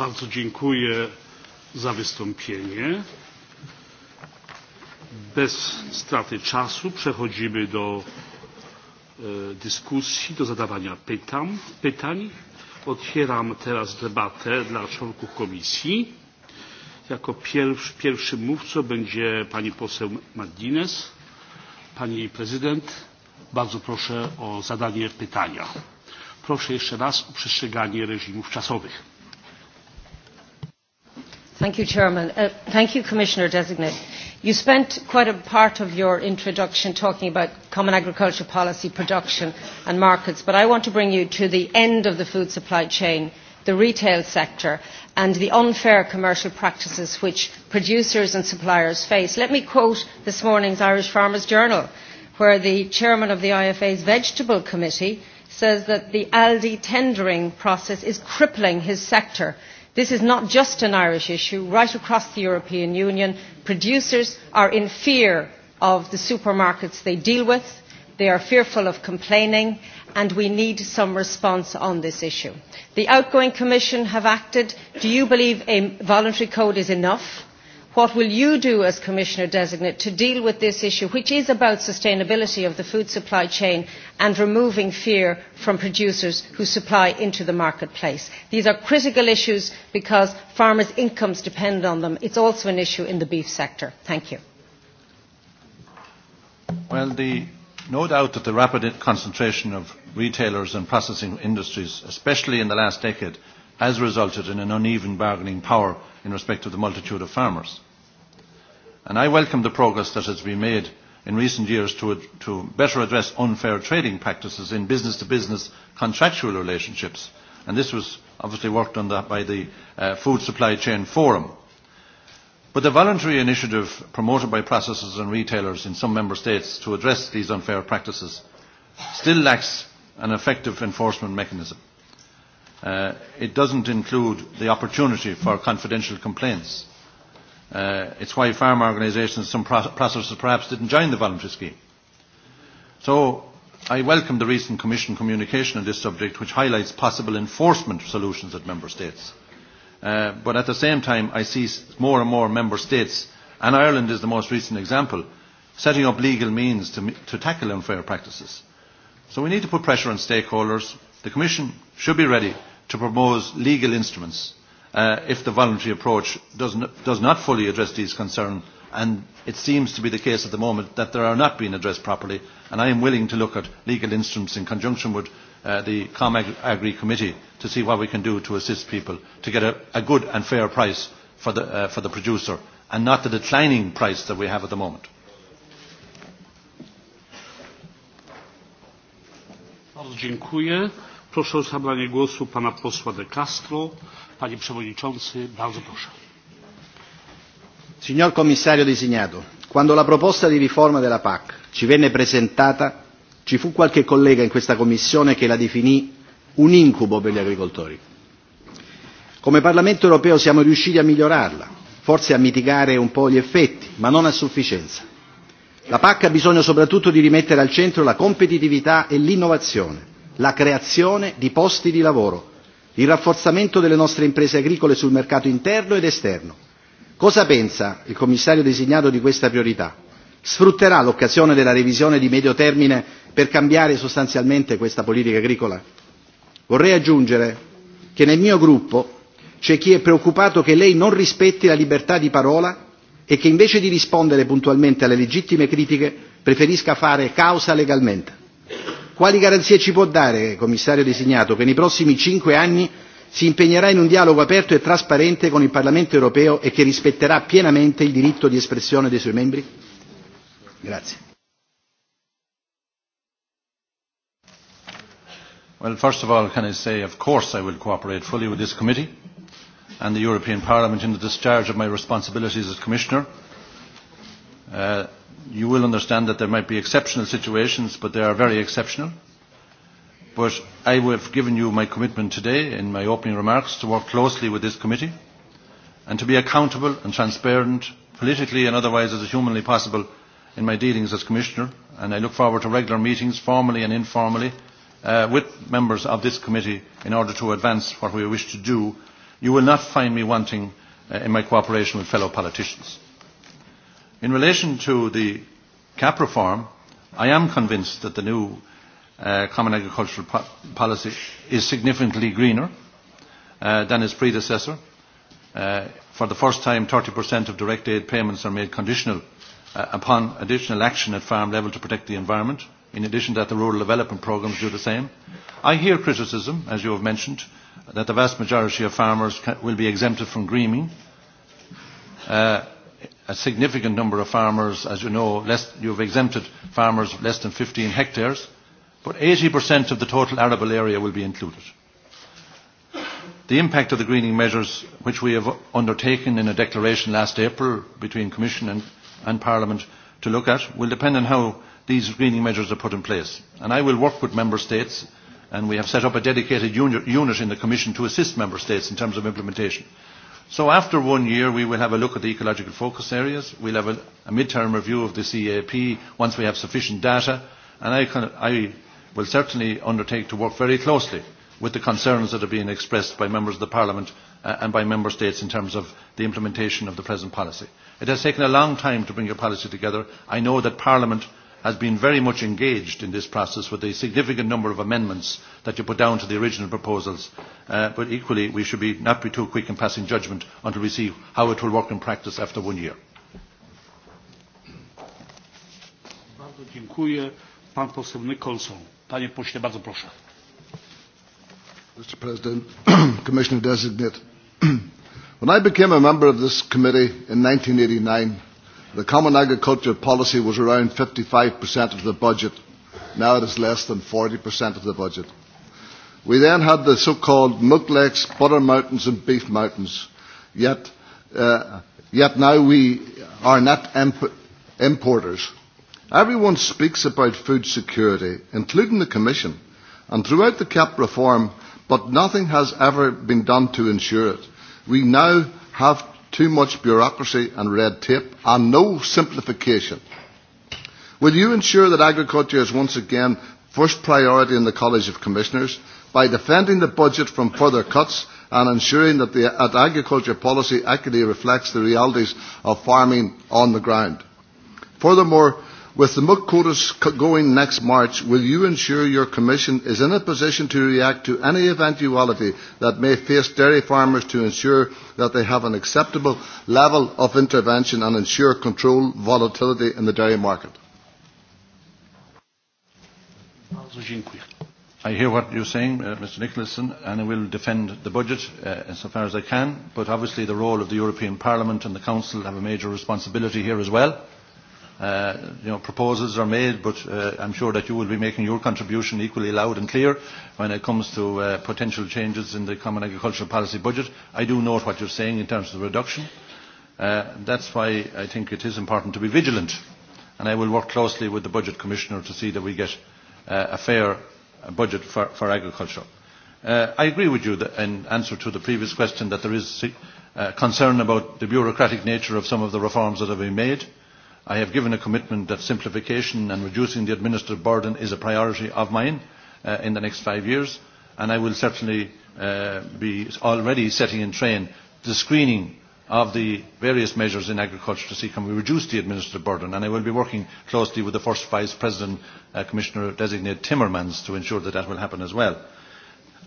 Bardzo dziękuję za wystąpienie. Bez straty czasu przechodzimy do e, dyskusji, do zadawania pytań. pytań. Otwieram teraz debatę dla członków komisji. Jako pierwszy, pierwszym mówcą będzie pani poseł Madines. Pani prezydent, bardzo proszę o zadanie pytania. Proszę jeszcze raz o przestrzeganie reżimów czasowych. Thank you, Chairman. Uh, thank you, Commissioner Designate. You spent quite a part of your introduction talking about common agriculture policy, production and markets, but I want to bring you to the end of the food supply chain, the retail sector, and the unfair commercial practices which producers and suppliers face. Let me quote this morning's Irish Farmers Journal, where the chairman of the IFA's Vegetable Committee says that the Aldi tendering process is crippling his sector This is not just an Irish issue. Right across the European Union, producers are in fear of the supermarkets they deal with. They are fearful of complaining, and we need some response on this issue. The outgoing Commission have acted. Do you believe a voluntary code is enough? What will you do as Commissioner designate to deal with this issue, which is about sustainability of the food supply chain and removing fear from producers who supply into the marketplace? These are critical issues because farmers' incomes depend on them. It's also an issue in the beef sector. Thank you. Well, the, no doubt that the rapid concentration of retailers and processing industries, especially in the last decade, has resulted in an uneven bargaining power in respect of the multitude of farmers. And I welcome the progress that has been made in recent years to, to better address unfair trading practices in business-to-business -business contractual relationships. And this was obviously worked on that by the uh, Food Supply Chain Forum. But the voluntary initiative promoted by processors and retailers in some member states to address these unfair practices still lacks an effective enforcement mechanism. Uh, it doesn't include the opportunity for confidential complaints. Uh, it's why farm organisations, some processors perhaps didn't join the voluntary scheme. So I welcome the recent Commission communication on this subject, which highlights possible enforcement solutions at Member States. Uh, but at the same time, I see more and more Member States, and Ireland is the most recent example, setting up legal means to, to tackle unfair practices. So we need to put pressure on stakeholders. The Commission should be ready to propose legal instruments uh, if the voluntary approach does, does not fully address these concerns and it seems to be the case at the moment that they are not being addressed properly and I am willing to look at legal instruments in conjunction with uh, the ComAgri Agri Committee to see what we can do to assist people to get a, a good and fair price for the, uh, for the producer and not the declining price that we have at the moment. dziękuję. Proszę o zabranie głosu pana posła De Castro. Panie Przewodniczący, bardzo proszę. Signor Commissario designato, quando la proposta di riforma della PAC ci venne presentata, ci fu qualche collega in questa Commissione che la definì un incubo per gli agricoltori. Come Parlamento europeo siamo riusciti a migliorarla, forse a mitigare un po' gli effetti, ma non a sufficienza. La PAC ha bisogno soprattutto di rimettere al centro la competitività e l'innovazione, la creazione di posti di lavoro, il rafforzamento delle nostre imprese agricole sul mercato interno ed esterno. Cosa pensa il commissario designato di questa priorità? Sfrutterà l'occasione della revisione di medio termine per cambiare sostanzialmente questa politica agricola? Vorrei aggiungere che nel mio gruppo c'è chi è preoccupato che lei non rispetti la libertà di parola e che invece di rispondere puntualmente alle legittime critiche preferisca fare causa legalmente. Quali garanzie ci può dare, commissario designato, che nei prossimi cinque anni si impegnerà in un dialogo aperto e trasparente con il Parlamento europeo e che rispetterà pienamente il diritto di espressione dei suoi membri? Grazie. Well, first of all, can I say, of course, I will cooperate fully with this committee and the European Parliament in the discharge of my responsibilities as Commissioner Uh, you will understand that there might be exceptional situations, but they are very exceptional. But I have given you my commitment today in my opening remarks to work closely with this committee and to be accountable and transparent politically and otherwise as humanly possible in my dealings as Commissioner. And I look forward to regular meetings, formally and informally, uh, with members of this committee in order to advance what we wish to do. You will not find me wanting uh, in my cooperation with fellow politicians. In relation to the CAP reform, I am convinced that the new uh, Common Agricultural po Policy is significantly greener uh, than its predecessor. Uh, for the first time, 30% of direct aid payments are made conditional uh, upon additional action at farm level to protect the environment. In addition to that, the rural development programs do the same. I hear criticism, as you have mentioned, that the vast majority of farmers will be exempted from greening. Uh, a significant number of farmers, as you know, less, you've exempted farmers of less than 15 hectares, but 80% of the total arable area will be included. The impact of the greening measures, which we have undertaken in a declaration last April between Commission and, and Parliament to look at, will depend on how these greening measures are put in place. And I will work with Member States, and we have set up a dedicated unit in the Commission to assist Member States in terms of implementation. So after one year, we will have a look at the ecological focus areas. We'll have a, a midterm review of the CAP once we have sufficient data. And I, can, I will certainly undertake to work very closely with the concerns that are being expressed by members of the Parliament uh, and by member states in terms of the implementation of the present policy. It has taken a long time to bring a policy together. I know that Parliament has been very much engaged in this process with a significant number of amendments that you put down to the original proposals. Uh, but equally, we should be, not be too quick in passing judgment until we see how it will work in practice after one year. Mr. President, Commissioner Designate, when I became a member of this committee in 1989, The common agricultural policy was around 55% of the budget. Now it is less than 40% of the budget. We then had the so-called milk lakes, butter mountains and beef mountains. Yet, uh, yet now we are net imp importers. Everyone speaks about food security, including the Commission, and throughout the CAP reform, but nothing has ever been done to ensure it. We now have too much bureaucracy and red tape, and no simplification. Will you ensure that agriculture is once again first priority in the College of Commissioners by defending the budget from further cuts and ensuring that the that agriculture policy accurately reflects the realities of farming on the ground? Furthermore, With the MUC quotas going next March, will you ensure your Commission is in a position to react to any eventuality that may face dairy farmers to ensure that they have an acceptable level of intervention and ensure control volatility in the dairy market? I hear what you're saying, uh, Mr Nicholson, and I will defend the budget uh, far as I can, but obviously the role of the European Parliament and the Council have a major responsibility here as well uh, you know, proposals are made, but uh, I'm sure that you will be making your contribution equally loud and clear when it comes to uh, potential changes in the Common Agricultural Policy budget. I do note what you're saying in terms of the reduction. Uh, that's why I think it is important to be vigilant, and I will work closely with the Budget Commissioner to see that we get uh, a fair budget for, for agriculture. Uh, I agree with you that in answer to the previous question that there is uh, concern about the bureaucratic nature of some of the reforms that have been made. Uh, I have given a commitment that simplification and reducing the administrative burden is a priority of mine uh, in the next five years, and I will certainly uh, be already setting in train the screening of the various measures in agriculture to see can we reduce the administrative burden. And I will be working closely with the first Vice President, uh, Commissioner Designate Timmermans, to ensure that that will happen as well.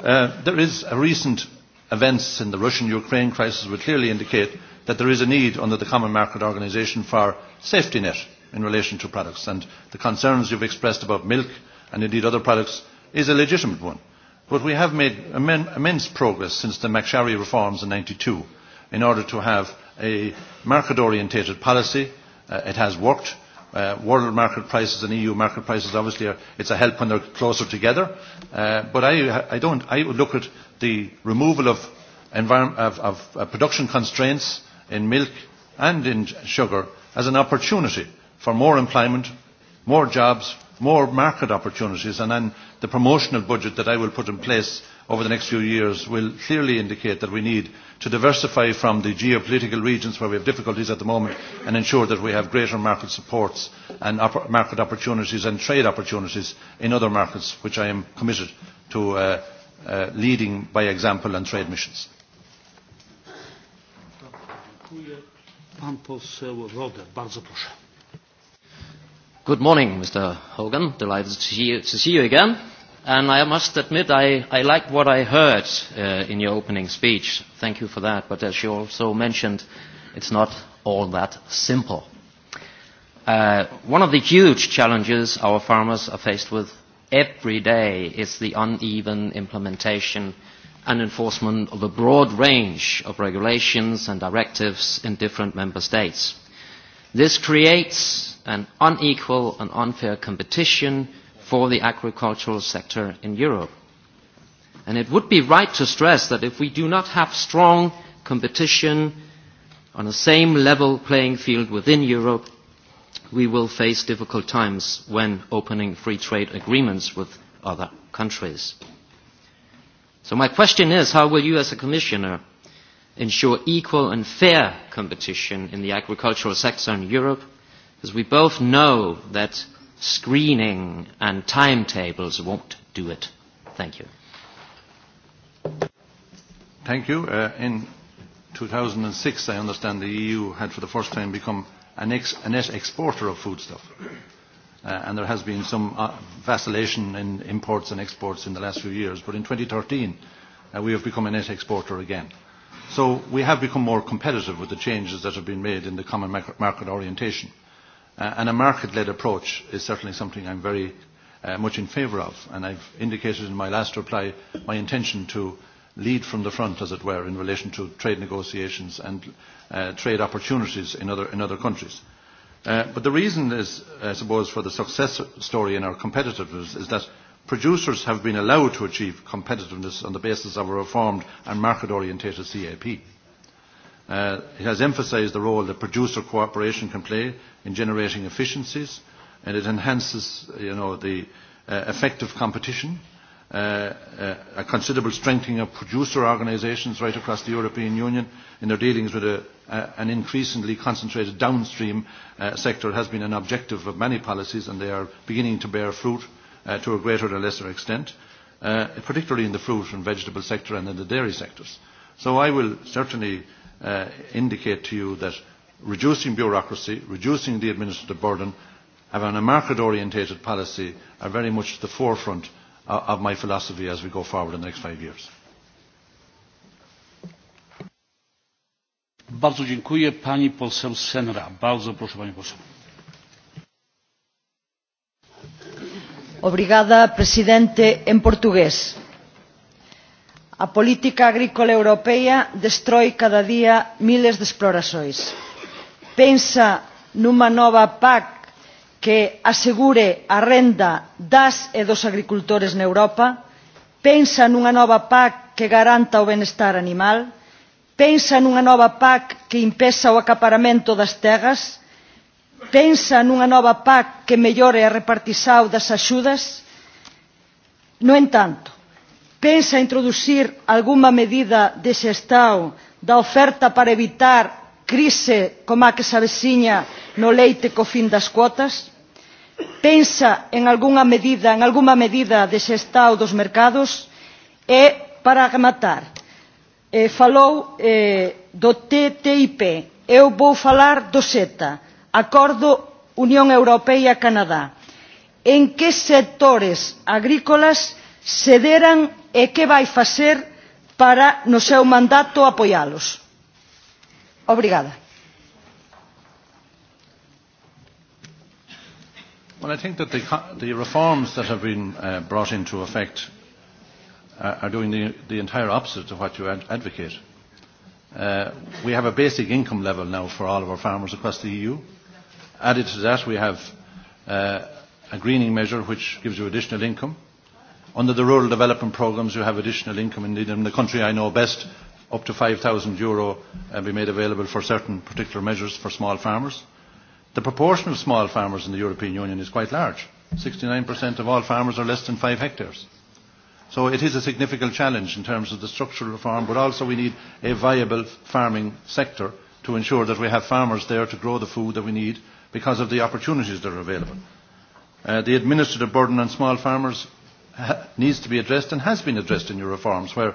Uh, there is a recent events in the Russian-Ukraine crisis would clearly indicate that there is a need under the Common Market Organisation for safety net in relation to products. And the concerns you've expressed about milk and indeed other products is a legitimate one. But we have made immense progress since the McSharry reforms in 92 in order to have a market-orientated policy. Uh, it has worked. Uh, world market prices and EU market prices obviously are, it's a help when they're closer together. Uh, but I, I, don't, I would look at the removal of, of, of uh, production constraints in milk and in sugar as an opportunity for more employment, more jobs, more market opportunities, and then the promotional budget that I will put in place over the next few years will clearly indicate that we need to diversify from the geopolitical regions where we have difficulties at the moment and ensure that we have greater market supports and op market opportunities and trade opportunities in other markets, which I am committed to uh, uh, leading by example on trade missions. Good morning, Mr. Hogan. Delighted to see you, to see you again. And I must admit, I, I liked what I heard uh, in your opening speech. Thank you for that. But as you also mentioned, it's not all that simple. Uh, one of the huge challenges our farmers are faced with every day is the uneven implementation and enforcement of a broad range of regulations and directives in different member states. This creates an unequal and unfair competition for the agricultural sector in Europe. And it would be right to stress that if we do not have strong competition on the same level playing field within Europe, we will face difficult times when opening free trade agreements with other countries. So my question is, how will you as a commissioner ensure equal and fair competition in the agricultural sector in Europe? Because we both know that screening and timetables won't do it. Thank you. Thank you. Uh, in 2006, I understand the EU had for the first time become a net exporter of foodstuff. Uh, and there has been some uh, vacillation in imports and exports in the last few years, but in 2013 uh, we have become a net exporter again. So we have become more competitive with the changes that have been made in the common market orientation. Uh, and a market-led approach is certainly something I'm very uh, much in favour of, and I've indicated in my last reply my intention to lead from the front, as it were, in relation to trade negotiations and uh, trade opportunities in other, in other countries. Uh, but the reason is, I suppose, for the success story in our competitiveness is that producers have been allowed to achieve competitiveness on the basis of a reformed and market-orientated CAP. Uh, it has emphasised the role that producer cooperation can play in generating efficiencies, and it enhances you know, the uh, effective competition Uh, uh, a considerable strengthening of producer organisations right across the European Union in their dealings with a, uh, an increasingly concentrated downstream uh, sector has been an objective of many policies and they are beginning to bear fruit uh, to a greater or lesser extent, uh, particularly in the fruit and vegetable sector and in the dairy sectors. So I will certainly uh, indicate to you that reducing bureaucracy, reducing the administrative burden, having a market-orientated policy are very much at the forefront uh, of my philosophy as we go forward in the next five years. Bardzo dziękuję. Pani poseł Senra. Bardzo proszę pani poseł. Obrigada, presidente, en portugués. A política agrícola europea destrói cada día miles de explorações. Pensa numa nova PAC que asegure a renda das e dos agricultores na Europa, pensa nunha nova PAC que garanta o benestar animal, pensa nunha nova PAC que impesa o acaparamento das terras, pensa nunha nova PAC que mellore a repartizao das axudas. No entanto, pensa introducir alguma medida de Estado da oferta para evitar crise como a que se aveciña no leite co fin das cuotas? pensa en alguna medida, en alguma medida ese estado dos mercados e para rematar. Eh, falou eh, do TTIP, eu vou falar do CETA, Acordo Unión Europea canadá En que sectores agrícolas se deran e que vai facer para no seu mandato apoiálos? Obrigada. Well, I think that the, the reforms that have been uh, brought into effect are uh, are doing the, the entire opposite of what you ad advocate. Uh, we have a basic income level now for all of our farmers across the EU. Added to that, we have uh, a greening measure which gives you additional income. Under the rural development programs, you have additional income indeed. In the country I know best, up to 5,000 euro uh, be made available for certain particular measures for small farmers the proportion of small farmers in the European Union is quite large. 69% of all farmers are less than 5 hectares. So it is a significant challenge in terms of the structural reform, but also we need a viable farming sector to ensure that we have farmers there to grow the food that we need because of the opportunities that are available. Uh, the administrative burden on small farmers ha needs to be addressed and has been addressed in your reforms where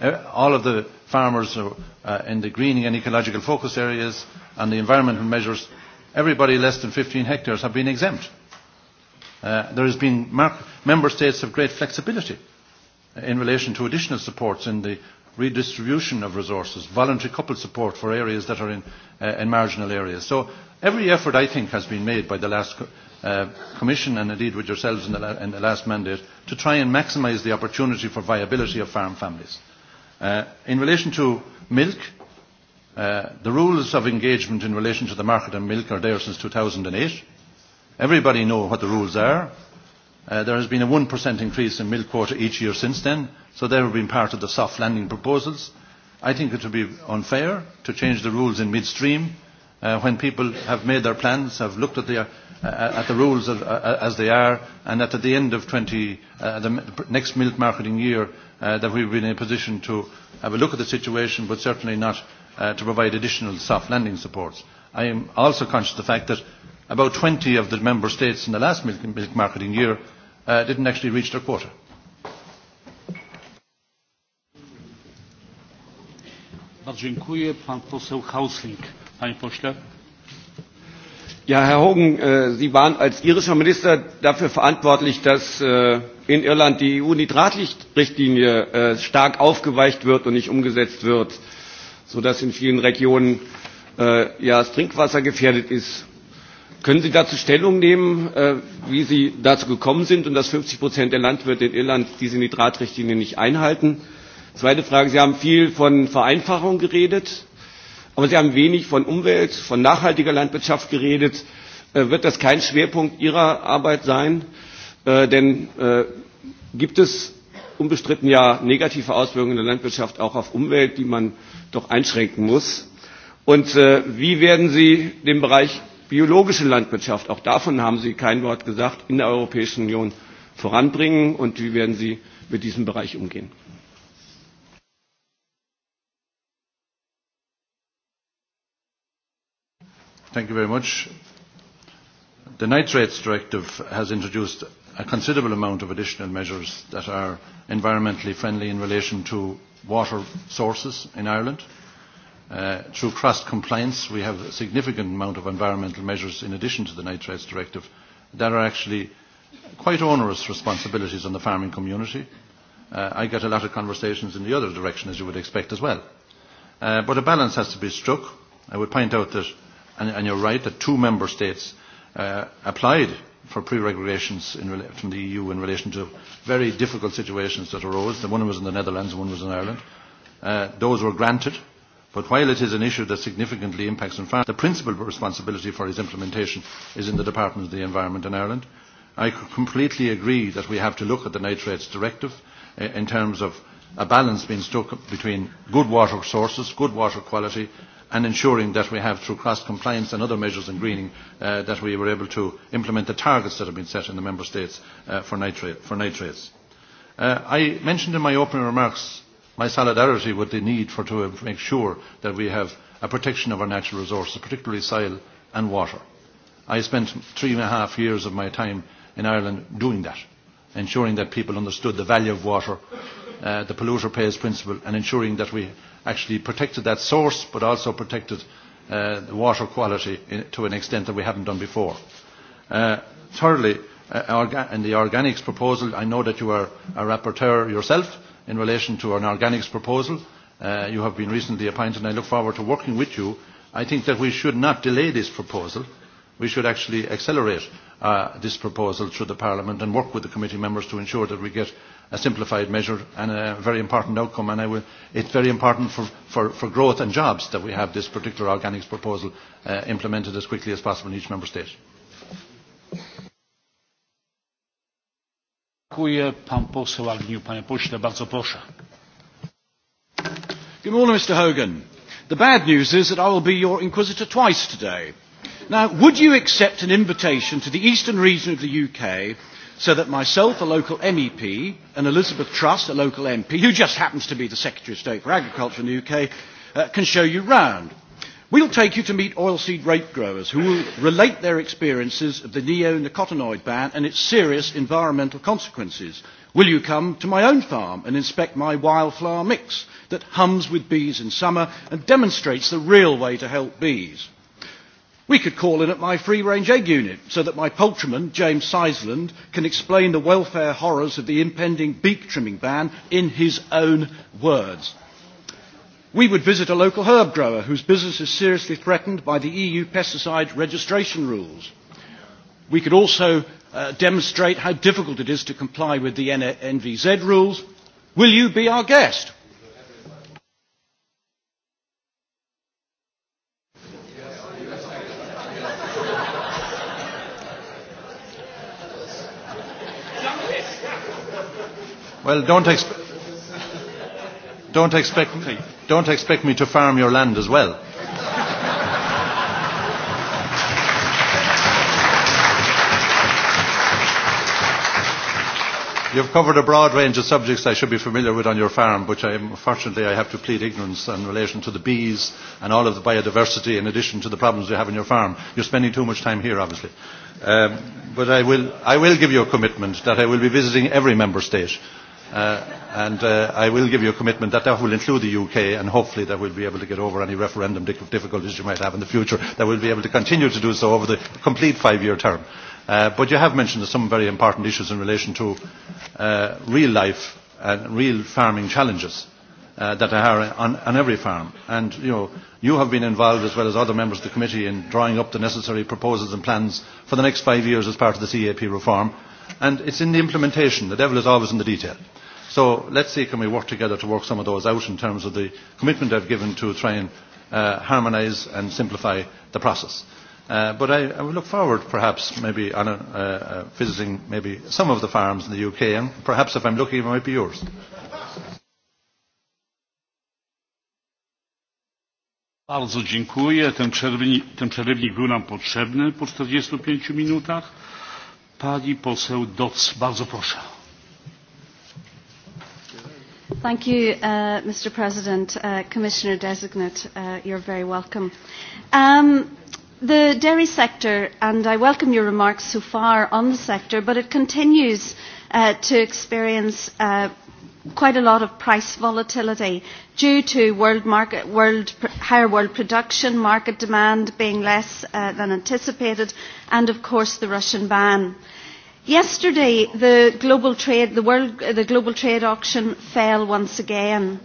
uh, all of the farmers uh, in the greening and ecological focus areas and the environmental measures everybody less than 15 hectares have been exempt. Uh, there has been mark member states have great flexibility in relation to additional supports in the redistribution of resources, voluntary coupled support for areas that are in, uh, in marginal areas. So every effort, I think, has been made by the last co uh, Commission and indeed with yourselves in the, in the last mandate to try and maximise the opportunity for viability of farm families. Uh, in relation to milk, Uh, the rules of engagement in relation to the market on milk are there since 2008. Everybody knows what the rules are. Uh, there has been a 1% increase in milk quota each year since then, so they have been part of the soft landing proposals. I think it would be unfair to change the rules in midstream uh, when people have made their plans, have looked at the, uh, uh at the rules of, uh, as they are, and that at the end of 20, uh, the next milk marketing year, uh, that we've been in a position to have a look at the situation, but certainly not uh, to provide additional soft landing supports. I am also conscious of the fact that about 20 of the member states in the last milk, milk marketing year uh, didn't actually reach their quota. Ja, Herr Hogan, äh, Sie waren als irischer Minister dafür verantwortlich, dass äh, in Irland die EU-Nitratrichtlinie äh, stark aufgeweicht wird und nicht umgesetzt wird sodass in vielen Regionen äh, ja, das Trinkwasser gefährdet ist. Können Sie dazu Stellung nehmen, äh, wie Sie dazu gekommen sind und dass 50 Prozent der Landwirte in Irland diese Nitratrichtlinie nicht einhalten? Zweite Frage, Sie haben viel von Vereinfachung geredet, aber Sie haben wenig von Umwelt, von nachhaltiger Landwirtschaft geredet. Äh, wird das kein Schwerpunkt Ihrer Arbeit sein? Äh, denn äh, gibt es unbestritten ja negative Auswirkungen in der Landwirtschaft auch auf Umwelt, die man doch einschränken muss. Und äh, wie werden Sie den Bereich biologische Landwirtschaft, auch davon haben Sie kein Wort gesagt, in der Europäischen Union voranbringen und wie werden Sie mit diesem Bereich umgehen? Thank you very much. The Nitrates Directive has introduced a considerable amount of additional measures that are environmentally friendly in relation to water sources in Ireland. Uh, through cross-compliance, we have a significant amount of environmental measures in addition to the Nitrates Directive that are actually quite onerous responsibilities on the farming community. Uh, I get a lot of conversations in the other direction, as you would expect as well. Uh, but a balance has to be struck. I would point out that, and, and you're right, that two member states uh, applied for pre-regulations in, from the EU in relation to very difficult situations that arose. The one was in the Netherlands, one was in Ireland. Uh, those were granted, but while it is an issue that significantly impacts on farmers, the principal responsibility for its implementation is in the Department of the Environment in Ireland. I completely agree that we have to look at the Nitrates Directive uh, in terms of a balance being struck between good water sources, good water quality and ensuring that we have, through cross-compliance and other measures in greening, uh, that we were able to implement the targets that have been set in the Member States uh, for, nitrate, for nitrates. Uh, I mentioned in my opening remarks my solidarity with the need for to make sure that we have a protection of our natural resources, particularly soil and water. I spent three and a half years of my time in Ireland doing that, ensuring that people understood the value of water, uh, the polluter pays principle, and ensuring that we actually protected that source but also protected uh, the water quality in, to an extent that we haven't done before. Uh, thirdly, uh, in the organics proposal, I know that you are a rapporteur yourself in relation to an organics proposal. Uh, you have been recently appointed and I look forward to working with you. I think that we should not delay this proposal. We should actually accelerate uh, this proposal through the Parliament and work with the committee members to ensure that we get a simplified measure and a very important outcome. And I will, it's very important for, for, for growth and jobs that we have this particular organics proposal uh, implemented as quickly as possible in each member state. Good morning, Mr. Hogan. The bad news is that I will be your inquisitor twice today. Now, would you accept an invitation to the eastern region of the UK so that myself, a local MEP, and Elizabeth Trust, a local MP, who just happens to be the Secretary of State for Agriculture in the UK, uh, can show you round. We'll take you to meet oilseed rape growers who will relate their experiences of the neonicotinoid ban and its serious environmental consequences. Will you come to my own farm and inspect my wildflower mix that hums with bees in summer and demonstrates the real way to help bees? We could call in at my free range egg unit so that my poultryman, James Sizeland, can explain the welfare horrors of the impending beak trimming ban in his own words. We would visit a local herb grower whose business is seriously threatened by the EU pesticide registration rules. We could also uh, demonstrate how difficult it is to comply with the NVZ rules. Will you be our guest? Well, don't, exp don't, expect, don't expect me to farm your land as well. You've covered a broad range of subjects I should be familiar with on your farm, which I unfortunately I have to plead ignorance in relation to the bees and all of the biodiversity in addition to the problems you have on your farm. You're spending too much time here, obviously. Um, but I will, I will give you a commitment that I will be visiting every member state Uh, and uh, I will give you a commitment that that will include the UK and hopefully that we'll be able to get over any referendum difficulties you might have in the future, that we'll be able to continue to do so over the complete five-year term. Uh, but you have mentioned some very important issues in relation to uh, real life and real farming challenges uh, that are on, on every farm. And you, know, you have been involved as well as other members of the committee in drawing up the necessary proposals and plans for the next five years as part of the CAP reform. And it's in the implementation. The devil is always in the detail. So let's see can we work together to work some of those out in terms of the commitment I've given to try and uh, harmonise and simplify the process. Uh, but I, I would look forward perhaps maybe on a, uh, uh, visiting maybe some of the farms in the UK and perhaps if I'm lucky it might be yours. Bardzo dziękuję. Ten, przerwni, ten przerywnik był nam potrzebny po 45 minutach. Pani poseł Doc, bardzo proszę. Thank you, uh, Mr. President, uh, Commissioner Designate. Uh, you're very welcome. Um, the dairy sector, and I welcome your remarks so far on the sector, but it continues uh, to experience uh, quite a lot of price volatility due to world market, world, higher world production, market demand being less uh, than anticipated, and of course the Russian ban. Uh, Yesterday, the global trade, the world, the global trade auction fell once again.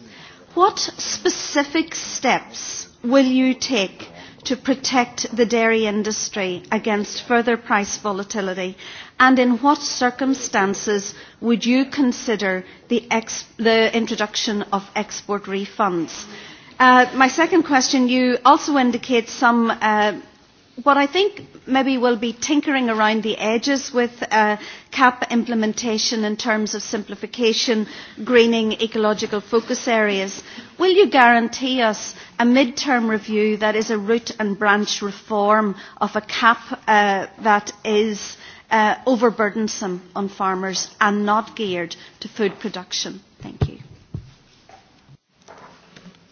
What specific steps will you take to protect the dairy industry against further price volatility? And in what circumstances would you consider the, ex the introduction of export refunds? Uh, my second question, you also indicate some uh, what I think maybe will be tinkering around the edges with uh, CAP implementation in terms of simplification, greening, ecological focus areas, will you guarantee us a mid-term review that is a root and branch reform of a CAP uh, that is uh, overburdensome on farmers and not geared to food production? Thank you.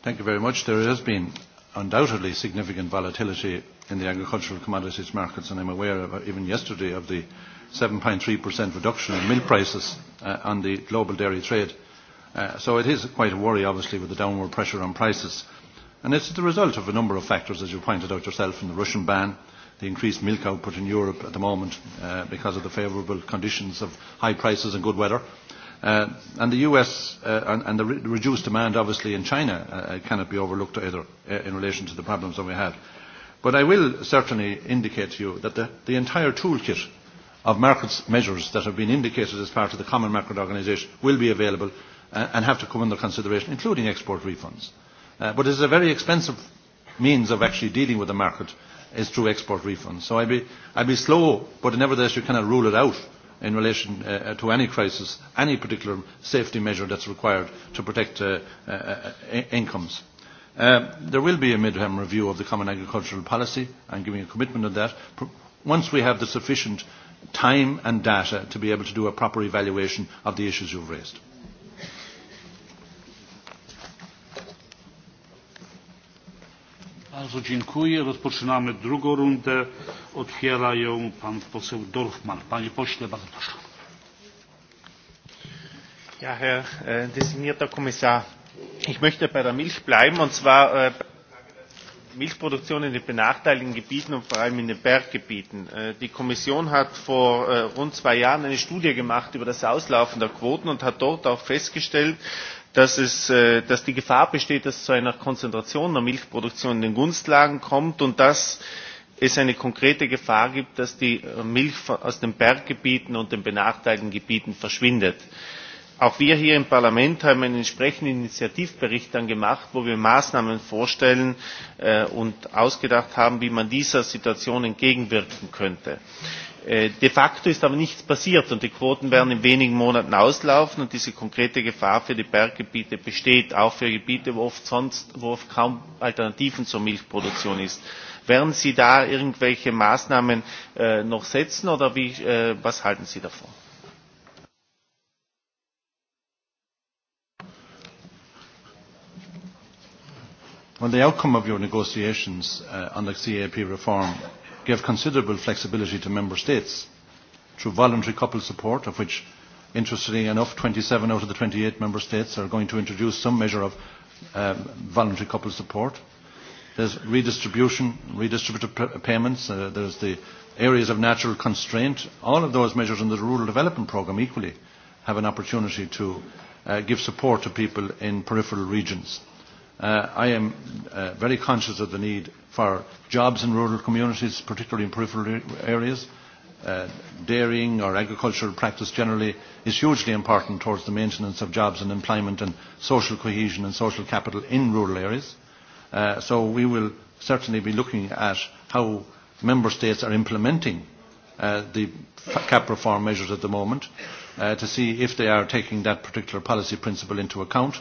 Thank you very much. There has been undoubtedly significant volatility in the agricultural commodities markets, and I'm aware of, uh, even yesterday of the 7.3% reduction in milk prices uh, on the global dairy trade. Uh, so it is quite a worry, obviously, with the downward pressure on prices. And it's the result of a number of factors, as you pointed out yourself, from the Russian ban, the increased milk output in Europe at the moment uh, because of the favourable conditions of high prices and good weather. Uh, and the US uh, and, and the re reduced demand, obviously, in China uh, uh, cannot be overlooked either uh, in relation to the problems that we have. But I will certainly indicate to you that the, the entire toolkit of market measures that have been indicated as part of the Common Market Organisation will be available uh, and have to come under consideration, including export refunds. Uh, but it is a very expensive means of actually dealing with the market is through export refunds. So I'd be, I'd be slow, but nevertheless you cannot rule it out in relation uh, uh to any crisis, any particular safety measure that's required to protect uh, uh, uh incomes. Um, there will be a mid-term review of the Common Agricultural Policy. I'm giving a commitment on that. Once we have the sufficient time and data to be able to do a proper evaluation of the issues you've raised. Bardzo dziękuję. Rozpoczynamy drugą rundę. Otwiera ją pan poseł Dorfman. Panie pośle, bardzo proszę. Ja, Herr äh, designierter Kommissar, Ich möchte bei der Milch bleiben, und zwar äh, Milchproduktion in den benachteiligten Gebieten und vor allem in den Berggebieten. Äh, die Kommission hat vor äh, rund zwei Jahren eine Studie gemacht über das Auslaufen der Quoten und hat dort auch festgestellt, dass, es, äh, dass die Gefahr besteht, dass es zu einer Konzentration der Milchproduktion in den Gunstlagen kommt und dass es eine konkrete Gefahr gibt, dass die Milch aus den Berggebieten und den benachteiligten Gebieten verschwindet. Äh, Auch wir hier im Parlament haben einen entsprechenden Initiativbericht dann gemacht, wo wir Maßnahmen vorstellen äh, und ausgedacht haben, wie man dieser Situation entgegenwirken könnte. Äh, de facto ist aber nichts passiert und die Quoten werden in wenigen Monaten auslaufen und diese konkrete Gefahr für die Berggebiete besteht, auch für Gebiete, wo oft sonst, wo oft kaum Alternativen zur Milchproduktion ist. Werden Sie da irgendwelche Maßnahmen äh, noch setzen oder wie, äh, was halten Sie davon? Well, the outcome of your negotiations uh, on the CAP reform gave considerable flexibility to Member States through voluntary couple support, of which, interestingly enough, 27 out of the 28 Member States are going to introduce some measure of um, voluntary couple support. There's redistribution, redistributive payments, uh, there's the areas of natural constraint. All of those measures in the Rural Development Programme equally have an opportunity to uh, give support to people in peripheral regions. Uh, I am uh, very conscious of the need for jobs in rural communities, particularly in peripheral areas. Uh, dairying or agricultural practice generally is hugely important towards the maintenance of jobs and employment and social cohesion and social capital in rural areas. Uh, so we will certainly be looking at how member states are implementing uh, the cap reform measures at the moment uh, to see if they are taking that particular policy principle into account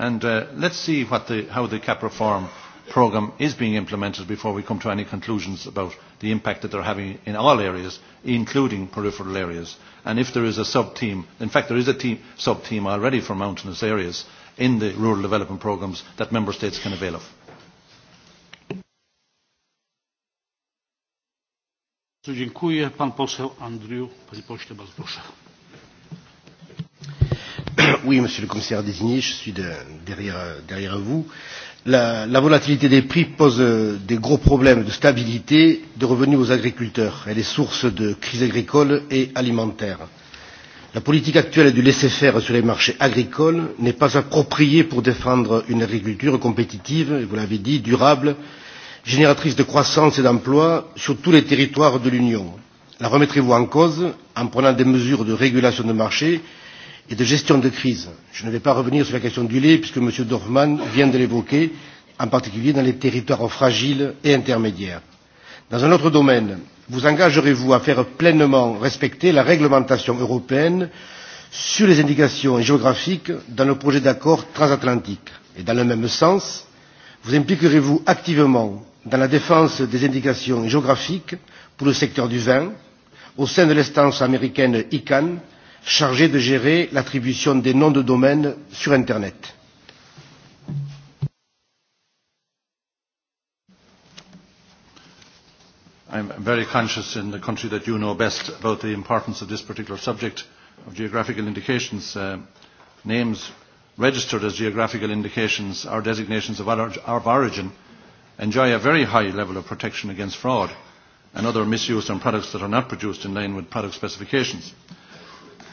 And uh, let's see what the, how the cap reform programme is being implemented before we come to any conclusions about the impact that they're having in all areas, including peripheral areas. And if there is a sub-team, in fact there is a team, sub-team already for mountainous areas in the rural development programmes that member states can avail of. Dziękuję. Pan poseł Andrew, panie pośle, bardzo proszę. oui, monsieur le commissaire désigné, je suis de, derrière, derrière vous. La, la volatilité des prix pose euh, des gros problèmes de stabilité de revenus aux agriculteurs. Elle est source de crises agricoles et alimentaires. La politique actuelle du laisser-faire sur les marchés agricoles n'est pas appropriée pour défendre une agriculture compétitive, vous l'avez dit, durable, génératrice de croissance et d'emplois sur tous les territoires de l'Union. La remettrez-vous en cause en prenant des mesures de régulation de marché et de gestion de crise. Je ne vais pas revenir sur la question du lait puisque M. Dorfman vient de l'évoquer, en particulier dans les territoires fragiles et intermédiaires. Dans un autre domaine, vous engagerez-vous à faire pleinement respecter la réglementation européenne sur les indications géographiques dans le projet d'accord transatlantique Et dans le même sens, vous impliquerez-vous activement dans la défense des indications géographiques pour le secteur du vin au sein de l'instance américaine ICANN chargé de gérer l'attribution des noms de domaine sur Internet. I'm very conscious in the country that you know best about the importance of this particular subject of geographical indications. Uh, names registered as geographical indications or designations of, of origin enjoy a very high level of protection against fraud and other misuse on products that are not produced in line with product specifications. Uh,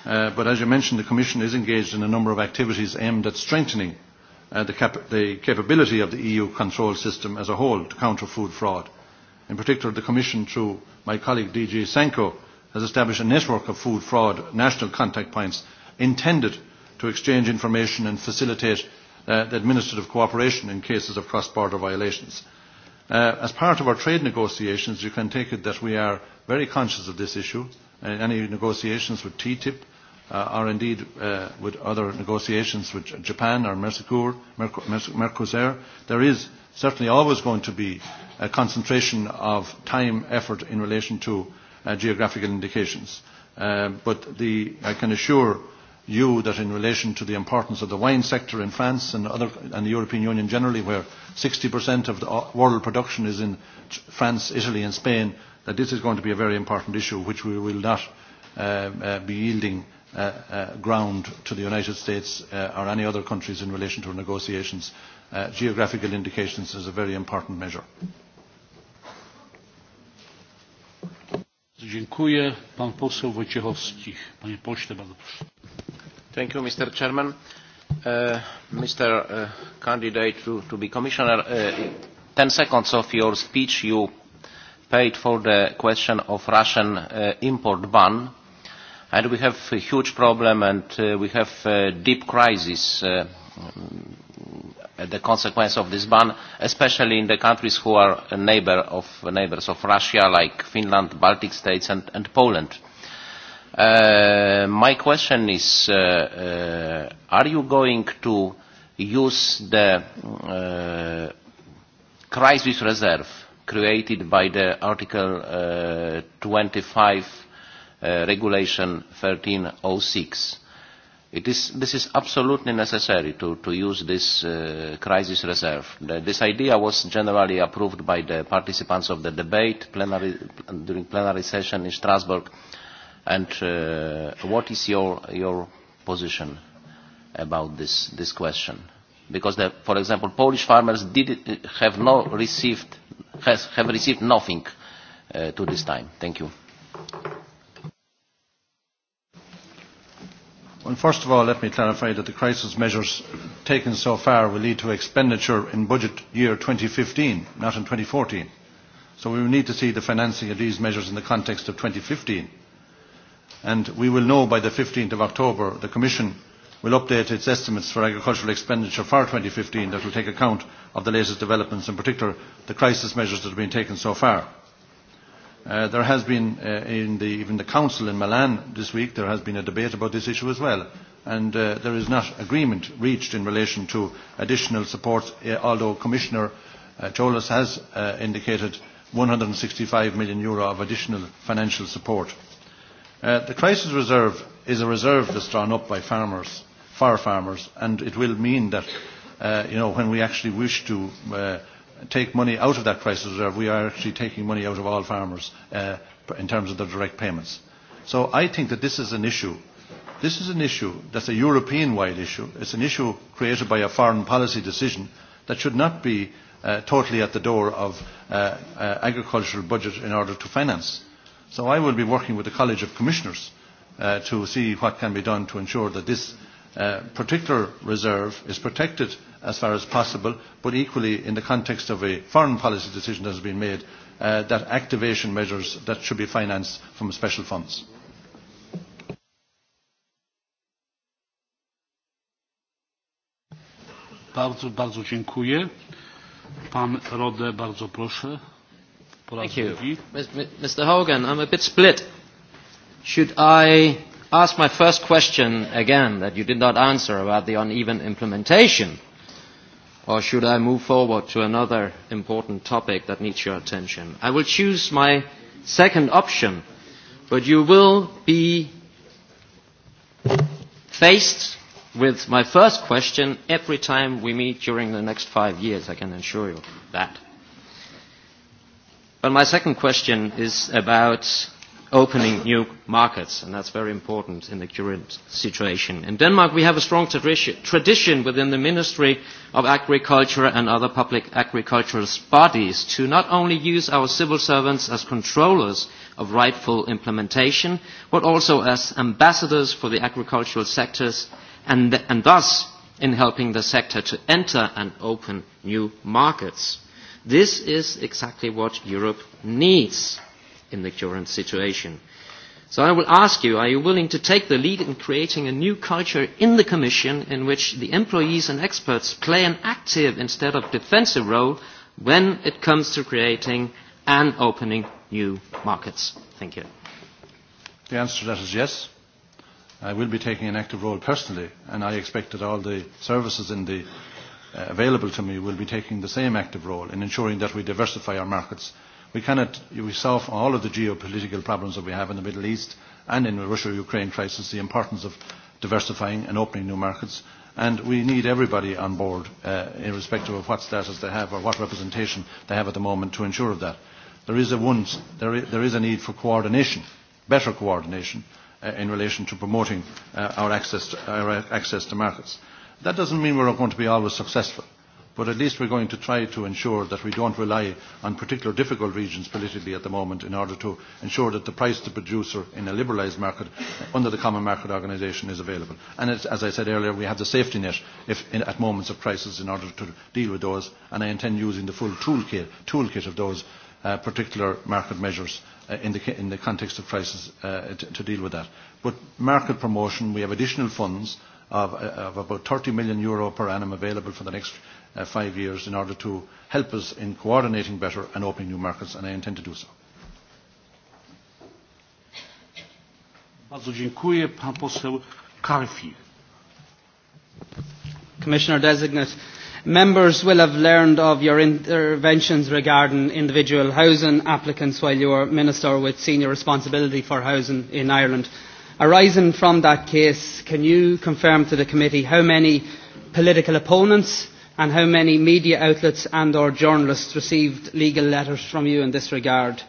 Uh, but as you mentioned, the Commission is engaged in a number of activities aimed at strengthening uh, the, cap the capability of the EU control system as a whole to counter food fraud. In particular, the Commission, through my colleague DG Sanko, has established a network of food fraud national contact points intended to exchange information and facilitate uh, the administrative cooperation in cases of cross-border violations. Uh, as part of our trade negotiations, you can take it that we are very conscious of this issue. Uh, any negotiations with TTIP, uh, or indeed uh, with other negotiations with Japan or Mercosur, Mercosur, there is certainly always going to be a concentration of time, effort in relation to uh, geographical indications. Uh, but the, I can assure you that in relation to the importance of the wine sector in France and, other, and the European Union generally, where 60% of the uh, world production is in France, Italy and Spain, that this is going to be a very important issue which we will not uh, uh, be yielding uh, uh, ground to the United States uh, or any other countries in relation to negotiations, uh, geographical indications is a very important measure. Thank you, Mr. Chairman. Uh, Mr. Uh, candidate to, to be commissioner, uh, 10 seconds of your speech you paid for the question of Russian uh, import ban. And we have a huge problem and uh, we have a deep crisis uh, the consequence of this ban, especially in the countries who are a neighbor of, neighbors of Russia, like Finland, Baltic states, and, and Poland. Uh, my question is, uh, uh, are you going to use the uh, crisis reserve created by the Article uh, 25 Uh, regulation 1306. It is, this is absolutely necessary to, to use this uh, crisis reserve. The, this idea was generally approved by the participants of the debate plenary, during plenary session in Strasbourg. And uh, what is your, your position about this, this question? Because, the, for example, Polish farmers did, have, no received, has, have received nothing uh, to this time. Thank you. Well, first of all, let me clarify that the crisis measures taken so far will lead to expenditure in budget year 2015, not in 2014. So we will need to see the financing of these measures in the context of 2015. And we will know by the 15th of October, the Commission will update its estimates for agricultural expenditure for 2015 that will take account of the latest developments, in particular the crisis measures that have been taken so far. Uh, there has been, uh, in the, even the Council in Milan this week, there has been a debate about this issue as well. And uh, there is not agreement reached in relation to additional support, uh, although Commissioner uh, Cholas has uh, indicated 165 million euro of additional financial support. Uh, the crisis reserve is a reserve that's drawn up by farmers, for farmers, and it will mean that uh, you know, when we actually wish to uh, take money out of that crisis reserve, we are actually taking money out of all farmers uh, in terms of the direct payments. So I think that this is an issue. This is an issue that's a European-wide issue. It's an issue created by a foreign policy decision that should not be uh, totally at the door of uh, uh, agricultural budget in order to finance. So I will be working with the College of Commissioners uh, to see what can be done to ensure that this uh, particular reserve is protected as far as possible, but equally in the context of a foreign policy decision that has been made, uh, that activation measures that should be financed from special funds. Bardzo, bardzo dziękuję. Pan Rode, bardzo proszę. Thank you. Mr. Hogan, I'm a bit split. Should I ask my first question again that you did not answer about the uneven implementation Or should I move forward to another important topic that needs your attention? I will choose my second option, but you will be faced with my first question every time we meet during the next five years, I can assure you that. But my second question is about opening new markets, and that's very important in the current situation. In Denmark, we have a strong tradition within the Ministry of Agriculture and other public agricultural bodies to not only use our civil servants as controllers of rightful implementation, but also as ambassadors for the agricultural sectors, and, th and thus in helping the sector to enter and open new markets. This is exactly what Europe needs in the current situation. So I will ask you, are you willing to take the lead in creating a new culture in the Commission in which the employees and experts play an active instead of defensive role when it comes to creating and opening new markets? Thank you. The answer to that is yes. I will be taking an active role personally, and I expect that all the services in the, uh, available to me will be taking the same active role in ensuring that we diversify our markets We cannot, we solve all of the geopolitical problems that we have in the Middle East and in the Russia-Ukraine crisis the importance of diversifying and opening new markets. And we need everybody on board, uh, irrespective of what status they have or what representation they have at the moment, to ensure of that. There is a, one, there is, there is a need for coordination, better coordination, uh, in relation to promoting uh, our, access to, our access to markets. That doesn't mean we're not going to be always successful but at least we're going to try to ensure that we don't rely on particular difficult regions politically at the moment in order to ensure that the price to producer in a liberalised market under the Common Market Organisation is available. And it's, as I said earlier, we have the safety net if in, at moments of crisis in order to deal with those, and I intend using the full toolkit, toolkit of those uh, particular market measures uh, in, the, in the context of crisis uh, to, to deal with that. But market promotion, we have additional funds of, uh, of about 30 million euro per annum available for the next uh, five years in order to help us in coordinating better and opening new markets, and I intend to do so. Commissioner Designate, members will have learned of your interventions regarding individual housing applicants while you were Minister with senior responsibility for housing in Ireland. Arising from that case, can you confirm to the committee how many political opponents and how many media outlets and or journalists received legal letters from you in this regard.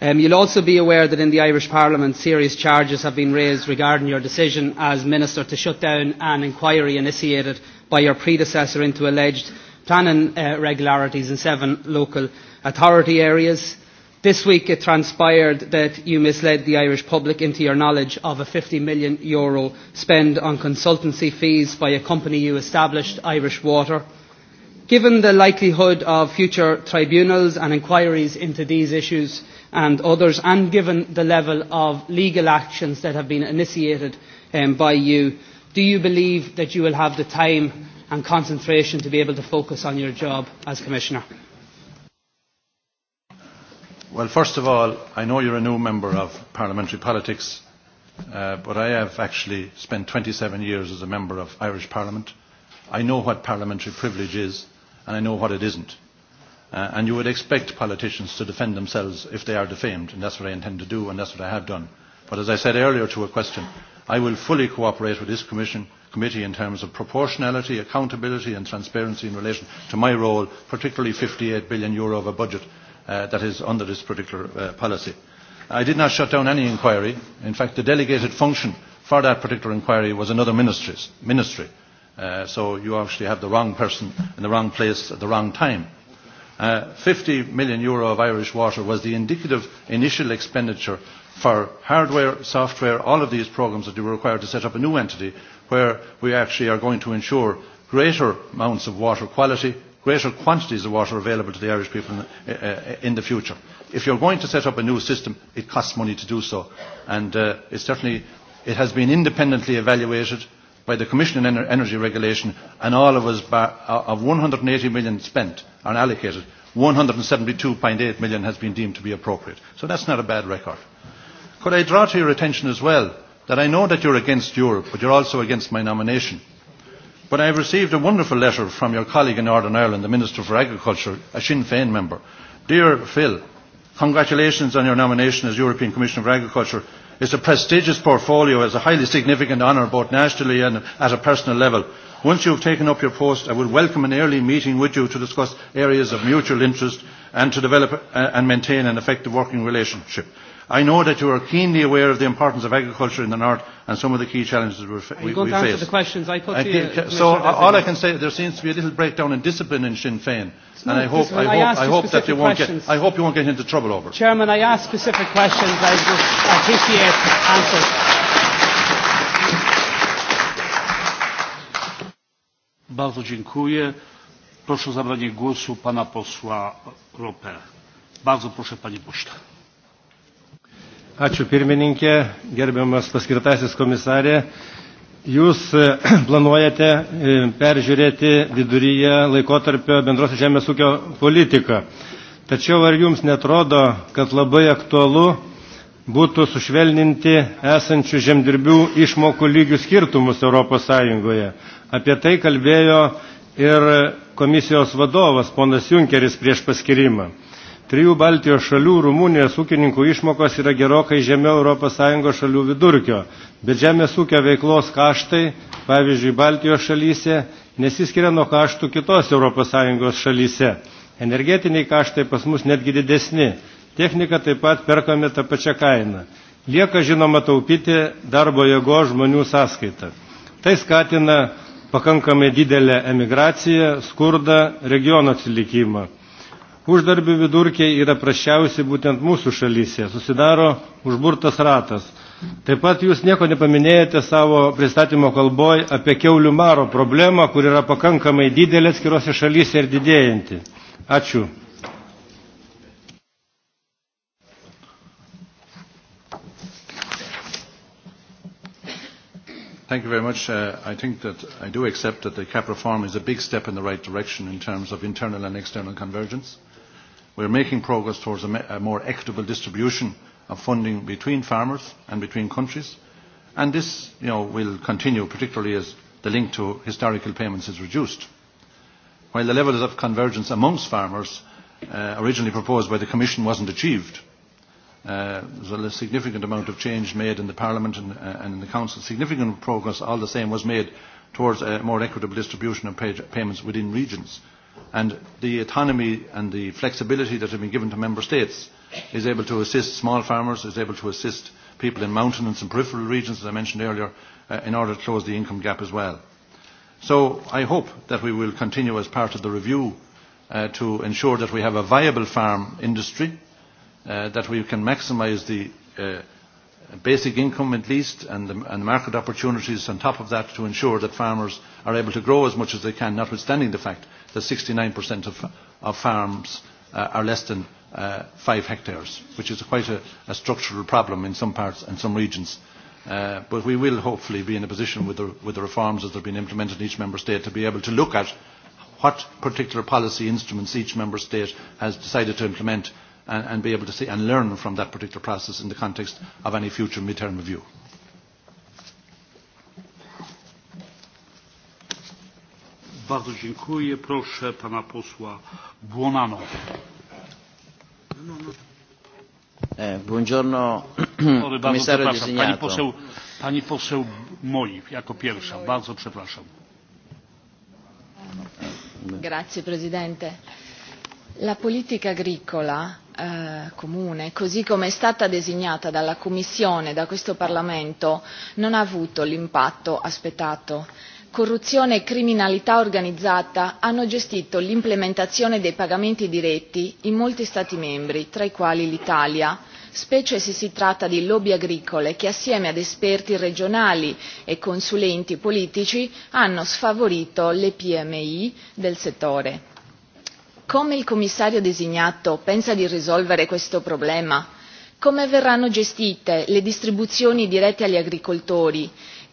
Um, you'll also be aware that in the Irish Parliament serious charges have been raised regarding your decision as Minister to shut down an inquiry initiated by your predecessor into alleged planning uh, irregularities in seven local authority areas. This week it transpired that you misled the Irish public into your knowledge of a 50 million euro spend on consultancy fees by a company you established, Irish Water. Given the likelihood of future tribunals and inquiries into these issues and others, and given the level of legal actions that have been initiated um, by you, do you believe that you will have the time and concentration to be able to focus on your job as Commissioner? Well, first of all, I know you're a new member of parliamentary politics, uh, but I have actually spent 27 years as a member of Irish Parliament. I know what parliamentary privilege is, and I know what it isn't. Uh, and you would expect politicians to defend themselves if they are defamed, and that's what I intend to do, and that's what I have done. But as I said earlier to a question, I will fully cooperate with this commission, committee in terms of proportionality, accountability and transparency in relation to my role, particularly 58 billion euro of a budget uh, that is under this particular uh, policy. I did not shut down any inquiry. In fact, the delegated function for that particular inquiry was another ministry's, ministry. Uh, so you actually have the wrong person in the wrong place at the wrong time. Uh, 50 million euro of Irish water was the indicative initial expenditure for hardware, software, all of these programs that you were required to set up a new entity where we actually are going to ensure greater amounts of water quality, greater quantities of water available to the Irish people in, uh, in the future. If you're going to set up a new system, it costs money to do so. And uh, it certainly, it has been independently evaluated by the Commission on Energy Regulation and all of us uh, of 180 million spent and allocated, 172.8 million has been deemed to be appropriate. So that's not a bad record. Could I draw to your attention as well that I know that you're against Europe, but you're also against my nomination. But I have received a wonderful letter from your colleague in Northern Ireland, the Minister for Agriculture, a Sinn Féin member. Dear Phil, congratulations on your nomination as European Commissioner for Agriculture It's a prestigious portfolio, it's a highly significant honour both nationally and at a personal level. Once you have taken up your post, I would welcome an early meeting with you to discuss areas of mutual interest and to develop uh, and maintain an effective working relationship. I know that you are keenly aware of the importance of agriculture in the north and some of the key challenges we, we, we face. the questions I put I to you, So, so all I can say, there seems to be a little breakdown in discipline in Sinn Féin. and I hope, I hope, I, hope that you won't get, I hope you won't get into trouble over it. Chairman, I ask specific questions. I would appreciate answers. Bardzo dziękuję. Proszę o zabranie głosu pana posła Ropera. Bardzo proszę panie pośle. Ačiū pirmininkė, gerbiamas paskirtasis komisarė. Jūs e, planuojate e, peržiūrėti viduryje laikotarpio bendrosios žemės ūkio politiką. Tačiau ar jums netrodo, kad labai aktualu būtų sušvelninti esančių žemdirbių išmokų lygių skirtumus Europos Sąjungoje? Apie tai kalbėjo ir komisijos vadovas ponas Junkeris prieš paskirimą. Trijų Baltijos šalių Rumunijos ūkininkų išmokos yra gerokai žemiau ES šalių vidurkio, bet žemės ūkio veiklos kaštai, pavyzdžiui, Baltijos šalyse, nesiskiria nuo kaštų kitos ES šalyse. Energetiniai kaštai pas mus netgi didesni, technika taip pat perkame tą pačią kainą. Lieka žinoma taupyti darbo jėgo žmonių sąskaitą. Tai skatina pakankamai didelę emigraciją, skurdą, regiono atsilikimą. Uždarbių vidurkiai yra prašiausi būtent mūsų šalyse. Susidaro užburtas ratas. Taip pat jūs nieko nepaminėjote savo pristatymo kalboj apie keulių maro problemą, kur yra pakankamai didelė skirose šalyse ir didėjanti. Ačiū. Thank you very much. Uh, I think that I do accept that the CAP reform is a big step in the right direction in terms of internal and external convergence. Uh, We are making progress towards a, a more equitable distribution of funding between farmers and between countries. And this you know, will continue, particularly as the link to historical payments is reduced. While the level of convergence amongst farmers uh, originally proposed by the Commission wasn't achieved, uh, there was a significant amount of change made in the Parliament and, uh, and in the Council. Significant progress, all the same, was made towards a more equitable distribution of pay payments within regions. And the autonomy and the flexibility that have been given to member states is able to assist small farmers, is able to assist people in mountainous and peripheral regions, as I mentioned earlier, uh, in order to close the income gap as well. So I hope that we will continue as part of the review uh, to ensure that we have a viable farm industry, uh, that we can maximise the uh, basic income at least and the, and the market opportunities on top of that to ensure that farmers are able to grow as much as they can, notwithstanding the fact that 69% of, of farms uh, are less than uh, hectares, which is quite a, a structural problem in some parts and some regions. Uh, but we will hopefully be in a position with the, with the reforms that have been implemented in each member state to be able to look at what particular policy instruments each member state has decided to implement and, and be able to see and learn from that particular process in the context of any future midterm review. Bardzo dziękuję. Proszę pana posła Błonano. Eh, buongiorno komisarzu pani poseł, pani poseł Moi, jako pierwsza. Bardzo przepraszam. Grazie prezydente. La politica agricola eh, comune, così come è stata designata dalla Commissione, da questo Parlamento, non ha avuto l'impatto aspettato corruzione e criminalità organizzata hanno gestito l'implementazione dei pagamenti diretti in molti Stati membri, tra i quali l'Italia, specie se si tratta di lobby agricole che assieme ad esperti regionali e consulenti politici hanno sfavorito le PMI del settore. Come il commissario designato pensa di risolvere questo problema? Come verranno gestite le distribuzioni dirette agli agricoltori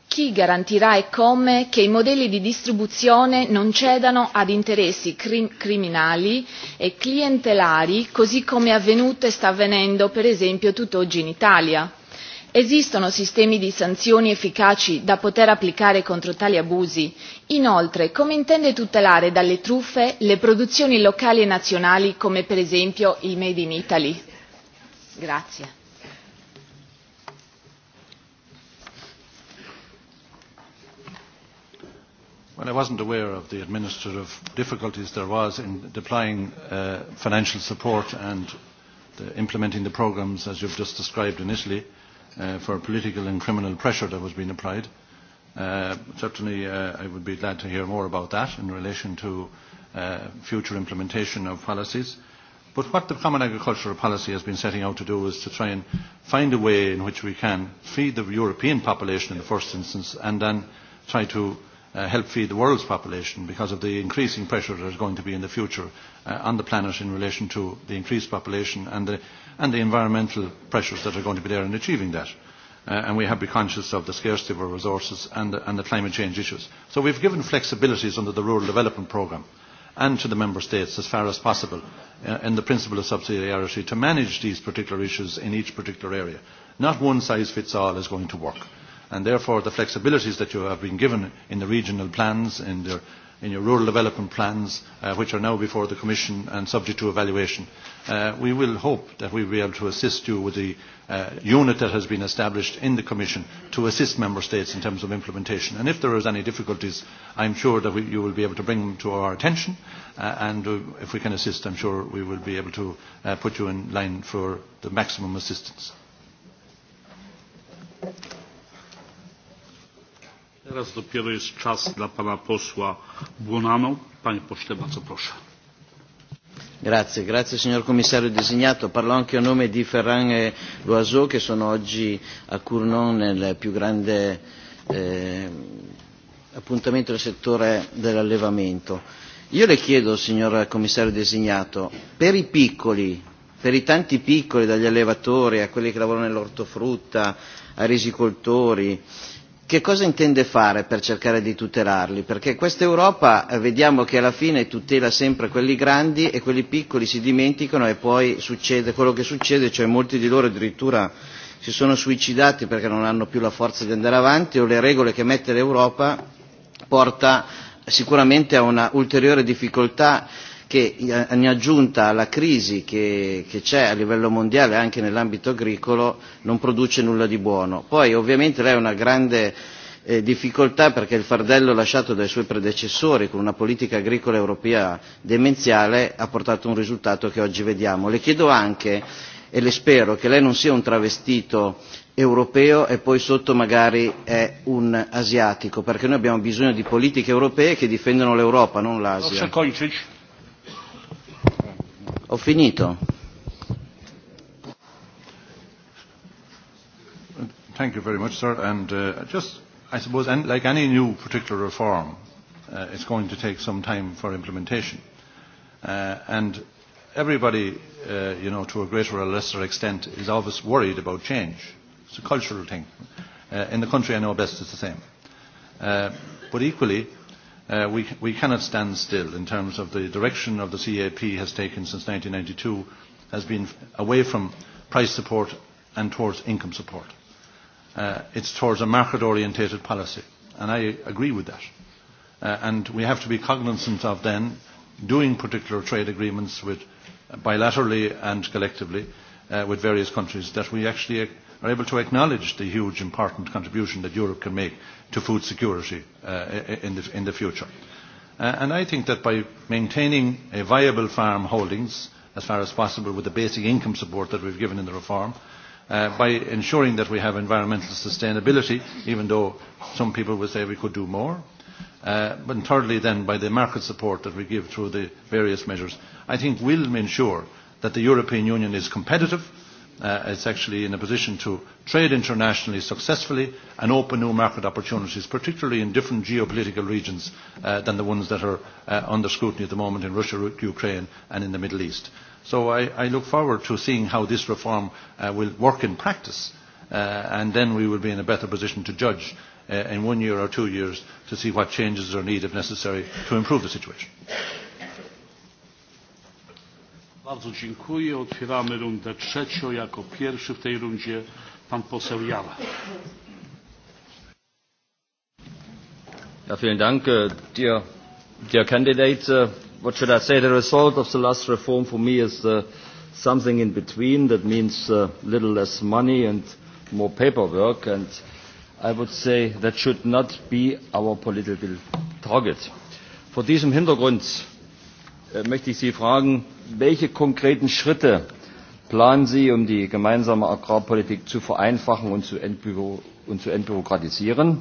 Chi garantirà e come che i modelli di distribuzione non cedano ad interessi crim criminali e clientelari, così come è avvenuto e sta avvenendo per esempio tutt'oggi in Italia? Esistono sistemi di sanzioni efficaci da poter applicare contro tali abusi? Inoltre, come intende tutelare dalle truffe le produzioni locali e nazionali come per esempio il Made in Italy? Grazie. Well, I wasn't aware of the administrative difficulties there was in deploying uh, financial support and the, implementing the programs, as you've just described in Italy, uh, for political and criminal pressure that was being applied. Uh, certainly, uh, I would be glad to hear more about that in relation to uh, future implementation of policies. But what the Common Agricultural Policy has been setting out to do is to try and find a way in which we can feed the European population in the first instance and then try to uh, help feed the world's population because of the increasing pressure there's going to be in the future uh, on the planet in relation to the increased population and the, and the environmental pressures that are going to be there in achieving that. Uh, and we have to be conscious of the scarcity of our resources and the, and the climate change issues. So we've given flexibilities under the Rural Development Programme and to the Member States as far as possible uh, in the principle of subsidiarity to manage these particular issues in each particular area. Not one size fits all is going to work and therefore the flexibilities that you have been given in the regional plans, in, their, in your rural development plans, uh, which are now before the Commission and subject to evaluation. Uh, we will hope that we will be able to assist you with the uh, unit that has been established in the Commission to assist Member States in terms of implementation. And if there is any difficulties, I'm sure that we, you will be able to bring them to our attention, uh, and uh, if we can assist, I'm sure we will be able to uh, put you in line for the maximum assistance. Thank you. Teraz dopiero jest czas dla pana posła Błonano. Panie pośle, bardzo proszę. Grazie, grazie signor commissario designato. Parlo anche a nome di Ferran e Loiseau che sono oggi a Cournon nel più grande eh, appuntamento del settore dell'allevamento. Io le chiedo, signor commissario designato, per i piccoli, per i tanti piccoli, dagli allevatori a quelli che lavorano nell'ortofrutta, ai risicoltori, Che cosa intende fare per cercare di tutelarli? Perché questa Europa eh, vediamo che alla fine tutela sempre quelli grandi e quelli piccoli si dimenticano e poi succede quello che succede, cioè molti di loro addirittura si sono suicidati perché non hanno più la forza di andare avanti o le regole che mette l'Europa porta sicuramente a una ulteriore difficoltà che in aggiunta alla crisi che, che c'è a livello mondiale anche nell'ambito agricolo non produce nulla di buono. Poi ovviamente lei ha una grande eh, difficoltà perché il fardello lasciato dai suoi predecessori con una politica agricola europea demenziale ha portato un risultato che oggi vediamo. Le chiedo anche e le spero che lei non sia un travestito europeo e poi sotto magari è un asiatico, perché noi abbiamo bisogno di politiche europee che difendono l'Europa, non l'Asia. Ho finito. Thank you very much, sir. And uh, just, I suppose, and like any new particular reform, uh, it's going to take some time for implementation. Uh, and everybody, uh, you know, to a greater or lesser extent, is always worried about change. It's a cultural thing. Uh, in the country I know best, it's the same. Uh, but equally, Uh, we, we cannot stand still in terms of the direction of the CAP has taken since 1992 has been away from price support and towards income support. Uh, it's towards a market-orientated policy, and I agree with that. Uh, and we have to be cognizant of then doing particular trade agreements with bilaterally and collectively uh, with various countries that we actually are able to acknowledge the huge important contribution that Europe can make to food security uh, in, the, in the future. Uh, and I think that by maintaining a viable farm holdings as far as possible with the basic income support that we've given in the reform, uh, by ensuring that we have environmental sustainability, even though some people would say we could do more, uh, but thirdly then by the market support that we give through the various measures, I think will ensure that the European Union is competitive uh, is actually in a position to trade internationally successfully and open new market opportunities, particularly in different geopolitical regions uh, than the ones that are uh, under scrutiny at the moment in Russia, Ukraine and in the Middle East. So I, I look forward to seeing how this reform uh, will work in practice uh, and then we will be in a better position to judge uh, in one year or two years to see what changes are needed if necessary to improve the situation. Bardzo dziękuję. Otwieramy rundę trzecią. Jako pierwszy w tej rundzie pan poseł Jara. Ja, vielen Dank, uh, dear, dear candidate. Uh, äh, what should I say? The result of the last reform for me is uh, something in between. That means uh, little less money and more paperwork. And I would say that should not be our political target. Vor diesem Hintergrund uh, möchte ich Sie fragen, welche konkreten Schritte planen Sie, um die gemeinsame Agrarpolitik zu vereinfachen und zu, entbüro und zu entbürokratisieren?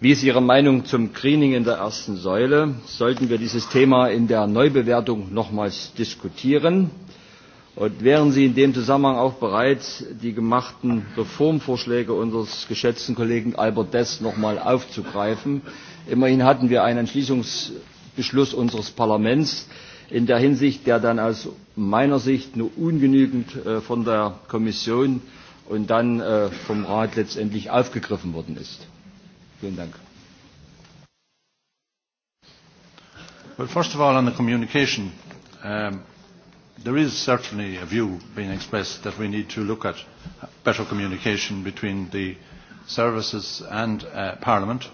Wie ist Ihre Meinung zum Greening in der ersten Säule? Sollten wir dieses Thema in der Neubewertung nochmals diskutieren? Und wären Sie in dem Zusammenhang auch bereit, die gemachten Reformvorschläge unseres geschätzten Kollegen Albert Dess nochmal aufzugreifen? Immerhin hatten wir einen Entschließungsbeschluss unseres Parlaments, in der Hinsicht, der dann aus meiner Sicht nur ungenügend äh, von der Kommission und dann äh, vom Rat letztendlich aufgegriffen worden ist. Vielen Dank. Well, first of all, on the communication, um, there is certainly a view being expressed that we need to look at better communication between the services and uh, Parliament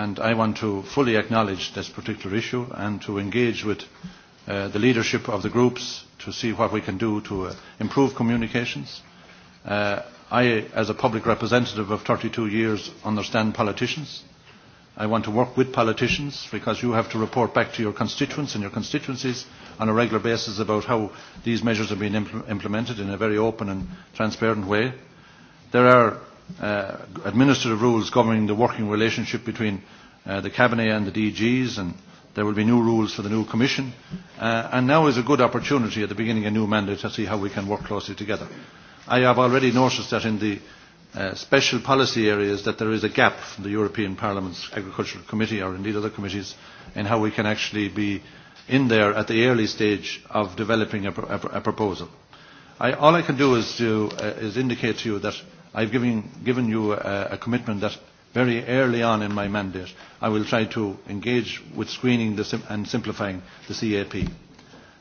and I want to fully acknowledge this particular issue and to engage with uh, the leadership of the groups to see what we can do to uh, improve communications. Uh, I, as a public representative of 32 years, understand politicians. I want to work with politicians because you have to report back to your constituents and your constituencies on a regular basis about how these measures are being impl implemented in a very open and transparent way. There are uh, administrative rules governing the working relationship between uh, the Cabinet and the DGs, and there will be new rules for the new Commission. Uh, and now is a good opportunity at the beginning of a new mandate to see how we can work closely together. I have already noticed that in the uh, special policy areas that there is a gap from the European Parliament's Agricultural Committee or indeed other committees in how we can actually be in there at the early stage of developing a, pr a, pr a proposal. I, all I can do is, to, uh, is indicate to you that I've given, given you a, a commitment that very early on in my mandate I will try to engage with screening the sim and simplifying the CAP.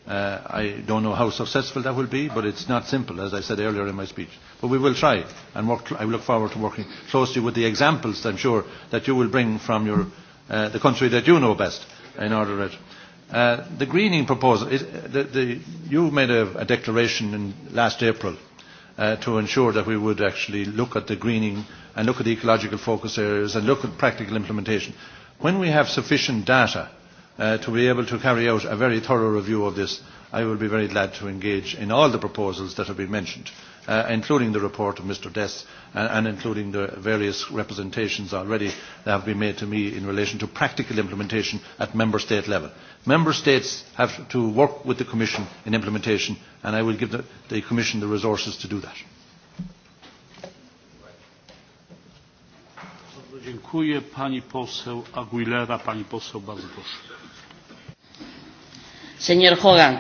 Uh, I don't know how successful that will be, but it's not simple, as I said earlier in my speech. But we will try, and work, I look forward to working closely with the examples, I'm sure, that you will bring from your, uh, the country that you know best in order to... Uh, the greening proposal, is uh the, the, you made a, a declaration in last April uh, to ensure that we would actually look at the greening and look at the ecological focus areas and look at practical implementation. When we have sufficient data uh, to be able to carry out a very thorough review of this, I will be very glad to engage in all the proposals that have been mentioned uh, including the report of Mr. Dess and, and including the various representations already that have been made to me in relation to practical implementation at member state level. Member states have to work with the Commission in implementation and I will give the, the Commission the resources to do that. Dziękuję. Pani poseł Aguilera, pani poseł, bardzo proszę. Senior Hogan,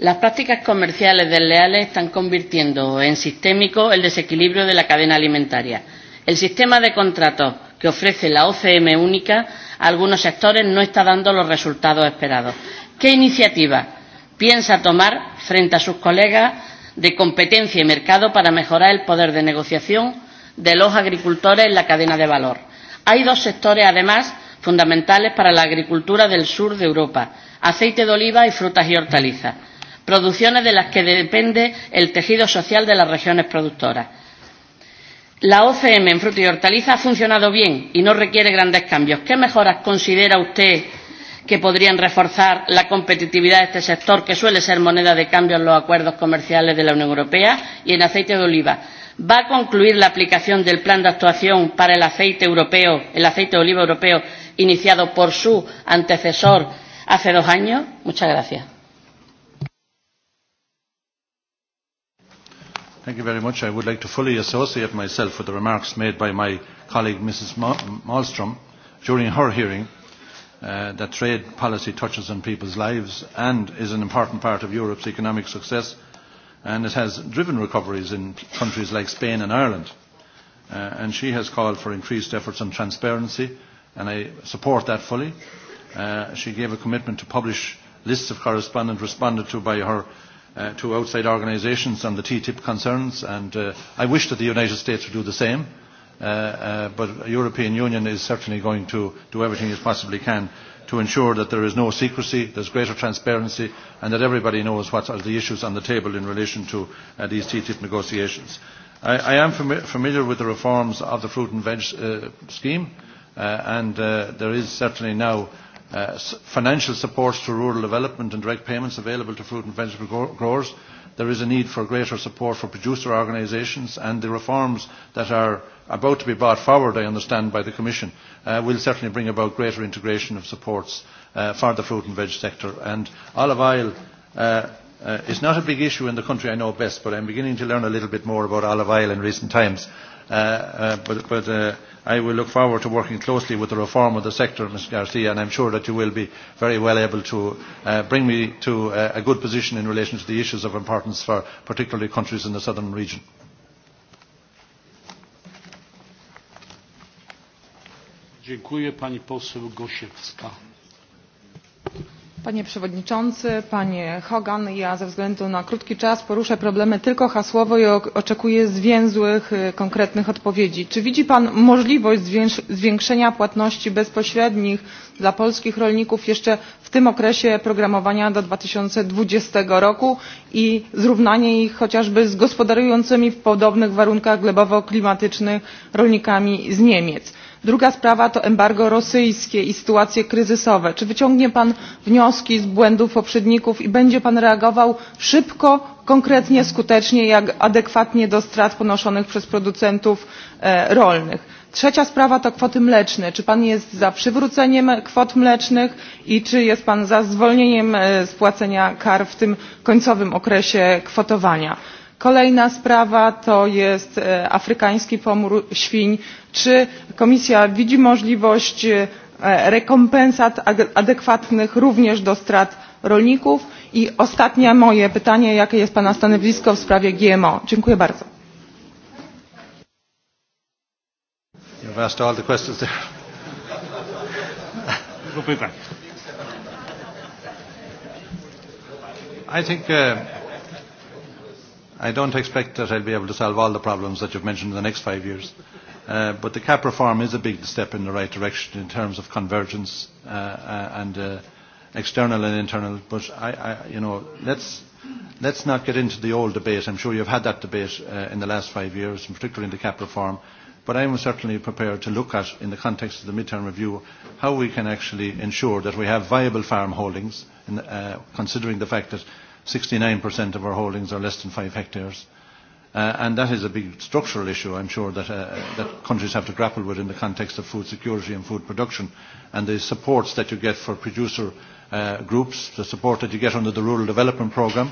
Las prácticas comerciales desleales están convirtiendo en sistémico el desequilibrio de la cadena alimentaria. El sistema de contratos que ofrece la OCM única a algunos sectores no está dando los resultados esperados. ¿Qué iniciativa piensa tomar frente a sus colegas de competencia y mercado para mejorar el poder de negociación de los agricultores en la cadena de valor? Hay dos sectores, además, fundamentales para la agricultura del sur de Europa, aceite de oliva y frutas y hortalizas producciones de las que depende el tejido social de las regiones productoras. La OCM en fruta y hortaliza ha funcionado bien y no requiere grandes cambios. ¿Qué mejoras considera usted que podrían reforzar la competitividad de este sector, que suele ser moneda de cambio en los acuerdos comerciales de la Unión Europea? Y en aceite de oliva, ¿va a concluir la aplicación del plan de actuación para el aceite europeo, el aceite de oliva europeo, iniciado por su antecesor hace dos años? Muchas gracias. Thank you very much. I would like to fully associate myself with the remarks made by my colleague Mrs. Malmstrom during her hearing uh, that trade policy touches on people's lives and is an important part of Europe's economic success and it has driven recoveries in countries like Spain and Ireland. Uh, and she has called for increased efforts on transparency and I support that fully. Uh, she gave a commitment to publish lists of correspondents responded to by her uh, to outside organisations on the TTIP concerns, and uh, I wish that the United States would do the same. Uh, uh, but the European Union is certainly going to do everything it possibly can to ensure that there is no secrecy, there's greater transparency, and that everybody knows what are the issues on the table in relation to uh, these TTIP negotiations. I, I am fami familiar with the reforms of the fruit and veg uh, scheme, uh, and uh, there is certainly now uh, financial supports to rural development and direct payments available to fruit and vegetable growers. There is a need for greater support for producer organisations and the reforms that are about to be brought forward, I understand, by the Commission uh, will certainly bring about greater integration of supports uh, for the fruit and veg sector. And olive oil uh, uh, is not a big issue in the country I know best, but I'm beginning to learn a little bit more about olive oil in recent times. Uh, uh, but, but uh, I will look forward to working closely with the reform of the sector, Mr Garcia, and I'm sure that you will be very well able to uh, bring me to uh, a good position in relation to the issues of importance for particularly countries in the southern region. Dziękuję pani poseł Gosiewska. Panie Przewodniczący, Panie Hogan, ja ze względu na krótki czas poruszę problemy tylko hasłowo i oczekuję zwięzłych, konkretnych odpowiedzi. Czy widzi Pan możliwość zwiększenia płatności bezpośrednich dla polskich rolników jeszcze w tym okresie programowania do 2020 roku i zrównanie ich chociażby z gospodarującymi w podobnych warunkach glebowo-klimatycznych rolnikami z Niemiec? Druga sprawa to embargo rosyjskie i sytuacje kryzysowe. Czy wyciągnie Pan wnioski z błędów poprzedników i będzie Pan reagował szybko, konkretnie, skutecznie jak adekwatnie do strat ponoszonych przez producentów e, rolnych? Trzecia sprawa to kwoty mleczne. Czy Pan jest za przywróceniem kwot mlecznych i czy jest Pan za zwolnieniem spłacenia e, kar w tym końcowym okresie kwotowania? Kolejna sprawa to jest e, afrykański pomór świń. Czy Komisja widzi możliwość e, rekompensat adekwatnych również do strat rolników? I ostatnie moje pytanie, jakie jest Pana stanowisko w sprawie GMO? Dziękuję bardzo. You've asked all the questions there. I think uh, I don't expect that I'll be able to solve all the problems that you've mentioned in the next five years. Uh, but the cap reform is a big step in the right direction in terms of convergence uh, uh, and uh, external and internal. But I, I, you know, let's let's not get into the old debate. I'm sure you've had that debate uh, in the last five years, and particularly in the cap reform. But I am certainly prepared to look at, in the context of the midterm review, how we can actually ensure that we have viable farm holdings, in, uh, considering the fact that 69% of our holdings are less than 5 hectares. Uh, and that is a big structural issue, I'm sure, that, uh, that countries have to grapple with in the context of food security and food production. And the supports that you get for producer uh, groups, the support that you get under the Rural Development Programme,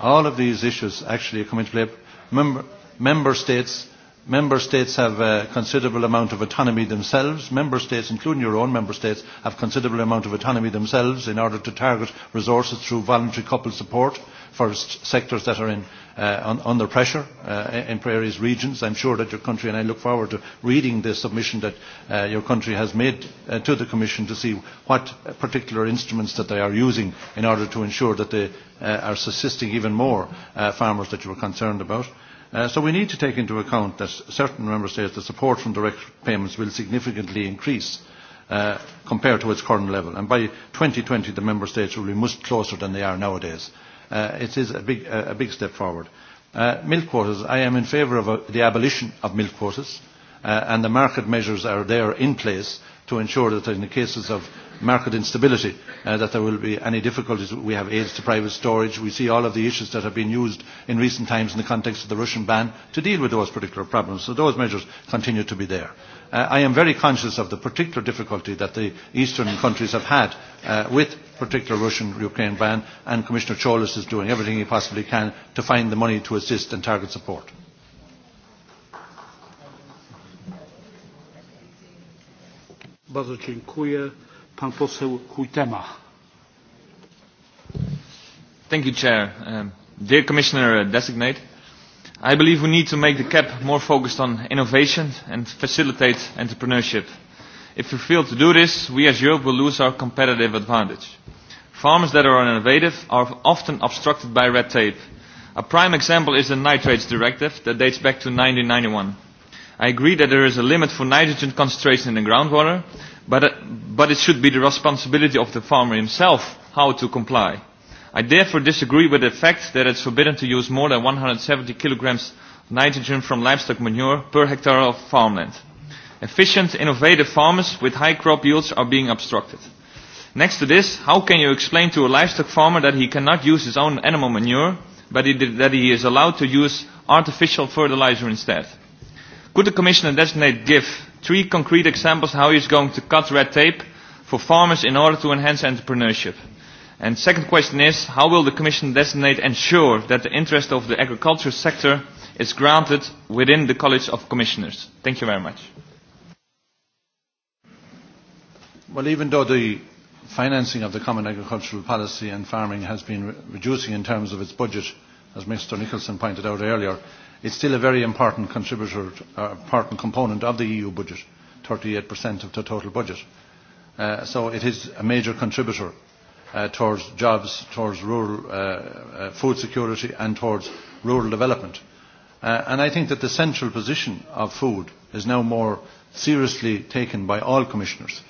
all of these issues actually come into play. Member, member states Member states have a considerable amount of autonomy themselves. Member states, including your own member states, have a considerable amount of autonomy themselves in order to target resources through voluntary coupled support for sectors that are in, uh, on, under pressure uh, in various regions. I'm sure that your country, and I look forward to reading the submission that uh, your country has made uh, to the Commission to see what particular instruments that they are using in order to ensure that they uh, are assisting even more uh, farmers that you are concerned about. Uh, Uh, so we need to take into account that certain member states, the support from direct payments will significantly increase uh, compared to its current level. And by 2020, the member states will be much closer than they are nowadays. Uh, it is a big, uh, a big step forward. Uh, milk quotas, I am in favour of uh, the abolition of milk quotas, uh, and the market measures are there in place to ensure that in the cases of market instability uh, that there will be any difficulties. We have aids to private storage. We see all of the issues that have been used in recent times in the context of the Russian ban to deal with those particular problems. So those measures continue to be there. Uh, I am very conscious of the particular difficulty that the eastern countries have had uh, with particular Russian-Ukraine ban and Commissioner Cholis is doing everything he possibly can to find the money to assist and target support. Bardzo dziękuję. Pan poseł Kujtema. Thank you, Chair. Um, dear Commissioner uh, Designate, I believe we need to make the CAP more focused on innovation and facilitate entrepreneurship. If we fail to do this, we as Europe will lose our competitive advantage. Farmers that are innovative are often obstructed by red tape. A prime example is the Nitrates Directive that dates back to 1991. I agree that there is a limit for nitrogen concentration in the groundwater, but, uh, but it should be the responsibility of the farmer himself how to comply. I therefore disagree with the fact that it's forbidden to use more than 170 kilograms of nitrogen from livestock manure per hectare of farmland. Efficient, innovative farmers with high crop yields are being obstructed. Next to this, how can you explain to a livestock farmer that he cannot use his own animal manure, but he, that he is allowed to use artificial fertilizer instead? Could the Commissioner designate give three concrete examples how he's going to cut red tape for farmers in order to enhance entrepreneurship? And second question is, how will the Commission designate ensure that the interest of the agriculture sector is granted within the College of Commissioners? Thank you very much. Well, even though the financing of the Common Agricultural Policy and farming has been re reducing in terms of its budget, as Mr Nicholson pointed out earlier, It's still a very important contributor, uh, important component of the EU budget, 38% of the total budget. Uh, so it is a major contributor uh, towards jobs, towards rural uh, uh, food security and towards rural development. Uh, and I think that the central position of food is now more seriously taken by all commissioners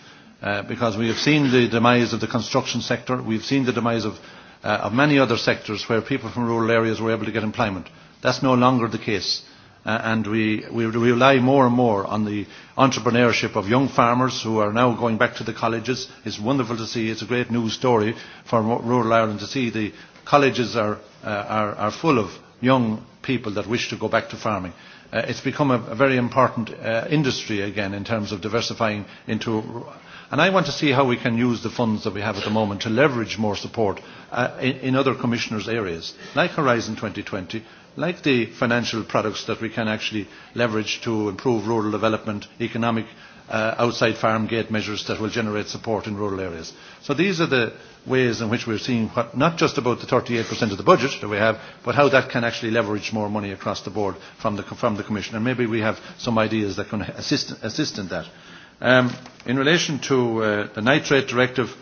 uh, because we have seen the demise of the construction sector, we have seen the demise of, uh, of many other sectors where people from rural areas were able to get employment. That's no longer the case. Uh, and we, we rely more and more on the entrepreneurship of young farmers who are now going back to the colleges. It's wonderful to see. It's a great news story for rural Ireland to see. The colleges are, uh, are, are full of young people that wish to go back to farming. Uh, it's become a, a very important uh, industry again in terms of diversifying into And I want to see how we can use the funds that we have at the moment to leverage more support uh, in, in other commissioners' areas, like Horizon 2020, like the financial products that we can actually leverage to improve rural development, economic uh, outside farm gate measures that will generate support in rural areas. So these are the ways in which we're seeing what, not just about the 38% of the budget that we have, but how that can actually leverage more money across the board from the, from the Commission. And maybe we have some ideas that can assist, assist in that. Um, in relation to uh, the nitrate directive,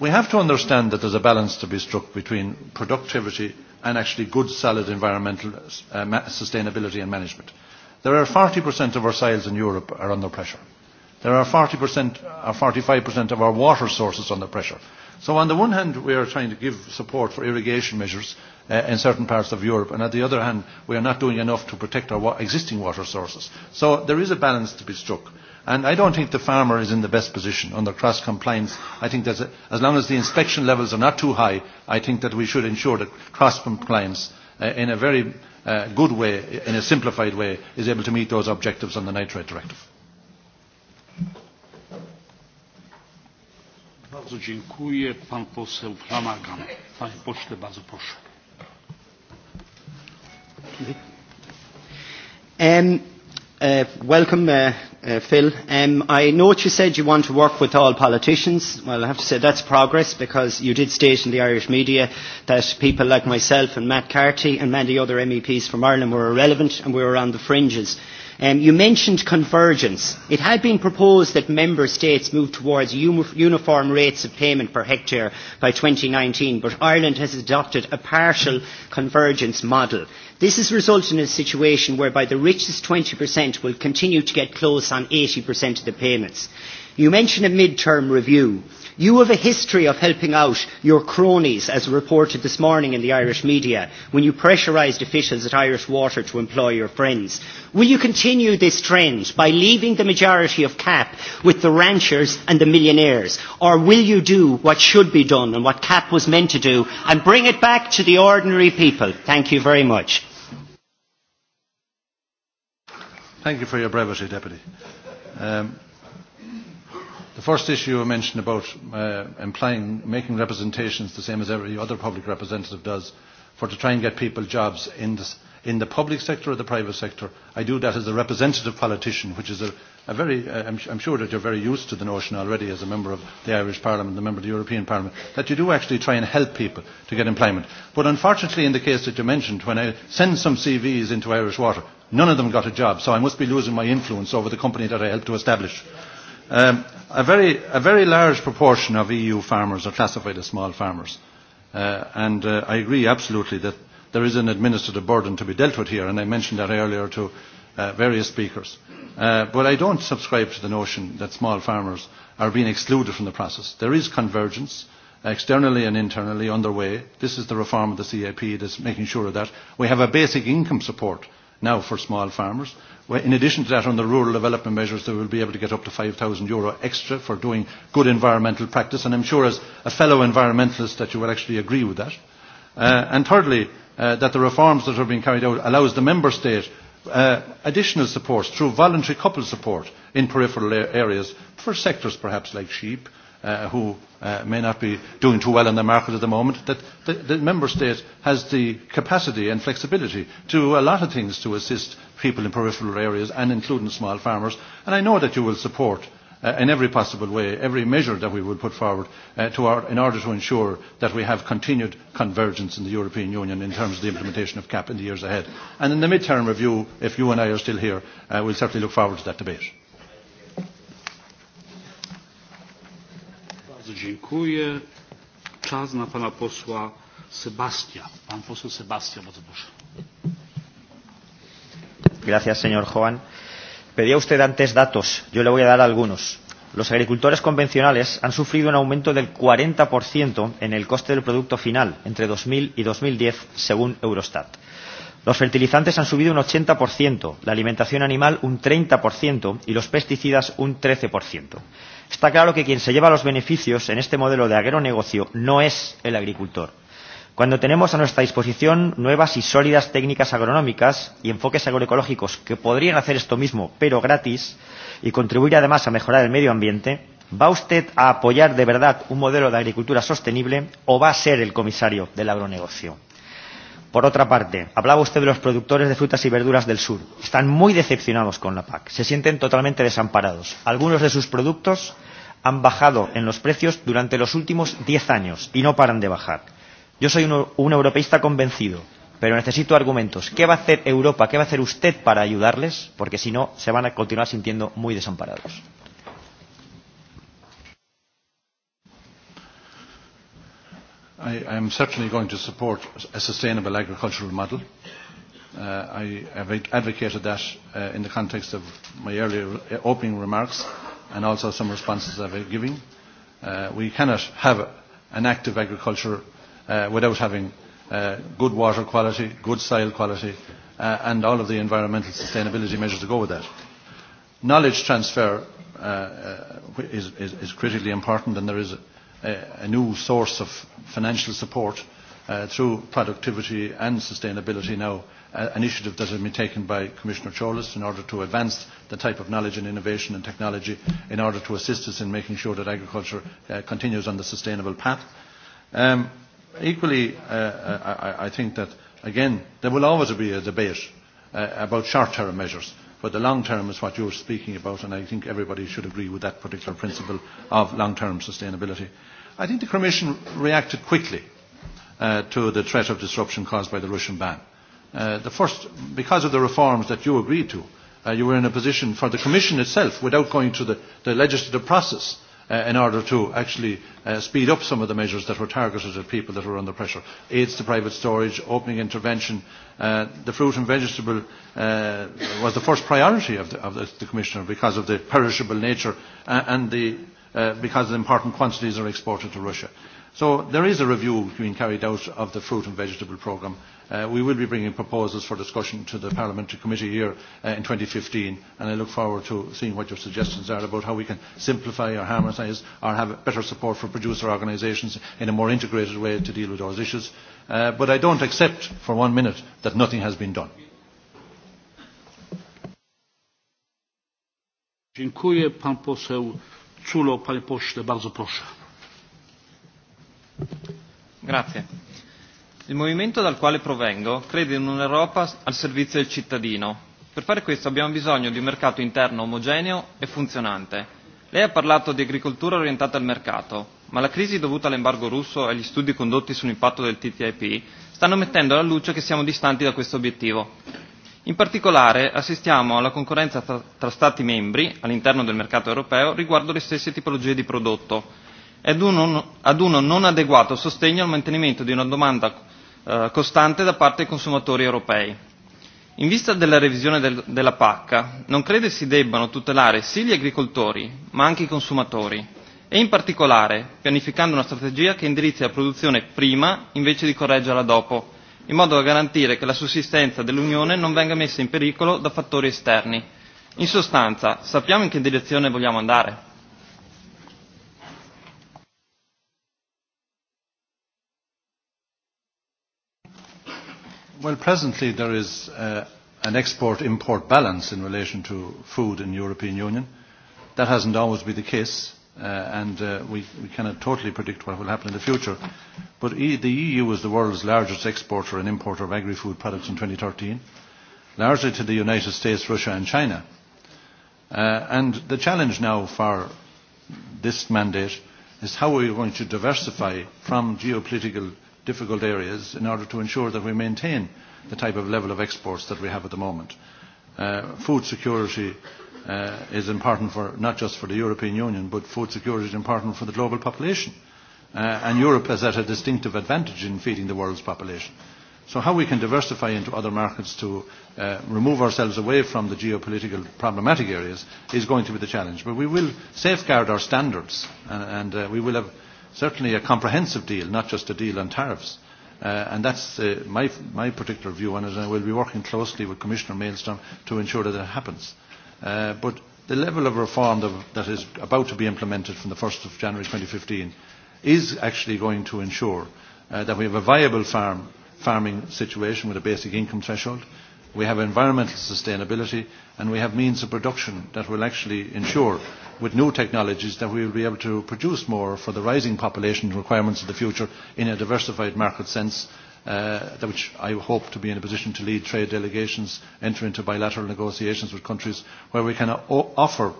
we have to understand that there's a balance to be struck between productivity and actually good solid environmental uh, sustainability and management. There are 40% of our soils in Europe are under pressure. There are 40% or 45% of our water sources under pressure. So on the one hand, we are trying to give support for irrigation measures uh, in certain parts of Europe, and on the other hand, we are not doing enough to protect our wa existing water sources. So there is a balance to be struck. And I don't think the farmer is in the best position under cross-compliance. I think that as long as the inspection levels are not too high, I think that we should ensure that cross-compliance uh, in a very uh, good way, in a simplified way, is able to meet those objectives on the nitrate directive. Bardzo dziękuję. Pan poseł Flanagan. Panie pośle, bardzo proszę. Um, Uh, welcome, uh, uh, Phil. Um, I know what you said you want to work with all politicians. Well, I have to say that's progress because you did state in the Irish media that people like myself and Matt Carty and many other MEPs from Ireland were irrelevant and we were on the fringes. Um, you mentioned convergence. It had been proposed that member states move towards uniform rates of payment per hectare by 2019, but Ireland has adopted a partial convergence model. This has resulted in a situation whereby the richest 20% will continue to get close on 80% of the payments. You mention a mid-term review. You have a history of helping out your cronies, as reported this morning in the Irish media, when you pressurised officials at Irish Water to employ your friends. Will you continue this trend by leaving the majority of CAP with the ranchers and the millionaires? Or will you do what should be done and what CAP was meant to do and bring it back to the ordinary people? Thank you very much. Thank you for your brevity, Deputy. Um, The first issue you mentioned about uh, implying, making representations the same as every other public representative does, for to try and get people jobs in, this, in the public sector or the private sector. I do that as a representative politician, which is a, a very, uh, I'm, I'm sure that you're very used to the notion already as a member of the Irish Parliament, a member of the European Parliament, that you do actually try and help people to get employment. But unfortunately, in the case that you mentioned, when I send some CVs into Irish Water, none of them got a job, so I must be losing my influence over the company that I helped to establish. Yeah. Um, a, very, a very large proportion of EU farmers are classified as small farmers. Uh, and uh, I agree absolutely that there is an administrative burden to be dealt with here, and I mentioned that earlier to uh, various speakers. Uh, but I don't subscribe to the notion that small farmers are being excluded from the process. There is convergence externally and internally underway. This is the reform of the CIP that's making sure of that. We have a basic income support now for small farmers. Well, in addition to that, on the rural development measures, they will be able to get up to €5,000 extra for doing good environmental practice, and I'm sure as a fellow environmentalist that you will actually agree with that. Uh, and thirdly, uh, that the reforms that are being carried out allows the member state uh, additional support through voluntary couple support in peripheral areas for sectors perhaps like sheep, uh, who uh, may not be doing too well in the market at the moment, that the, the member state has the capacity and flexibility to do a lot of things to assist people in peripheral areas and including small farmers. And I know that you will support uh, in every possible way, every measure that we will put forward uh, to our, in order to ensure that we have continued convergence in the European Union in terms of the implementation of CAP in the years ahead. And in the mid-term review, if you and I are still here, uh, we'll certainly look forward to that debate. bardzo dziękuję. Czas na pana posła Sebastia. Pan poseł Sebastia, bardzo proszę. Gracias, señor Joan. Pedía usted antes datos. Yo le voy a dar algunos. Los agricultores convencionales han sufrido un aumento del 40% en el coste del producto final entre 2000 y 2010, según Eurostat. Los fertilizantes han subido un 80%, la alimentación animal un 30% y los pesticidas un Está claro que quien se lleva los beneficios en este modelo de agronegocio no es el agricultor. Cuando tenemos a nuestra disposición nuevas y sólidas técnicas agronómicas y enfoques agroecológicos que podrían hacer esto mismo, pero gratis, y contribuir además a mejorar el medio ambiente, ¿va usted a apoyar de verdad un modelo de agricultura sostenible o va a ser el comisario del agronegocio? Por otra parte, hablaba usted de los productores de frutas y verduras del sur. Están muy decepcionados con la PAC, se sienten totalmente desamparados. Algunos de sus productos han bajado en los precios durante los últimos 10 años y no paran de bajar. Yo soy un, un europeísta convencido, pero necesito argumentos. ¿Qué va a hacer Europa? ¿Qué va a hacer usted para ayudarles? Porque si no, se van a continuar sintiendo muy desamparados. I, I am certainly going to support a sustainable agricultural model. Uh, I have advocated that uh, in the context of my earlier uh, opening remarks and also some responses I've been giving. Uh, we cannot have an active agriculture uh, without having uh, good water quality, good soil quality, uh, and all of the environmental sustainability measures to go with that. Knowledge transfer uh, uh, is, is, is critically important, and there is a, new source of financial support uh, through productivity and sustainability now, uh, initiative that has been taken by Commissioner Chorlis in order to advance the type of knowledge and innovation and technology in order to assist us in making sure that agriculture uh, continues on the sustainable path. Um, equally, uh, I, I think that, again, there will always be a debate uh, about short-term measures. But the long term is what you're speaking about, and I think everybody should agree with that particular principle of long-term sustainability. I think the Commission reacted quickly uh, to the threat of disruption caused by the Russian ban. Uh, the first, because of the reforms that you agreed to, uh, you were in a position for the Commission itself, without going through the, the legislative process, uh, in order to actually uh, speed up some of the measures that were targeted at people that were under pressure. Aids to private storage, opening intervention. Uh, the fruit and vegetable uh, was the first priority of the, of the, the Commissioner because of the perishable nature and, uh, and the, uh, because the important quantities are exported to Russia. So there is a review being carried out of the fruit and vegetable programme. Uh, we will be bringing proposals for discussion to the Parliamentary Committee here uh, in 2015 and I look forward to seeing what your suggestions are about how we can simplify or harmonise or have better support for producer organisations in a more integrated way to deal with those issues. Uh, but I don't accept for one minute that nothing has been done. Dziękuję pan poseł panie pośle, bardzo proszę. Grazie. Il movimento dal quale provengo crede in un'Europa al servizio del cittadino. Per fare questo abbiamo bisogno di un mercato interno omogeneo e funzionante. Lei ha parlato di agricoltura orientata al mercato, ma la crisi dovuta all'embargo russo e agli studi condotti sull'impatto del TTIP stanno mettendo alla luce che siamo distanti da questo obiettivo. In particolare assistiamo alla concorrenza tra, tra Stati membri all'interno del mercato europeo riguardo le stesse tipologie di prodotto, ed uno, ad uno non adeguato sostegno al mantenimento di una domanda eh, costante da parte dei consumatori europei. In vista della revisione del, della PAC, non crede si debbano tutelare sì gli agricoltori, ma anche i consumatori, e in particolare pianificando una strategia che indirizzi la produzione prima invece di correggerla dopo, in modo da garantire che la sussistenza dell'Unione non venga messa in pericolo da fattori esterni. In sostanza, sappiamo in che direzione vogliamo andare? Well, presently there is uh, an export-import balance in relation to food in the European Union. That hasn't always been the case, uh, and uh, we, we cannot totally predict what will happen in the future. But e the EU was the world's largest exporter and importer of agri-food products in 2013, largely to the United States, Russia and China. Uh, and the challenge now for this mandate is how are we going to diversify from geopolitical difficult areas in order to ensure that we maintain the type of level of exports that we have at the moment. Uh, food security uh, is important for not just for the European Union, but food security is important for the global population. Uh, and Europe has at a distinctive advantage in feeding the world's population. So how we can diversify into other markets to uh, remove ourselves away from the geopolitical problematic areas is going to be the challenge. But we will safeguard our standards and, uh, and uh, we will have certainly a comprehensive deal, not just a deal on tariffs. Uh, and that's uh, my, my particular view on it, and I will be working closely with Commissioner Maelstrom to ensure that it happens. Uh, but the level of reform that, that is about to be implemented from the 1st of January 2015 is actually going to ensure uh, that we have a viable farm, farming situation with a basic income threshold, we have environmental sustainability, and we have means of production that will actually ensure with new technologies that we will be able to produce more for the rising population requirements of the future in a diversified market sense, uh, which I hope to be in a position to lead trade delegations, enter into bilateral negotiations with countries where we can offer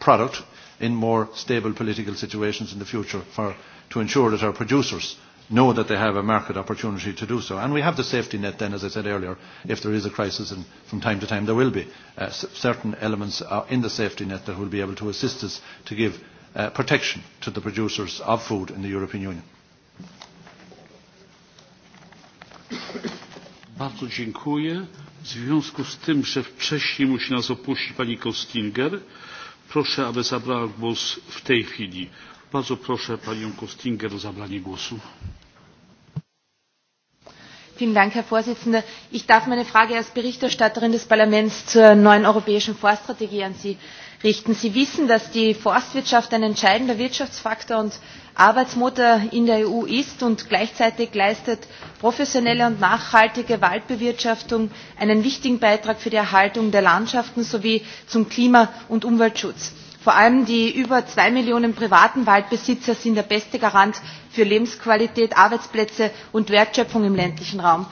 product in more stable political situations in the future for, to ensure that our producers know that they have a market opportunity to do so. And we have the safety net then, as I said earlier, if there is a crisis, and from time to time there will be uh, certain elements uh, in the safety net that will be able to assist us to give uh, protection to the producers of food in the European Union. Bardzo dziękuję. W związku z tym, że wcześniej musi nas opuścić pani Kostinger, proszę, aby zabrała głos w tej chwili. Bardzo proszę panią Kostinger o zabranie głosu. Vielen Dank, Herr Vorsitzender. Ich darf meine Frage als Berichterstatterin des Parlaments zur neuen europäischen Forststrategie an Sie richten. Sie wissen, dass die Forstwirtschaft ein entscheidender Wirtschaftsfaktor und Arbeitsmotor in der EU ist und gleichzeitig leistet professionelle und nachhaltige Waldbewirtschaftung einen wichtigen Beitrag für die Erhaltung der Landschaften sowie zum Klima- und Umweltschutz. Vor allem die über zwei Millionen privaten Waldbesitzer sind der beste Garant für Lebensqualität, Arbeitsplätze und Wertschöpfung im ländlichen Raum.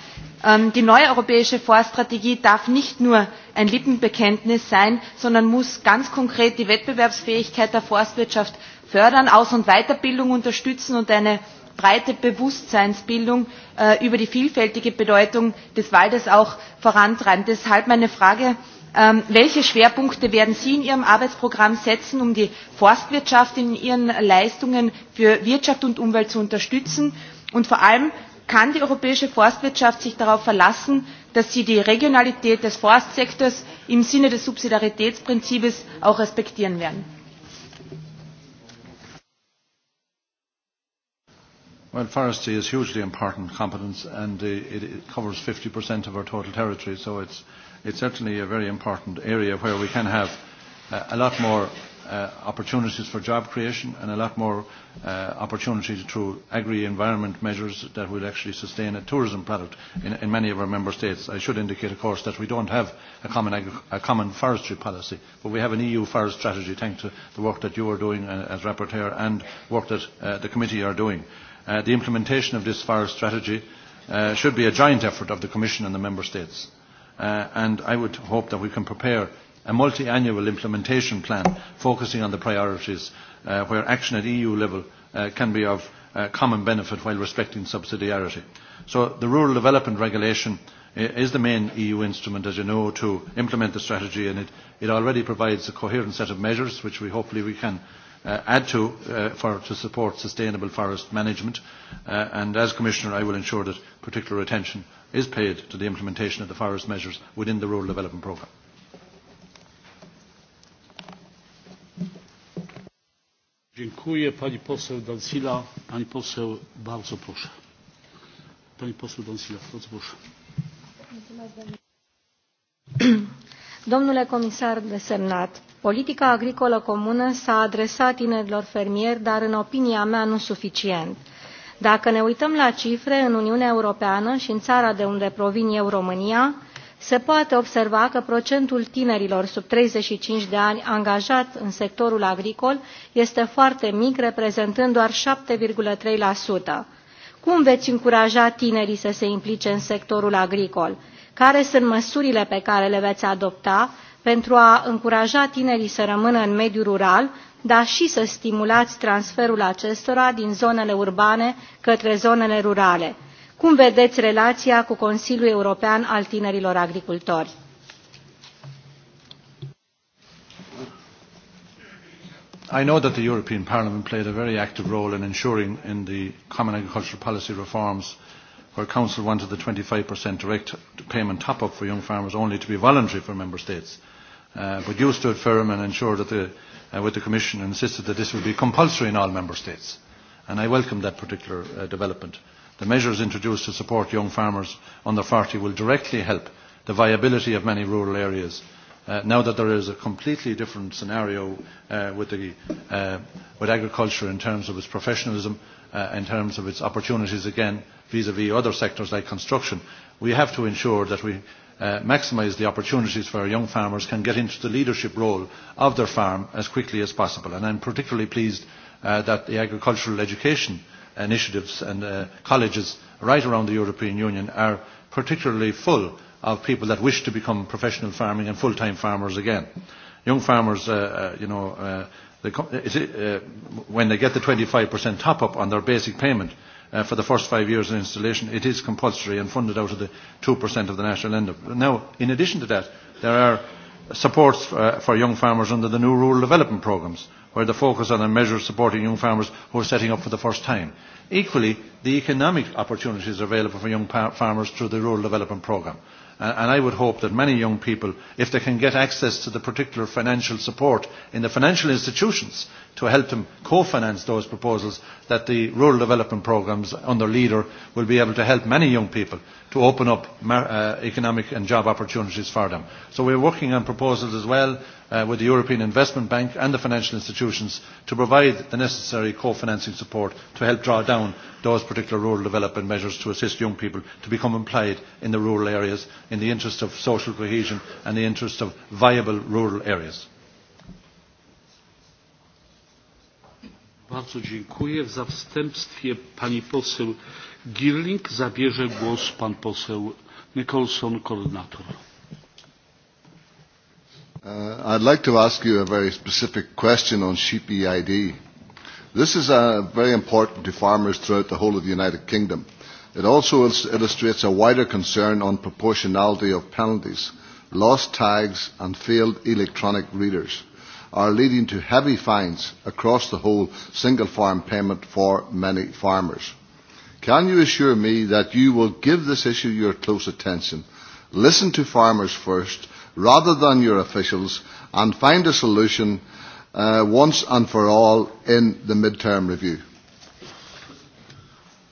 Ähm, die neue europäische Forststrategie darf nicht nur ein Lippenbekenntnis sein, sondern muss ganz konkret die Wettbewerbsfähigkeit der Forstwirtschaft fördern, Aus- und Weiterbildung unterstützen und eine breite Bewusstseinsbildung äh, über die vielfältige Bedeutung des Waldes auch vorantreiben. Deshalb meine Frage Ähm, welche Schwerpunkte werden Sie in Ihrem Arbeitsprogramm setzen, um die Forstwirtschaft in ihren Leistungen für Wirtschaft und Umwelt zu unterstützen? Und vor allem, kann die europäische Forstwirtschaft sich darauf verlassen, dass sie die Regionalität des Forstsektors im Sinne des Subsidiaritätsprinzips auch respektieren werden? Well, forestry is hugely important competence and uh, it, it covers 50% of our total territory, so it's it's certainly a very important area where we can have uh, a lot more uh, opportunities for job creation and a lot more uh, opportunities through agri-environment measures that will actually sustain a tourism product in, in many of our member states. I should indicate, of course, that we don't have a common, a common forestry policy, but we have an EU forest strategy thanks to the work that you are doing uh, as rapporteur and work that uh, the committee are doing. Uh, the implementation of this forest strategy uh, should be a joint effort of the Commission and the Member States uh, and I would hope that we can prepare a multi-annual implementation plan focusing on the priorities uh, where action at EU level uh, can be of uh, common benefit while respecting subsidiarity. So the Rural Development Regulation uh, is the main EU instrument, as you know, to implement the strategy, and it, it already provides a coherent set of measures, which we hopefully we can uh, add to uh, for, to support sustainable forest management. Uh, and as Commissioner, I will ensure that particular attention is paid to the implementation of the forest measures within the rural development programme. Dziękuję pani poseł Dancila. Pani poseł, bardzo proszę. Pani poseł Dancila, bardzo proszę. Domnule comisar desemnat, politica agricolă comună s-a adresat tinerilor fermieri, dar în opinia mea nu suficient. Dacă ne uităm la cifre, în Uniunea Europeană și în țara de unde provin eu, România, se poate observa că procentul tinerilor sub 35 de ani angajat în sectorul agricol este foarte mic, reprezentând doar 7,3%. Cum veți încuraja tinerii să se implice în sectorul agricol? Care sunt măsurile pe care le veți adopta pentru a încuraja tinerii să rămână în mediul rural, dar și să stimulați transferul acestora din zonele urbane către zonele rurale. Cum vedeți relația cu Consiliul European al Tinerilor Agricultori? I know that the European Parliament played a very active role in ensuring in the common agricultural policy reforms where Council wanted the 25% direct payment top-up for young farmers only to be voluntary for Member States. Uh, but you stood firm and ensured that the, uh, with the Commission and insisted that this would be compulsory in all Member States. And I welcome that particular uh, development. The measures introduced to support young farmers under 40 will directly help the viability of many rural areas uh, now that there is a completely different scenario uh, with, the, uh, with agriculture in terms of its professionalism, uh, in terms of its opportunities again vis-à-vis -vis other sectors like construction, we have to ensure that we uh, maximise the opportunities for young farmers can get into the leadership role of their farm as quickly as possible. And I'm particularly pleased uh, that the agricultural education initiatives and uh, colleges right around the European Union are particularly full of people that wish to become professional farming and full-time farmers again. Young farmers, uh, uh, you know, uh, they, uh, when they get the 25% top-up on their basic payment, Uh, for the first five years of installation, it is compulsory and funded out of the 2% of the national income. Now, in addition to that, there are supports uh, for young farmers under the new rural development programs, where the focus on a measure supporting young farmers who are setting up for the first time. Equally, the economic opportunities are available for young farmers through the rural development programme. And I would hope that many young people, if they can get access to the particular financial support in the financial institutions to help them co-finance those proposals, that the rural development programmes under leader will be able to help many young people to open up uh, economic and job opportunities for them. So we're working on proposals as well uh, with the European Investment Bank and the financial institutions to provide the necessary co-financing support to help draw down those particular rural development measures to assist young people to become employed in the rural areas in the interest of social cohesion and the interest of viable rural areas. Bardzo dziękuję. W zastępstwie pani poseł Girling zabierze głos pan poseł Nicholson, koordynator. Uh, I'd like to ask you a very specific question on sheep EID. This is uh, very important to farmers throughout the whole of the United Kingdom. It also illustrates a wider concern on proportionality of penalties. Lost tags and failed electronic readers are leading to heavy fines across the whole single farm payment for many farmers. Can you assure me that you will give this issue your close attention, listen to farmers first, rather than your officials and find a solution uh, once and for all in the midterm review.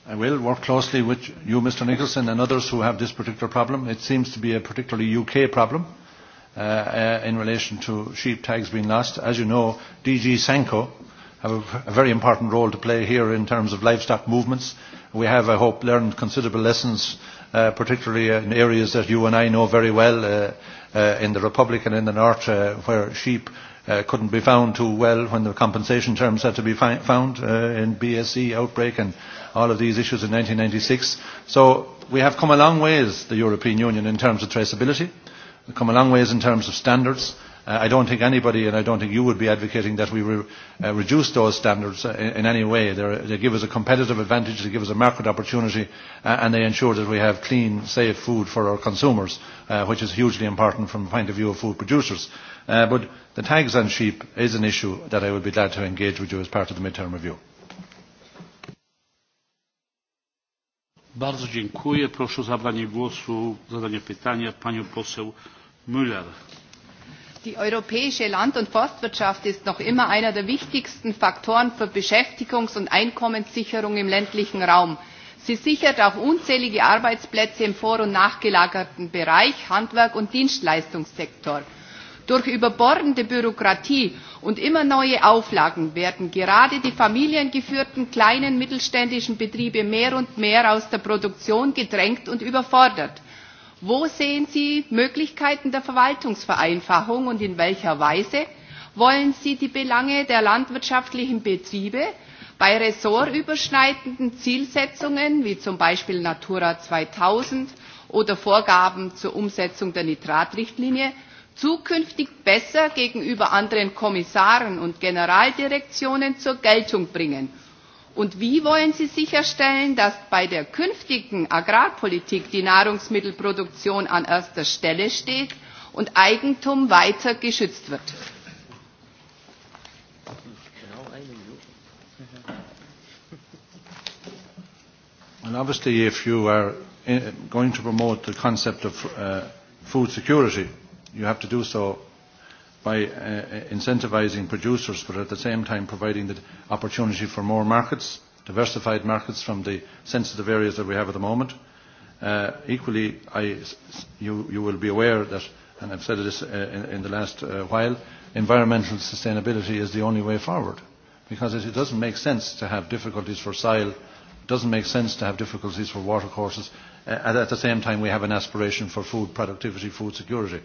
I will work closely with you, Mr Nicholson, and others who have this particular problem. It seems to be a particularly UK problem uh, uh, in relation to sheep tags being lost. As you know, DG Sanko have a, a very important role to play here in terms of livestock movements. We have, I hope, learned considerable lessons, uh, particularly in areas that you and I know very well, uh, uh, in the Republic and in the North uh, where sheep uh, couldn't be found too well when the compensation terms had to be fi found uh, in BSE outbreak and all of these issues in 1996. So we have come a long ways, the European Union, in terms of traceability. We've come a long ways in terms of standards. Uh, I don't think anybody, and I don't think you would be advocating that we re uh, reduce those standards uh, in, in any way. They're, they give us a competitive advantage, they give us a market opportunity, uh, and they ensure that we have clean, safe food for our consumers, uh, which is hugely important from the point of view of food producers. Uh, but the tags on sheep is an issue that I would be glad to engage with you as part of the midterm review. Bardzo dziękuję. Proszę o zabranie głosu, zadanie pytania panią poseł Müller. Die europäische Land- und Forstwirtschaft ist noch immer einer der wichtigsten Faktoren für Beschäftigungs- und Einkommenssicherung im ländlichen Raum. Sie sichert auch unzählige Arbeitsplätze im vor- und nachgelagerten Bereich Handwerk und Dienstleistungssektor. Durch überbordende Bürokratie und immer neue Auflagen werden gerade die familiengeführten kleinen mittelständischen Betriebe mehr und mehr aus der Produktion gedrängt und überfordert. Wo sehen Sie Möglichkeiten der Verwaltungsvereinfachung und in welcher Weise wollen Sie die Belange der landwirtschaftlichen Betriebe bei ressortüberschneidenden Zielsetzungen wie zum Beispiel Natura 2000 oder Vorgaben zur Umsetzung der Nitratrichtlinie zukünftig besser gegenüber anderen Kommissaren und Generaldirektionen zur Geltung bringen Und wie wollen Sie sicherstellen, dass bei der künftigen Agrarpolitik die Nahrungsmittelproduktion an erster Stelle steht und Eigentum weiter geschützt wird? And obviously if you are eh, going to promote the concept of uh, food security, you have to do so by uh, uh, incentivizing producers, but at the same time providing the opportunity for more markets, diversified markets from the sensitive areas that we have at the moment. Uh, equally, I, you, you will be aware that, and I've said this uh, in, in the last uh, while, environmental sustainability is the only way forward because it, it doesn't make sense to have difficulties for soil, it doesn't make sense to have difficulties for watercourses, uh, at the same time we have an aspiration for food productivity, food security.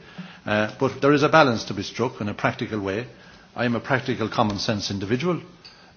Uh, but there is a balance to be struck in a practical way. I am a practical common sense individual.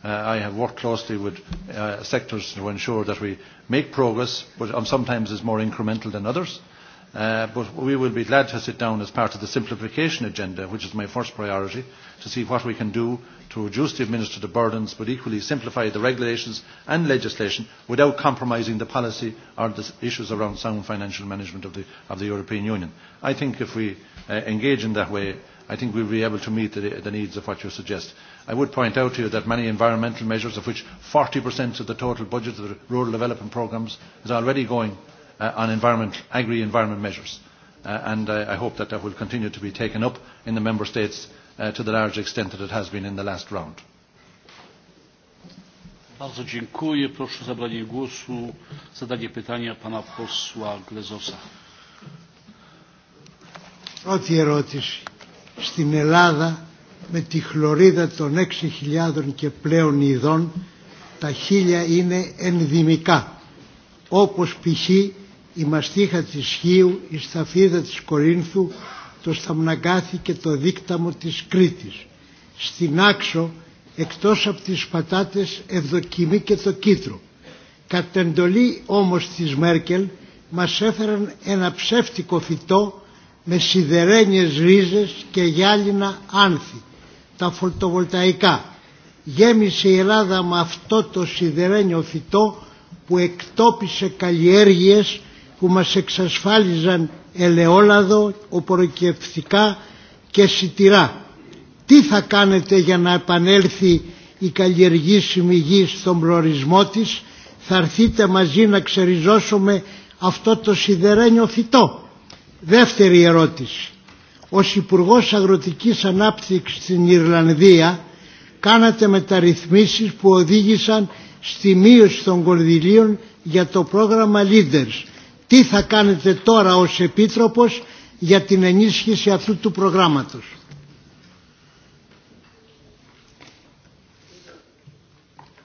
Uh, I have worked closely with uh, sectors to ensure that we make progress, but um, sometimes it's more incremental than others. Uh, Uh, but we will be glad to sit down as part of the simplification agenda, which is my first priority, to see what we can do to reduce the administrative burdens, but equally simplify the regulations and legislation without compromising the policy or the issues around sound financial management of the, of the European Union. I think if we uh, engage in that way, I think we'll be able to meet the, the needs of what you suggest. I would point out to you that many environmental measures, of which 40% of the total budget of the rural development programmes is already going uh, on environment, agri-environment measures. Uh, and I, I hope that that will continue to be taken up in the Member States uh, to the large extent that it has been in the last round. Bardzo dziękuję. Proszę o zabranie głosu, zadanie pytania pana posła Glezosa. Πρώτη ερώτηση. Στην Ελλάδα με τη χλωρίδα των 6.000 και πλέον ειδών τα χίλια είναι ενδυμικά όπως π.χ η μαστίχα της Χίου, η σταφίδα της Κορίνθου, το σταμναγκάθι και το δίκταμο της Κρήτης. Στην Άξο, εκτός από τις πατάτες, ευδοκιμή και το κίτρο. Κατ' εντολή όμως της Μέρκελ, μας έφεραν ένα ψεύτικο φυτό με σιδερένιες ρίζες και γυάλινα άνθη, τα φωτοβολταϊκά. Γέμισε η Ελλάδα με αυτό το σιδερένιο φυτό που εκτόπισε καλλιέργειες που μας εξασφάλιζαν ελαιόλαδο, οπωροκευτικά και σιτηρά. Τι θα κάνετε για να επανέλθει η καλλιεργήσιμη γη στον προορισμό της, θα έρθείτε μαζί να ξεριζώσουμε αυτό το σιδερένιο φυτό. Δεύτερη ερώτηση. Ο υπουργό Αγροτικής Ανάπτυξης στην Ιρλανδία κάνατε μεταρρυθμίσεις που οδήγησαν στη μείωση των κορδιλίων για το πρόγραμμα Leaders τι θα κάνετε τώρα ως Επίτροπος για την ενίσχυση αυτού του προγράμματος.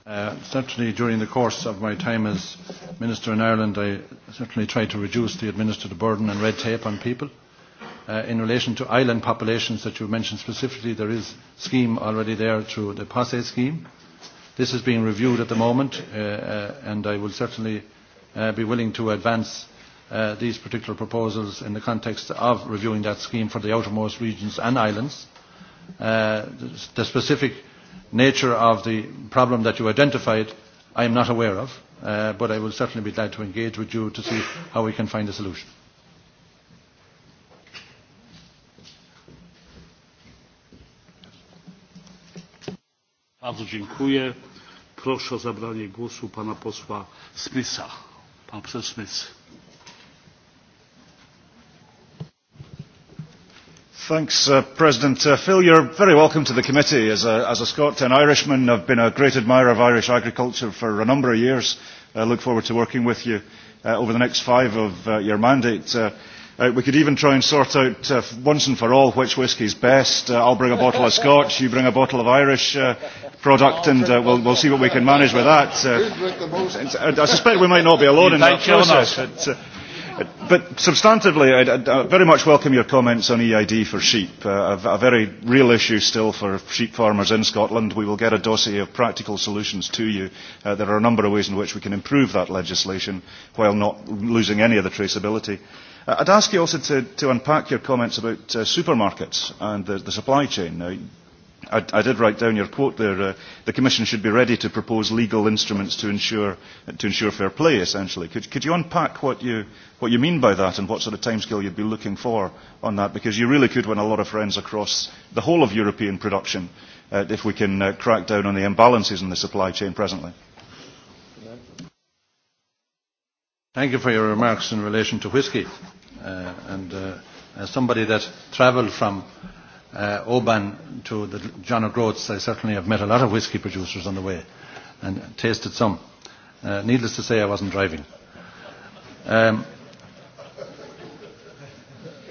Uh, certainly during the course of my time as Minister in Ireland I certainly tried to reduce the administrative burden and red tape on people. Uh, in relation to island populations that you mentioned specifically there is a scheme already there through the PASE scheme. This is being reviewed at the moment uh, uh, and I will certainly uh, be willing to advance uh, these particular proposals in the context of reviewing that scheme for the outermost regions and islands. Uh, the specific nature of the problem that you identified, I am not aware of, uh, but I will certainly be glad to engage with you to see how we can find a solution. Bardzo dziękuję. Proszę o zabranie głosu pana posła Smitha. Pan profesor Smith. Thanks, uh, President uh, Phil. You're very welcome to the committee. As a, as a Scot and Irishman, I've been a great admirer of Irish agriculture for a number of years. I look forward to working with you uh, over the next five of uh, your mandate. Uh, uh, we could even try and sort out uh, once and for all which is best. Uh, I'll bring a bottle of Scotch, you bring a bottle of Irish uh, product, and uh, we'll, we'll see what we can manage with that. Uh, I suspect we might not be alone in that process. But, uh, But substantively, I, I very much welcome your comments on EID for sheep, uh, a, a very real issue still for sheep farmers in Scotland. We will get a dossier of practical solutions to you. Uh, there are a number of ways in which we can improve that legislation while not losing any of the traceability. Uh, I'd ask you also to, to unpack your comments about uh, supermarkets and the, the supply chain. Now, I, I did write down your quote there. Uh, the Commission should be ready to propose legal instruments to ensure, to ensure fair play, essentially. Could, could you unpack what you, what you mean by that and what sort of timescale you'd be looking for on that? Because you really could win a lot of friends across the whole of European production uh, if we can uh, crack down on the imbalances in the supply chain presently. Thank you for your remarks in relation to whisky. Uh, and uh, as somebody that travelled from uh, Oban to the John O'Groats, I certainly have met a lot of whiskey producers on the way and tasted some. Uh, needless to say, I wasn't driving. Um,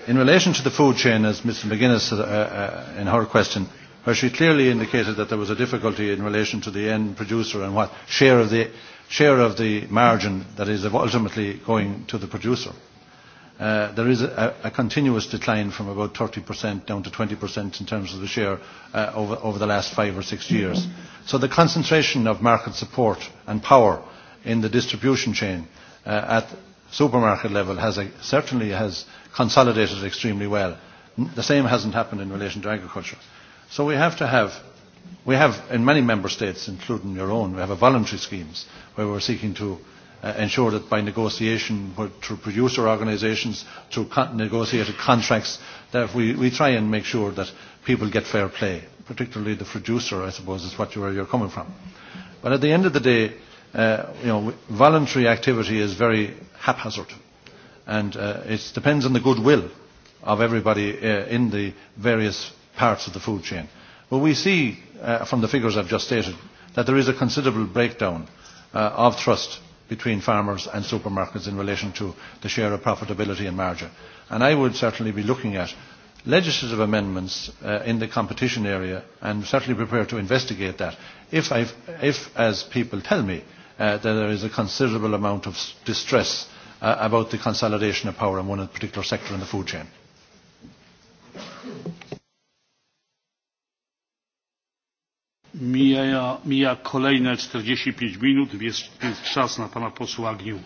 in relation to the food chain, as Mr. McGuinness uh, uh, in her question, where she clearly indicated that there was a difficulty in relation to the end producer and what share of the, share of the margin that is ultimately going to the producer uh, there is a, a continuous decline from about 30% down to 20% in terms of the share uh, over, over the last five or six years. So the concentration of market support and power in the distribution chain uh, at supermarket level has a, certainly has consolidated extremely well. The same hasn't happened in relation to agriculture. So we have to have we have in many member states, including your own, we have a voluntary schemes where we're seeking to uh, ensure that by negotiation through producer organisations, through con negotiated contracts, that we, we try and make sure that people get fair play, particularly the producer, I suppose, is what you're, you're coming from. But at the end of the day, uh, you know, voluntary activity is very haphazard, and uh, it depends on the goodwill of everybody uh, in the various parts of the food chain. But we see uh, from the figures I've just stated that there is a considerable breakdown uh, of trust between farmers and supermarkets in relation to the share of profitability and margin. And I would certainly be looking at legislative amendments uh, in the competition area and certainly prepared to investigate that if, I've, if as people tell me, uh, that there is a considerable amount of distress uh, about the consolidation of power in one particular sector in the food chain. Mija, mija kolejne 45 minut, więc czas na pana posła Agniu.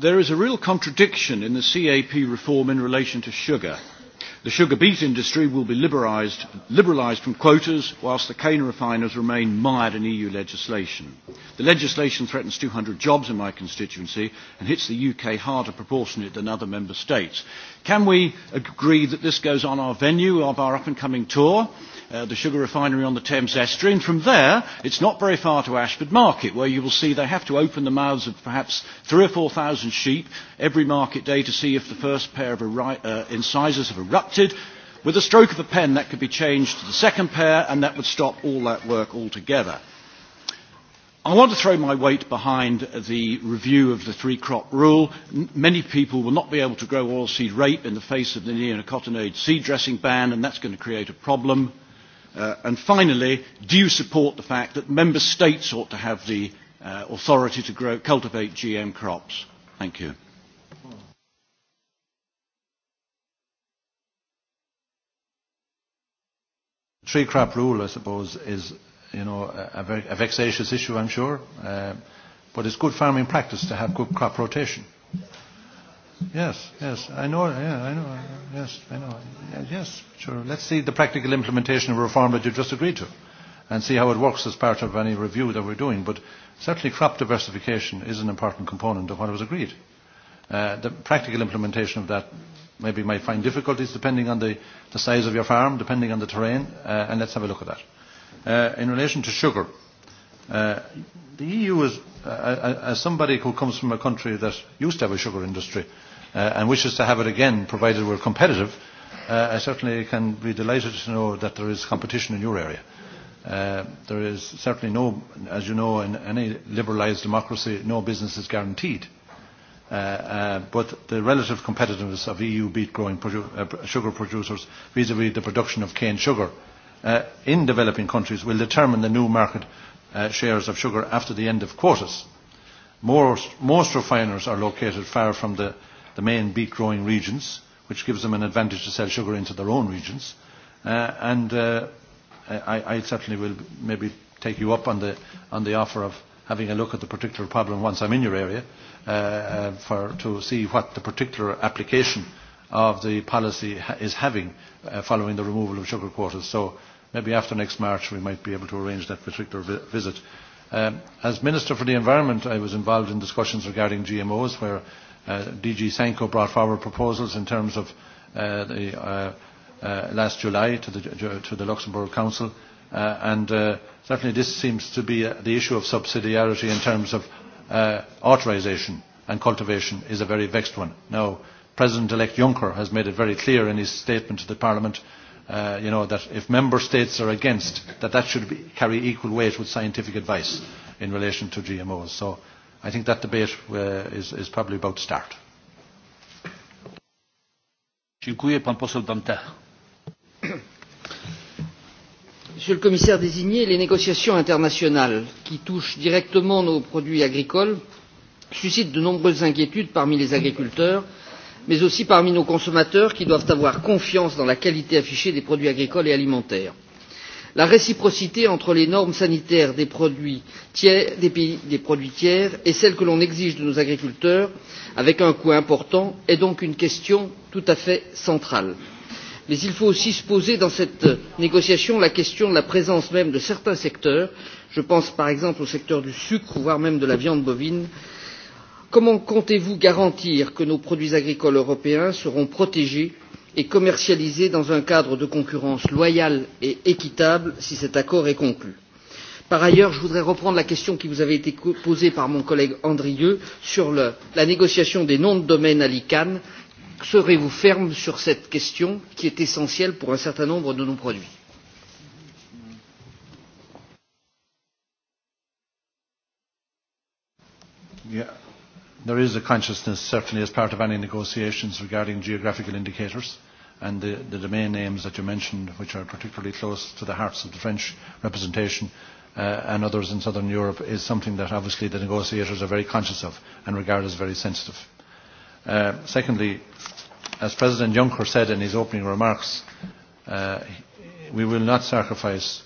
There is a real contradiction in the CAP reform in relation to sugar. The sugar beet industry will be liberalised, liberalised from quotas whilst the cane refiners remain mired in EU legislation. The legislation threatens 200 jobs in my constituency and hits the UK harder proportionate than other member states. Can we agree that this goes on our venue of our up and coming tour? uh, the sugar refinery on the Thames estuary. And from there, it's not very far to Ashford Market, where you will see they have to open the mouths of perhaps three or four thousand sheep every market day to see if the first pair of uh, incisors have erupted. With a stroke of a pen, that could be changed to the second pair, and that would stop all that work altogether. I want to throw my weight behind the review of the three crop rule. N many people will not be able to grow oilseed rape in the face of the neonicotinoid seed dressing ban, and that's going to create a problem. Uh, and finally, do you support the fact that member states ought to have the uh, authority to grow, cultivate GM crops? Thank you. Tree crop rule, I suppose, is you know, a, a vexatious issue, I'm sure. Uh, but it's good farming practice to have good crop rotation. Yes, yes, I know, yeah, I know, yes, I know, yes, sure. Let's see the practical implementation of reform that you just agreed to and see how it works as part of any review that we're doing. But certainly crop diversification is an important component of what was agreed. Uh, the practical implementation of that maybe might find difficulties depending on the, the size of your farm, depending on the terrain, uh, and let's have a look at that. Uh, in relation to sugar, uh, the EU is, uh, as somebody who comes from a country that used to have a sugar industry, uh, uh, and wishes to have it again, provided we're competitive, uh, I certainly can be delighted to know that there is competition in your area. Uh, there is certainly no, as you know, in any liberalised democracy, no business is guaranteed. Uh, uh, but the relative competitiveness of EU beet growing produ uh, sugar producers vis-à-vis -vis the production of cane sugar uh, in developing countries will determine the new market uh, shares of sugar after the end of quotas. Most, most refiners are located far from the the main beet growing regions, which gives them an advantage to sell sugar into their own regions. Uh, and uh, I, I certainly will maybe take you up on the, on the offer of having a look at the particular problem once I'm in your area uh, uh, for, to see what the particular application of the policy ha is having uh, following the removal of sugar quotas. So maybe after next March we might be able to arrange that particular vi visit. Um, as Minister for the Environment, I was involved in discussions regarding GMOs where Uh, DG Sanko brought forward proposals in terms of uh, the, uh, uh, last July to the, to the Luxembourg Council. Uh, and uh, certainly this seems to be uh, the issue of subsidiarity in terms of uh, authorisation and cultivation is a very vexed one. Now, President-elect Juncker has made it very clear in his statement to the Parliament uh, you know, that if member states are against, that that should be, carry equal weight with scientific advice in relation to GMOs. So I think that debate uh, is, is probably about to start. Dziękuję, pan poseł Dante. Monsieur le commissaire désigné, les négociations internationales qui touchent directement nos produits agricoles suscitent de nombreuses inquiétudes parmi les agriculteurs, mais aussi parmi nos consommateurs qui doivent avoir confiance dans la qualité affichée des produits agricoles et alimentaires la réciprocité entre les normes sanitaires des produits tiers, des pays, des produits tiers et celles que l'on exige de nos agriculteurs, avec un coût important, est donc une question tout à fait centrale. Mais il faut aussi se poser dans cette négociation la question de la présence même de certains secteurs, je pense par exemple au secteur du sucre, voire même de la viande bovine. Comment comptez-vous garantir que nos produits agricoles européens seront protégés et commercialisée dans un cadre de concurrence loyale et équitable si cet accord est conclu. Par ailleurs, je voudrais reprendre la question qui vous avait été posée par mon collègue Andrieux sur le, la négociation des noms de domaine à l'ICANN. Serez-vous ferme sur cette question qui est essentielle pour un certain nombre de nos produits there is a consciousness, certainly as part of any negotiations regarding geographical indicators and the, the domain names that you mentioned, which are particularly close to the hearts of the French representation uh, and others in southern Europe, is something that obviously the negotiators are very conscious of and regard as very sensitive. Uh, secondly, as President Juncker said in his opening remarks, uh, we will not sacrifice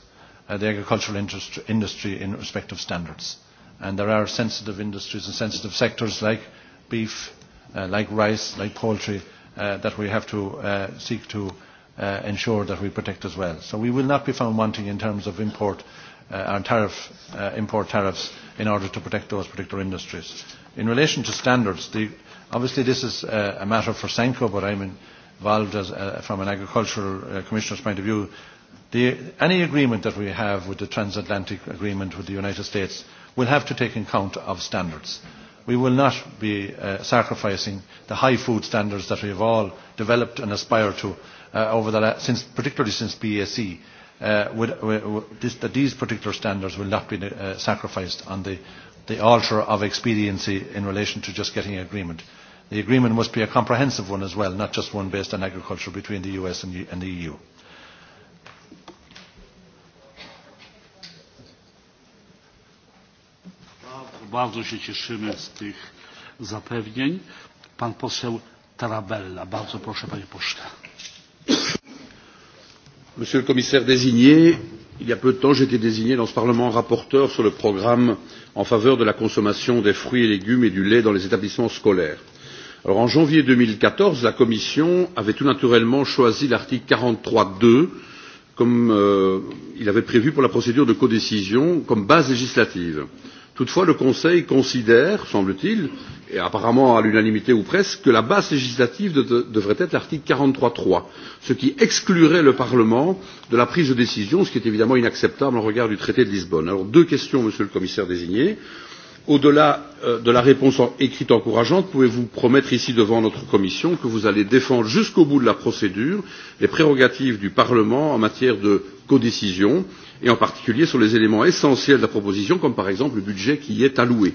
uh, the agricultural industry in respect of standards. And there are sensitive industries and sensitive sectors like beef, uh, like rice, like poultry, uh, that we have to uh, seek to uh, ensure that we protect as well. So we will not be found wanting in terms of import uh, our tariff, uh, import tariffs in order to protect those particular industries. In relation to standards, the, obviously this is uh, a matter for Senko, but I'm involved as, uh, from an agricultural uh, commissioner's point of view. The, any agreement that we have with the transatlantic agreement with the United States will have to take account of standards. We will not be uh, sacrificing the high food standards that we have all developed and aspire to uh, over the since, particularly since BAC, uh, with, with this, that these particular standards will not be uh, sacrificed on the, the altar of expediency in relation to just getting agreement. The agreement must be a comprehensive one as well, not just one based on agriculture between the US and, and the EU. bardzo się cieszymy z tych zapewnień. Pan poseł Tarabella. Bardzo proszę, panie pośle. Monsieur le commissaire désigné, il y a peu de temps, j'ai été désigné dans ce Parlement rapporteur sur le programme en faveur de la consommation des fruits et légumes et du lait dans les établissements scolaires. Alors, en janvier 2014, la Commission avait tout naturellement choisi l'article 43.2 comme euh, il avait prévu pour la procédure de codécision comme base législative. Euh, Toutefois, le Conseil considère, semble-t-il, et apparemment à l'unanimité ou presque, que la base législative de, de, devrait être l'article 43.3, ce qui exclurait le Parlement de la prise de décision, ce qui est évidemment inacceptable en regard du traité de Lisbonne. Alors, deux questions, monsieur le commissaire désigné. Au-delà euh, de la réponse en, écrite encourageante, pouvez-vous promettre ici devant notre commission que vous allez défendre jusqu'au bout de la procédure les prérogatives du Parlement en matière de codécision et en particulier sur les éléments essentiels de la proposition, comme par exemple le budget qui y est alloué.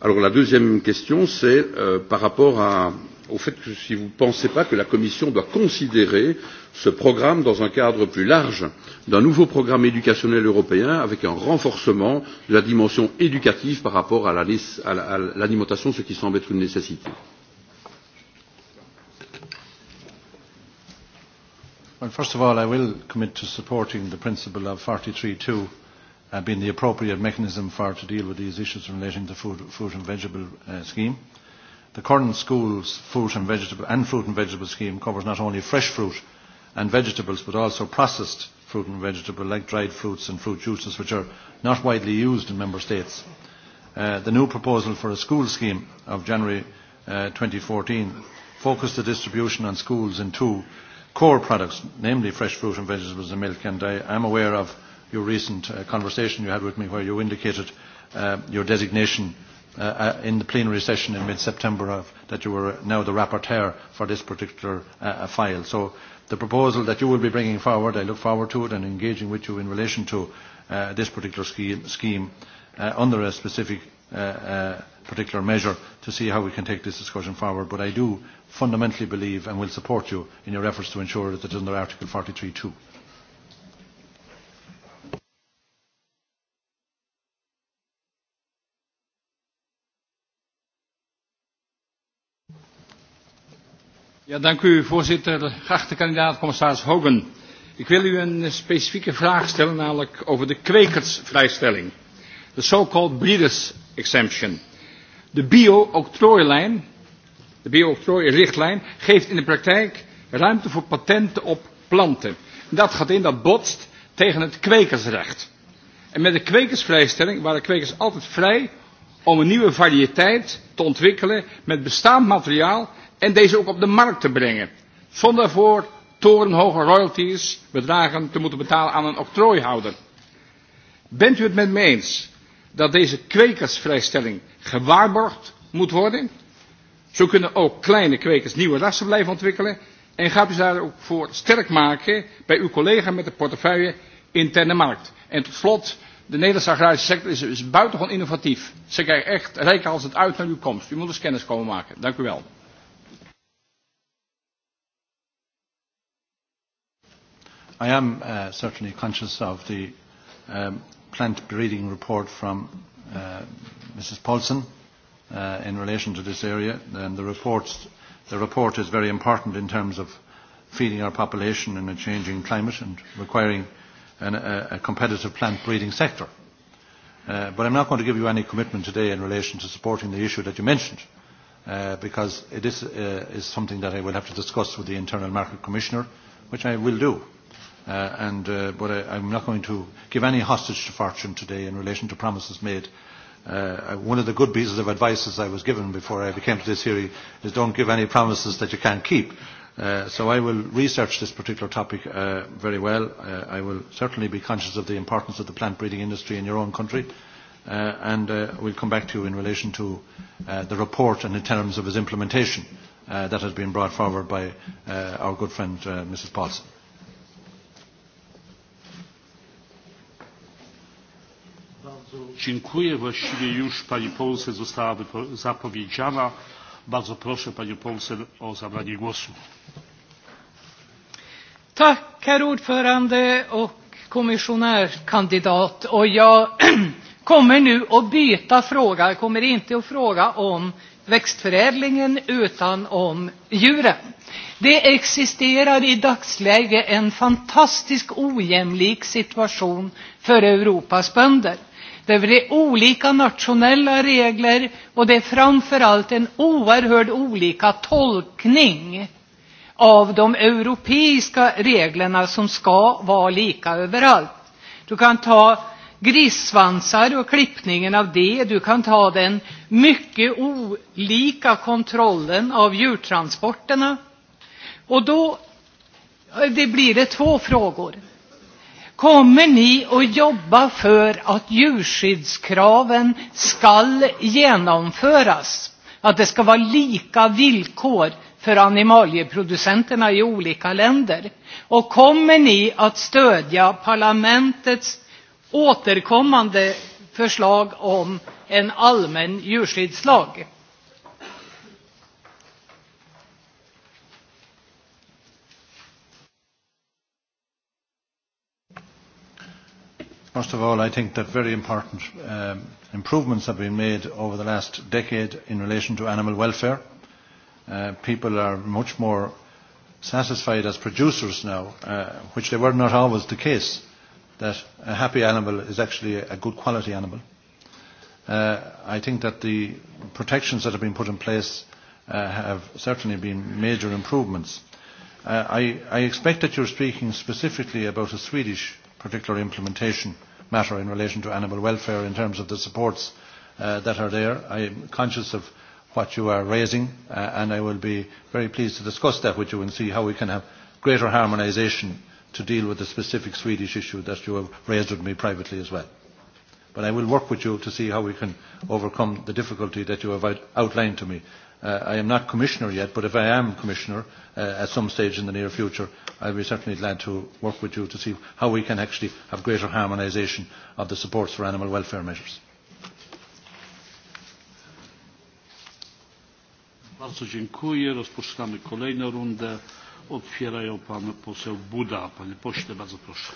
Alors la deuxième question, c'est euh, par rapport à, au fait que si vous ne pensez pas que la Commission doit considérer ce programme dans un cadre plus large d'un nouveau programme éducationnel européen avec un renforcement de la dimension éducative par rapport à l'alimentation, la, ce qui semble être une nécessité. Well, first of all, I will commit to supporting the principle of 43.2 uh, being the appropriate mechanism for to deal with these issues relating to food, food and vegetable uh, scheme. The current school's food and vegetable and fruit and vegetable scheme covers not only fresh fruit and vegetables but also processed fruit and vegetable like dried fruits and fruit juices which are not widely used in member states. Uh, the new proposal for a school scheme of January uh, 2014 focused the distribution on schools in two core products, namely fresh fruit and vegetables and milk, and I am aware of your recent uh, conversation you had with me where you indicated uh, your designation uh, uh in the plenary session in mid-September of that you were now the rapporteur for this particular uh, uh, file. So the proposal that you will be bringing forward, I look forward to it and engaging with you in relation to uh, this particular scheme, scheme uh, under a specific uh, uh, particular measure to see how we can take this discussion forward. But I do fundamentally believe and will support you in your efforts to ensure that it is under Article 43.2. Ja, dank u voorzitter. Geachte kandidaat commissaris Hogan. Ik wil u een specifieke vraag stellen, namelijk over de kwekersvrijstelling. De so-called breeders exemption. De bio-octrooilijn, de bio-octrooirichtlijn, geeft in de praktijk ruimte voor patenten op planten. Dat gaat in, dat botst tegen het kwekersrecht. En met de kwekersvrijstelling waren kwekers altijd vrij om een nieuwe variëteit te ontwikkelen met bestaand materiaal en deze ook op de markt te brengen. Zonder daarvoor torenhoge royalties bedragen te moeten betalen aan een octrooihouder. Bent u het met me eens dat deze kwekersvrijstelling gewaarborgd moet worden. Zo kunnen ook kleine kwekers nieuwe rassen blijven ontwikkelen. En gaat u daar ook voor sterk maken bij uw collega met de portefeuille interne markt. En tot slot, de Nederlandse agrarische sector is, is buitengewoon innovatief. Ze krijgen echt rijk als het uit naar uw komst. U moet eens kennis komen maken. Dank u wel. I am uh, certainly conscious of the um, plant breeding report from uh, Mrs. Paulson uh, in relation to this area. And the, reports, the report is very important in terms of feeding our population in a changing climate and requiring an, a, a competitive plant breeding sector. Uh, but I'm not going to give you any commitment today in relation to supporting the issue that you mentioned, uh, because it is, uh, is something that I will have to discuss with the Internal Market Commissioner, which I will do. Uh, and, uh, but I, I'm not going to give any hostage to fortune today in relation to promises made. Uh, uh one of the good pieces of advice I was given before I became to this hearing is don't give any promises that you can't keep. Uh, so I will research this particular topic uh, very well. Uh, I will certainly be conscious of the importance of the plant breeding industry in your own country. Uh, and uh, we'll come back to you in relation to uh, the report and in terms of its implementation uh, that has been brought forward by uh, our good friend uh, Mrs. Paulson. Dziękuję. Właściwie już pani Polsen została zapowiedziana. Bardzo proszę panią Polsen o zabranie głosu. Tak, herr ordförande och kommissionärkandidat. Och jag kommer nu att byta fråga. Jag kommer inte att fråga om växtförädlingen utan om djuren. Det existerar i dagsläget en fantastisk ojämlik situation för Europas bönder det är olika nationella regler och det är framförallt en oerhörd olika tolkning av de europeiska reglerna som ska vara lika överallt. Du kan ta grissvansar och klippningen av det. Du kan ta den mycket olika kontrollen av djurtransporterna. Och då det blir det två frågor. Kommer ni att jobba för att djurskyddskraven skall genomföras? Att det ska vara lika villkor för animalieproducenterna i olika länder? Och kommer ni att stödja parlamentets återkommande förslag om en allmän djurskyddslag? First of all, I think that very important um, improvements have been made over the last decade in relation to animal welfare. Uh, people are much more satisfied as producers now, uh, which they were not always the case, that a happy animal is actually a good quality animal. Uh, I think that the protections that have been put in place uh, have certainly been major improvements. Uh, I, I expect that you're speaking specifically about a Swedish particular implementation matter in relation to animal welfare in terms of the supports uh, that are there. I am conscious of what you are raising uh, and I will be very pleased to discuss that with you and see how we can have greater harmonisation to deal with the specific Swedish issue that you have raised with me privately as well. But I will work with you to see how we can overcome the difficulty that you have outlined to me. Uh, I am not commissioner yet, but if I am commissioner uh, at some stage in the near future, I'll be certainly glad to work with you to see how we can actually have greater harmonisation of the supports for animal welfare measures. Bardzo dziękuję. Rozpoczynamy kolejną rundę. Otwierają pan poseł Buda. Panie pośle, bardzo proszę.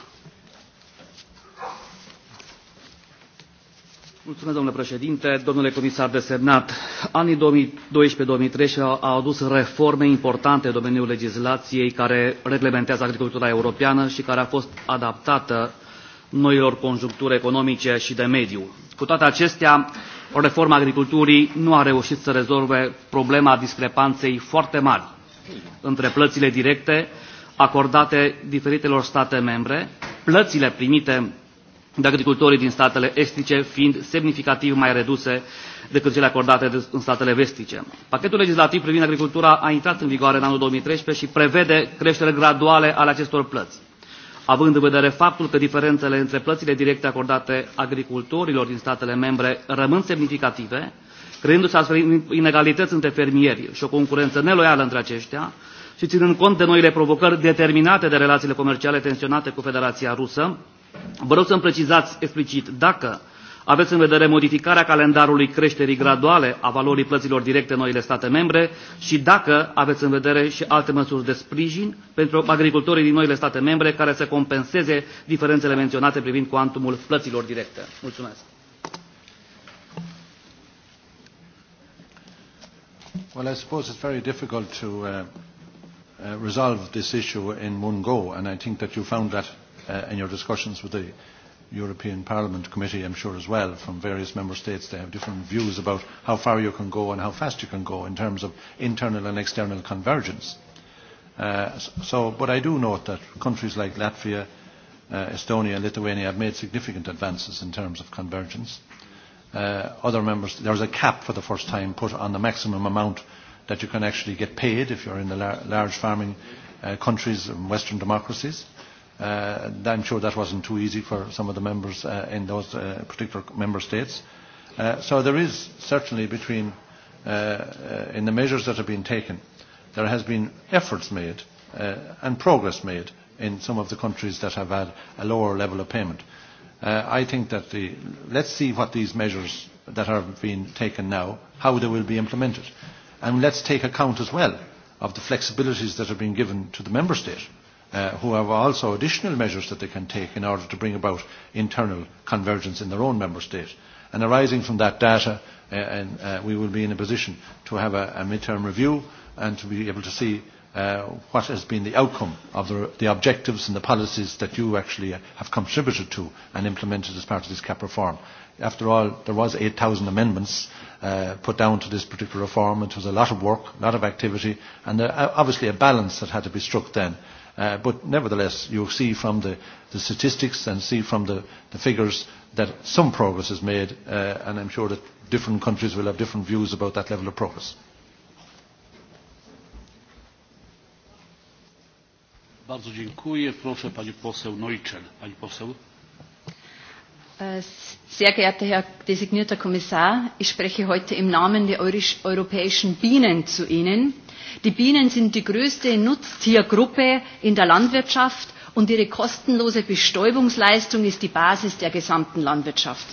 Mulțumesc, domnule președinte, domnule comisar desemnat. Anii 2012-2013 au adus reforme importante în domeniul legislației care reglementează agricultura europeană și care a fost adaptată noilor conjuncturi economice și de mediu. Cu toate acestea, reforma agriculturii nu a reușit să rezolve problema discrepanței foarte mari între plățile directe acordate diferitelor state membre, plățile primite de agricultorii din statele estice fiind semnificativ mai reduse decât cele acordate în statele vestice. Pachetul legislativ privind agricultura a intrat în vigoare în anul 2013 și prevede creștere graduale ale acestor plăți având în vedere faptul că diferențele între plățile directe acordate agricultorilor din statele membre rămân semnificative, creându-se astfel inegalități între fermieri și o concurență neloială între aceștia și ținând cont de noile provocări determinate de relațiile comerciale tensionate cu Federația Rusă, Vă rog să-mi precizați explicit dacă aveți în vedere modificarea calendarului creșterii graduale a valorii plăților directe în noile state membre și dacă aveți în vedere și alte măsuri de sprijin pentru agricultorii din noile state membre care să compenseze diferențele menționate privind cuantumul plăților directe. Mulțumesc! Well, I suppose it's very difficult to uh, uh, resolve this issue in one go, and I think that you found that uh, in your discussions with the European Parliament Committee, I'm sure as well, from various member states, they have different views about how far you can go and how fast you can go in terms of internal and external convergence. Uh, so, but I do note that countries like Latvia, uh, Estonia, and Lithuania have made significant advances in terms of convergence. Uh, other members, there is a cap for the first time put on the maximum amount that you can actually get paid if you're in the lar large farming uh, countries and Western democracies. Uh, I'm sure that wasn't too easy for some of the members uh, in those uh, particular member states. Uh, so there is certainly between, uh, uh, in the measures that have been taken, there has been efforts made uh, and progress made in some of the countries that have had a lower level of payment. Uh, I think that the, let's see what these measures that are being taken now, how they will be implemented. And let's take account as well of the flexibilities that have been given to the member state uh, who have also additional measures that they can take in order to bring about internal convergence in their own member state. And arising from that data, uh, and, uh, we will be in a position to have a, a midterm review and to be able to see uh, what has been the outcome of the, the objectives and the policies that you actually uh, have contributed to and implemented as part of this CAP reform. After all, there was 8,000 amendments uh, put down to this particular reform. It was a lot of work, a lot of activity, and uh, obviously a balance that had to be struck then Uh, but nevertheless, you see from the, the statistics and see from the, the figures that some progress is made, uh, and I'm sure that different countries will have different views about that level of progress. Bardzo dziękuję. Proszę pani poseł Neutschel. Äh, pani poseł. Sehr geehrter Herr designierter Kommissar, ich spreche heute im Namen der Europäischen Bienen zu Ihnen. Die Bienen sind die größte Nutztiergruppe in der Landwirtschaft und ihre kostenlose Bestäubungsleistung ist die Basis der gesamten Landwirtschaft.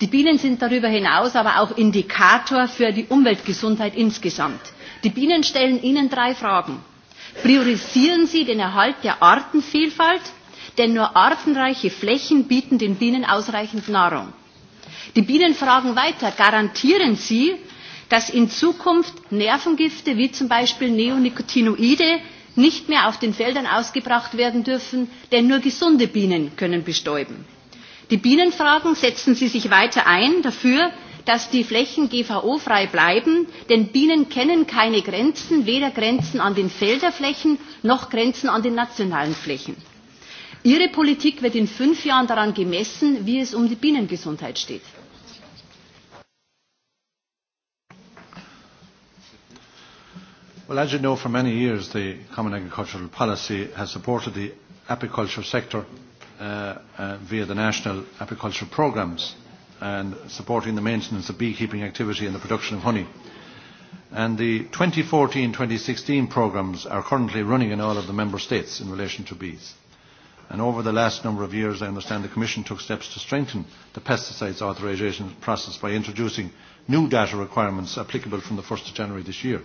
Die Bienen sind darüber hinaus aber auch Indikator für die Umweltgesundheit insgesamt. Die Bienen stellen Ihnen drei Fragen. Priorisieren Sie den Erhalt der Artenvielfalt, denn nur artenreiche Flächen bieten den Bienen ausreichend Nahrung. Die Bienen fragen weiter, garantieren Sie, dass in Zukunft Nervengifte wie zum Beispiel Neonicotinoide nicht mehr auf den Feldern ausgebracht werden dürfen, denn nur gesunde Bienen können bestäuben. Die Bienenfragen setzen Sie sich weiter ein dafür, dass die Flächen GVO-frei bleiben, denn Bienen kennen keine Grenzen, weder Grenzen an den Felderflächen noch Grenzen an den nationalen Flächen. Ihre Politik wird in fünf Jahren daran gemessen, wie es um die Bienengesundheit steht. Well, as you know, for many years the Common Agricultural Policy has supported the apiculture sector uh, uh, via the national apiculture programmes and supporting the maintenance of beekeeping activity and the production of honey. And the 2014-2016 programmes are currently running in all of the Member States in relation to bees. And over the last number of years, I understand the Commission took steps to strengthen the pesticides authorisation process by introducing new data requirements applicable from the 1st of January this year.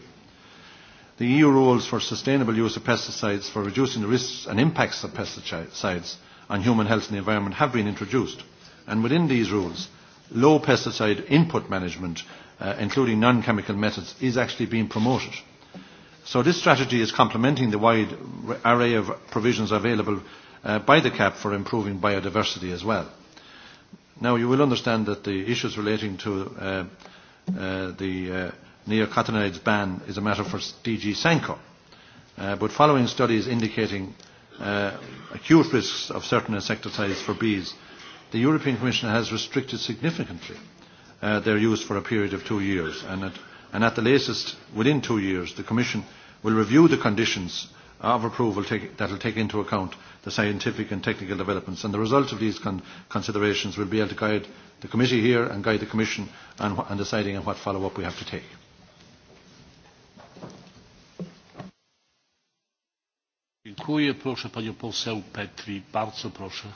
The EU rules for sustainable use of pesticides for reducing the risks and impacts of pesticides on human health and the environment have been introduced. And within these rules, low pesticide input management, uh, including non-chemical methods, is actually being promoted. So this strategy is complementing the wide array of provisions available uh, by the CAP for improving biodiversity as well. Now you will understand that the issues relating to uh, uh, the uh, neocotinoids ban is a matter for DG Sanko. Uh, but following studies indicating uh, acute risks of certain insecticides for bees, the European Commission has restricted significantly uh, their use for a period of two years. And at, and at the latest, within two years, the Commission will review the conditions of approval that will take into account the scientific and technical developments. And the result of these con considerations will be able to guide the committee here and guide the Commission on, on deciding on what follow-up we have to take. Dziękuję. Proszę panią poseł Petri. Bardzo proszę.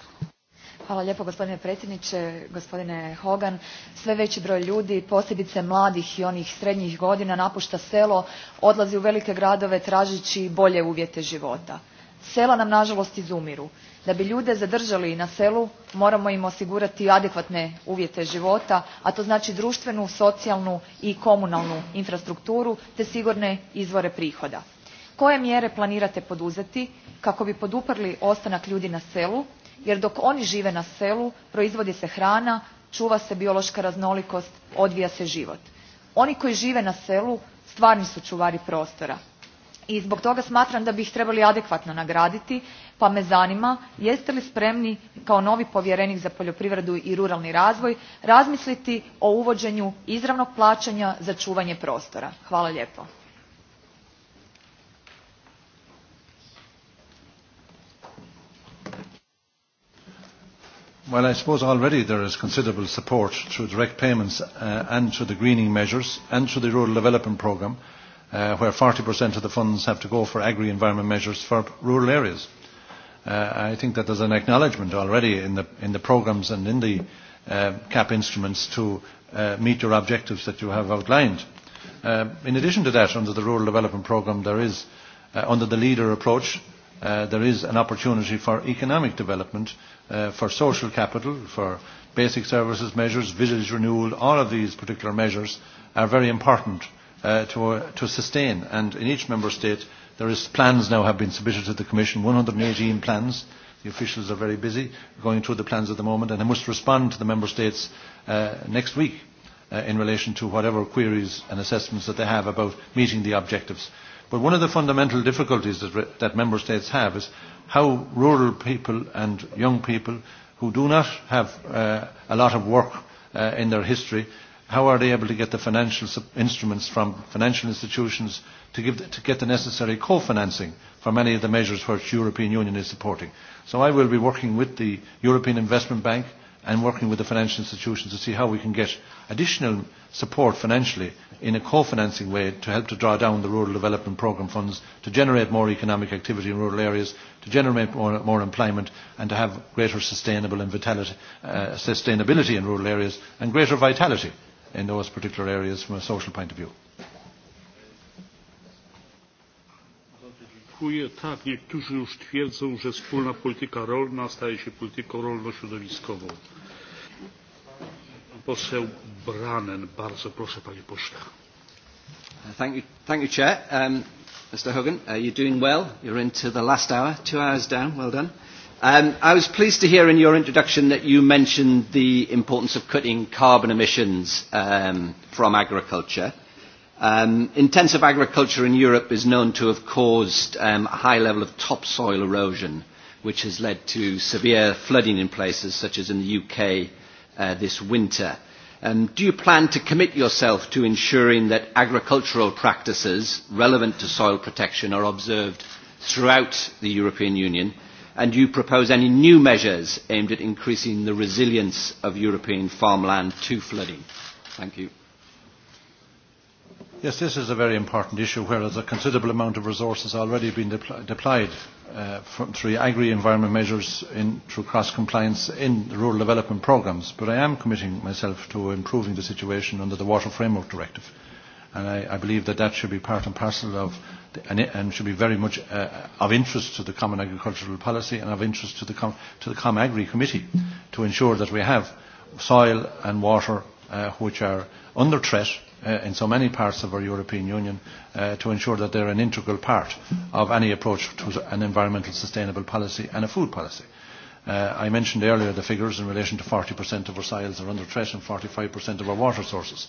Hvala lijepo gospodine predsjedniče, gospodine Hogan. Sve veći broj ljudi, posebice mladih i onih srednjih godina, napušta selo, odlazi u velike gradove tražeći bolje uvjete života. Sela nam nažalost izumiru. Da bi ljude zadržali na selu, moramo im osigurati adekvatne uvjete života, a to znači društvenu, socijalnu i komunalnu infrastrukturu te sigurne izvore prihoda koje mjere planirate poduzeti kako bi poduprli ostanak ljudi na selu, jer dok oni žive na selu, proizvodi se hrana, čuva se biološka raznolikost, odvija se život. Oni koji žive na selu stvarni su čuvari prostora. I zbog toga smatram da bi ih trebali adekvatno nagraditi, pa me zanima jeste li spremni kao novi povjerenik za poljoprivredu i ruralni razvoj razmisliti o uvođenju izravnog plaćanja za čuvanje prostora. Hvala lijepo. Well, I suppose already there is considerable support through direct payments uh, and through the greening measures and through the rural development programme, uh, where 40% of the funds have to go for agri-environment measures for rural areas. Uh, I think that there's an acknowledgement already in the, in the programmes and in the uh, CAP instruments to uh, meet your objectives that you have outlined. Uh, in addition to that, under the Rural Development Programme, there is, uh, under the leader approach, Uh, there is an opportunity for economic development, uh, for social capital, for basic services measures, village renewal, all of these particular measures are very important uh, to, uh, to sustain. And in each member state, there is plans now have been submitted to the Commission, 118 plans. The officials are very busy going through the plans at the moment, and they must respond to the member states uh, next week uh, in relation to whatever queries and assessments that they have about meeting the objectives. But one of the fundamental difficulties that, that member states have is how rural people and young people who do not have uh, a lot of work uh, in their history, how are they able to get the financial instruments from financial institutions to, give the, to get the necessary co-financing for many of the measures which the European Union is supporting. So I will be working with the European Investment Bank and working with the financial institutions to see how we can get additional support financially in a co-financing way to help to draw down the rural development programme funds to generate more economic activity in rural areas, to generate more, more employment and to have greater sustainable and vitality, uh, sustainability in rural areas and greater vitality in those particular areas from a social point of view. Dziękuję. Tak, niektórzy już twierdzą, że wspólna polityka rolna staje się polityką rolno-środowiskową poseł Branen. Bardzo proszę, panie pośle. Uh, thank you, thank you Chair. Um, Mr. Hogan, uh, you're doing well. You're into the last hour, two hours down. Well done. Um, I was pleased to hear in your introduction that you mentioned the importance of cutting carbon emissions um, from agriculture. Um, intensive agriculture in Europe is known to have caused um, a high level of topsoil erosion, which has led to severe flooding in places such as in the UK Uh, this winter. Um, do you plan to commit yourself to ensuring that agricultural practices relevant to soil protection are observed throughout the European Union? And do you propose any new measures aimed at increasing the resilience of European farmland to flooding? Thank you. Yes, this is a very important issue, whereas a considerable amount of resources already been deployed uh, from, through agri-environment measures in, through cross-compliance in the rural development programs. But I am committing myself to improving the situation under the Water Framework Directive. And I, I believe that that should be part and parcel of, the, and, it, and should be very much uh, of interest to the Common Agricultural Policy and of interest to the, com to the Com-Agri Committee to ensure that we have soil and water uh, which are under threat uh, in so many parts of our European Union uh, to ensure that they're an integral part of any approach to an environmental sustainable policy and a food policy. Uh, I mentioned earlier the figures in relation to 40% of our soils are under threat and 45% of our water sources.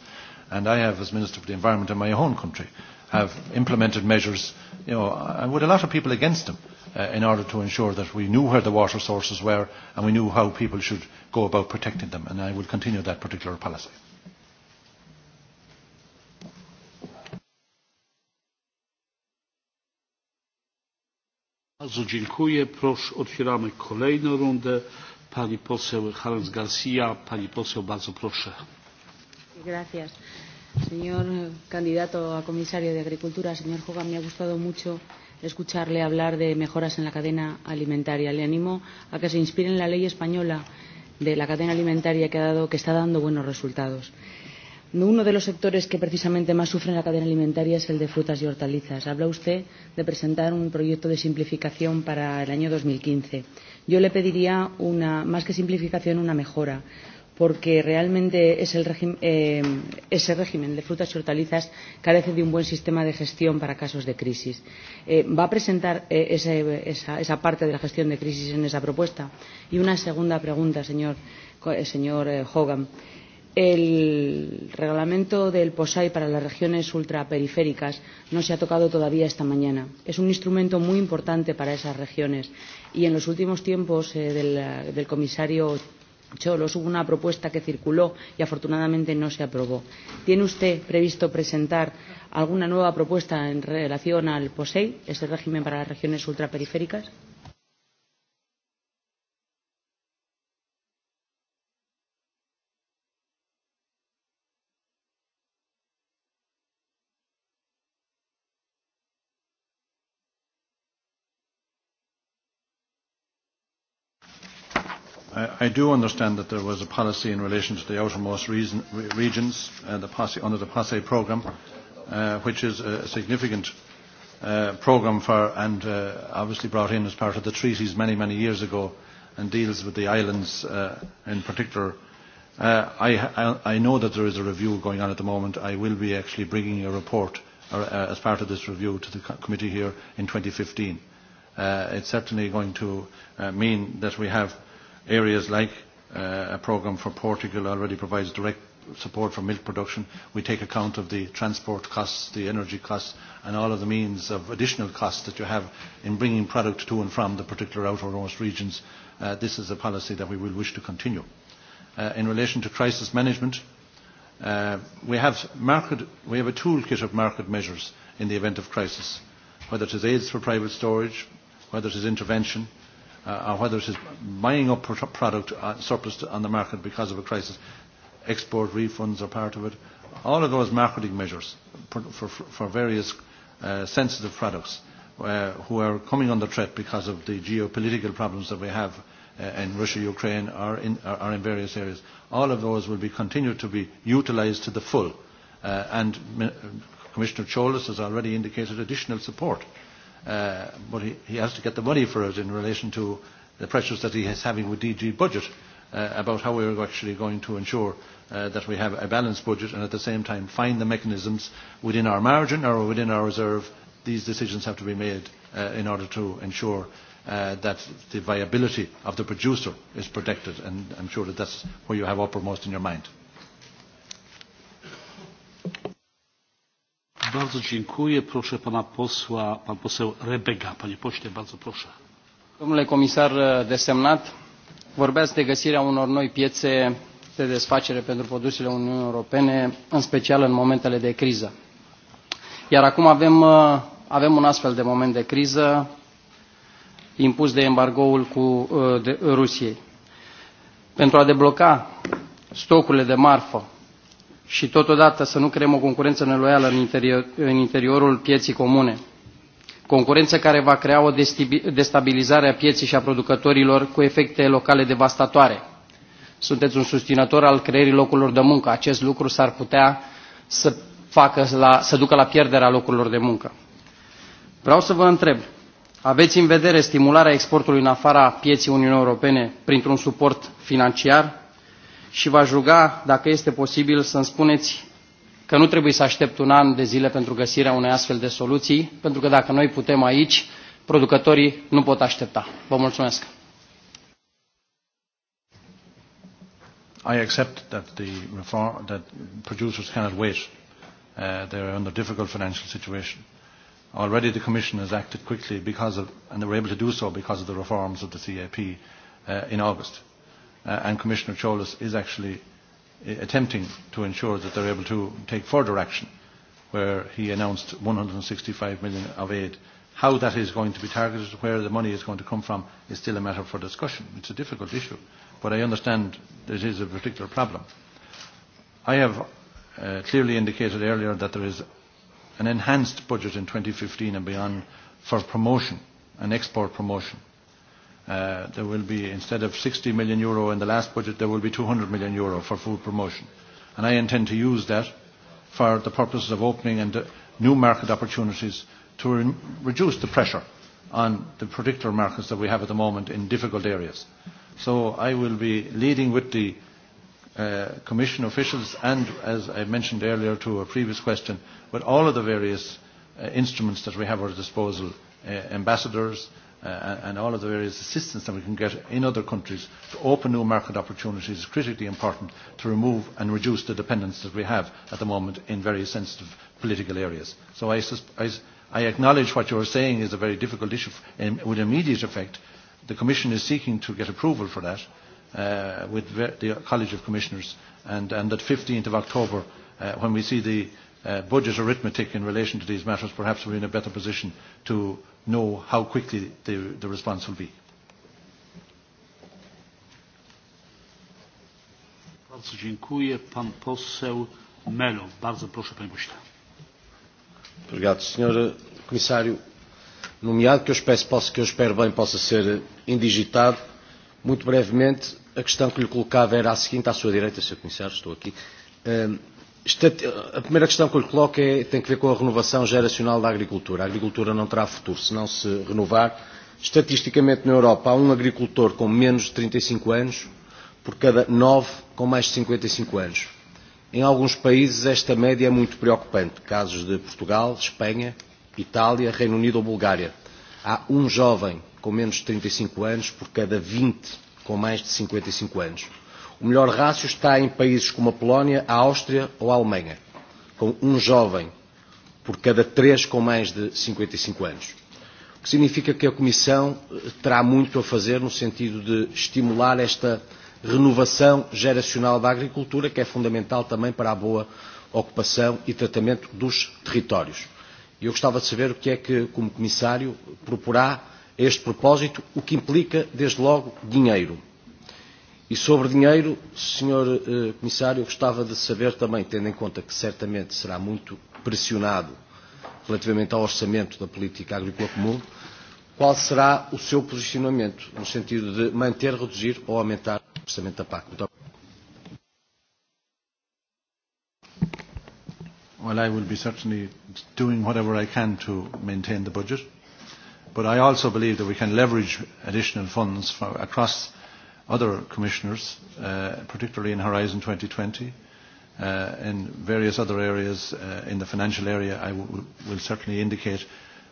And I have, as Minister for the Environment in my own country, have implemented measures, you know, with a lot of people against them, uh, in order to ensure that we knew where the water sources were and we knew how people should go about protecting them. And I will continue that particular policy. Bardzo dziękuję. Proszę, otwieramy kolejną rundę. Pani poseł Harms Garcia. Pani poseł, bardzo proszę. Gracias. Señor candidato a comisario de Agricultura, señor Hogan, me ha gustado mucho escucharle hablar de mejoras en la cadena alimentaria. Le animo a que se inspire en la ley española de la cadena alimentaria que, ha dado, que está dando buenos resultados. Uno de los sectores que precisamente más sufren la cadena alimentaria es el de frutas y hortalizas. Habla usted de presentar un proyecto de simplificación para el año 2015. Yo le pediría, una, más que simplificación, una mejora porque realmente es el régimen, eh, ese régimen de frutas y hortalizas carece de un buen sistema de gestión para casos de crisis. Eh, ¿Va a presentar eh, ese, esa, esa parte de la gestión de crisis en esa propuesta? Y una segunda pregunta, señor, eh, señor eh, Hogan. Eh, El reglamento del POSAI para las regiones ultraperiféricas no se ha tocado todavía esta mañana. Es un instrumento muy importante para esas regiones y en los últimos tiempos eh, del, del comisario Cholos hubo una propuesta que circuló y afortunadamente no se aprobó. ¿Tiene usted previsto presentar alguna nueva propuesta en relación al POSEI, ese régimen para las regiones ultraperiféricas? I do understand that there was a policy in relation to the outermost reason, re regions uh, the posse, under the PASSE programme, uh, which is a significant uh, programme for and uh, obviously brought in as part of the treaties many, many years ago and deals with the islands uh, in particular. Uh, I, I, I know that there is a review going on at the moment. I will be actually bringing a report or, uh, as part of this review to the committee here in 2015. Uh, it's certainly going to uh, mean that we have Areas like uh, a programme for Portugal already provides direct support for milk production. We take account of the transport costs, the energy costs, and all of the means of additional costs that you have in bringing product to and from the particular outermost regions. Uh, this is a policy that we will wish to continue. Uh, in relation to crisis management, uh, we, have market, we have a toolkit of market measures in the event of crisis, whether it is aids for private storage, whether it is intervention, uh, or whether it is buying up product uh, surplus to, on the market because of a crisis, export refunds are part of it. All of those marketing measures for, for, for various uh, sensitive products uh, who are coming under threat because of the geopolitical problems that we have uh, in Russia, Ukraine, or in, or, or in various areas, all of those will be continued to be utilised to the full. Uh, and uh, Commissioner Cholas has already indicated additional support uh, but he, he has to get the money for it in relation to the pressures that he is having with DG budget uh, about how we are actually going to ensure uh, that we have a balanced budget and at the same time find the mechanisms within our margin or within our reserve. These decisions have to be made uh, in order to ensure uh, that the viability of the producer is protected and I'm sure that that's where you have uppermost in your mind. Bardzo dziękuję. Proszę pana posła, pan poseł Rebega. Panie pośle, bardzo proszę. Domnule comisar e, desemnat, vorbeați de găsirea unor noi piețe de desfacere pentru produsele Uniunii Europene, în special în momentele de criză. Iar acum avem, e, avem un astfel de moment de criză impus de embargoul cu e, de, Rusiei. Pentru a debloca stocurile de marfă și totodată să nu creăm o concurență neloială în, interior, în interiorul pieții comune. Concurență care va crea o destabilizare a pieții și a producătorilor cu efecte locale devastatoare. Sunteți un susținător al creierii locurilor de muncă. Acest lucru s-ar putea să, facă la, să ducă la pierderea locurilor de muncă. Vreau să vă întreb, aveți în vedere stimularea exportului în afara pieții Uniunii Europene printr-un suport financiar și vă aș ruga, dacă este posibil, să-mi spuneți că nu trebuie să aștept un an de zile pentru găsirea unei astfel de soluții, pentru că dacă noi putem aici, producătorii nu pot aștepta. Vă mulțumesc! I accept that the reform, that producers cannot wait. Uh, they are under difficult financial situation. Already the Commission has acted quickly because of, and they were able to do so because of the reforms of the CAP uh, in August uh, and Commissioner Cholas is actually uh, attempting to ensure that they're able to take further action where he announced 165 million of aid. How that is going to be targeted, where the money is going to come from, is still a matter for discussion. It's a difficult issue, but I understand that it is a particular problem. I have uh, clearly indicated earlier that there is an enhanced budget in 2015 and beyond for promotion and export promotion Uh, there will be, instead of 60 million euro in the last budget, there will be 200 million euro for food promotion. And I intend to use that for the purposes of opening and uh, new market opportunities to re reduce the pressure on the particular markets that we have at the moment in difficult areas. So I will be leading with the uh, Commission officials and, as I mentioned earlier to a previous question, with all of the various uh, instruments that we have at our disposal, uh, ambassadors, uh, and all of the various assistance that we can get in other countries to open new market opportunities is critically important to remove and reduce the dependence that we have at the moment in very sensitive political areas. So I, I, I acknowledge what you are saying is a very difficult issue in, with immediate effect. The Commission is seeking to get approval for that uh, with the College of Commissioners and, and that 15th of October uh, when we see the uh, budget arithmetic in relation to these matters perhaps we're in a better position to know how quickly the, the response will be. Bardzo dziękuję. Pan poseł Melo. Bardzo proszę, panie pośle. Obrigado, senhor comissário. Nomeado que eu espero, posso, que eu espero bem possa ser indigitado, muito brevemente, a questão que lhe colocava era a seguinte, à sua direita, senhor comissário, estou aqui. Um, Este, a primeira questão que eu lhe coloco é, tem que ver com a renovação geracional da agricultura. A agricultura não terá futuro se não se renovar. Estatisticamente na Europa há um agricultor com menos de 35 e anos por cada nove com mais de 55 e anos. Em alguns países esta média é muito preocupante, casos de Portugal, Espanha, Itália, Reino Unido ou Bulgária. Há um jovem com menos de 35 e anos por cada 20 com mais de 55 anos. O melhor rácio está em países como a Polónia, a Áustria ou a Alemanha, com um jovem por cada três com mais de 55 e anos. O que significa que a Comissão eh, terá muito a fazer no sentido de estimular esta renovação geracional da agricultura, que é fundamental também para a boa ocupação e tratamento dos territórios. E eu gostava de saber o que é que, como Comissário, proporá a este propósito, o que implica, desde logo, dinheiro E sobre dinheiro, Sr. Eh, comissário, gostava de saber também, tendo em conta que certamente será muito pressionado relativamente ao orçamento da política agrícola comum, qual será o seu posicionamento no sentido de manter, reduzir ou aumentar o orçamento da PAC? Muito Well, I will be certainly doing whatever I can to maintain the budget, but I also believe that we can leverage additional funds for, across other commissioners, uh, particularly in Horizon 2020, uh, in various other areas. Uh, in the financial area, I will certainly indicate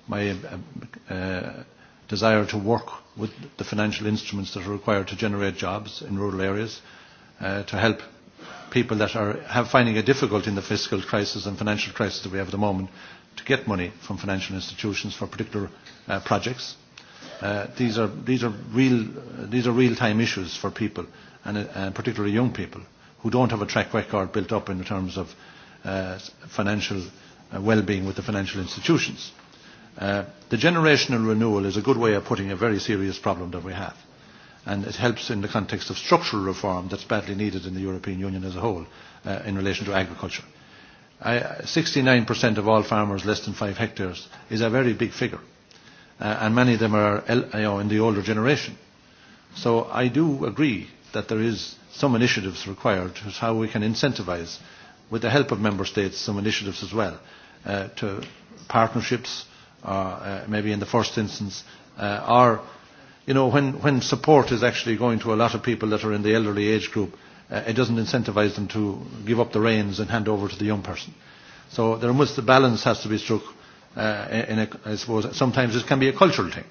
my uh, uh, desire to work with the financial instruments that are required to generate jobs in rural areas, uh, to help people that are have finding it difficult in the fiscal crisis and financial crisis that we have at the moment to get money from financial institutions for particular uh, projects. Uh, these are these are real uh, these are real time issues for people and, uh, and particularly young people who don't have a track record built up in terms of uh, financial uh, well-being with the financial institutions. Uh, the generational renewal is a good way of putting a very serious problem that we have and it helps in the context of structural reform that's badly needed in the European Union as a whole uh, in relation to agriculture. 69% of all farmers less than 5 hectares is a very big figure uh, and many of them are you know, in the older generation. So I do agree that there is some initiatives required as how we can incentivise, with the help of member states, some initiatives as well, uh, to partnerships, uh, uh, maybe in the first instance, uh, or you know, when, when support is actually going to a lot of people that are in the elderly age group, uh, it doesn't incentivize them to give up the reins and hand over to the young person. So there must, the balance has to be struck uh, in a, I suppose sometimes it can be a cultural thing.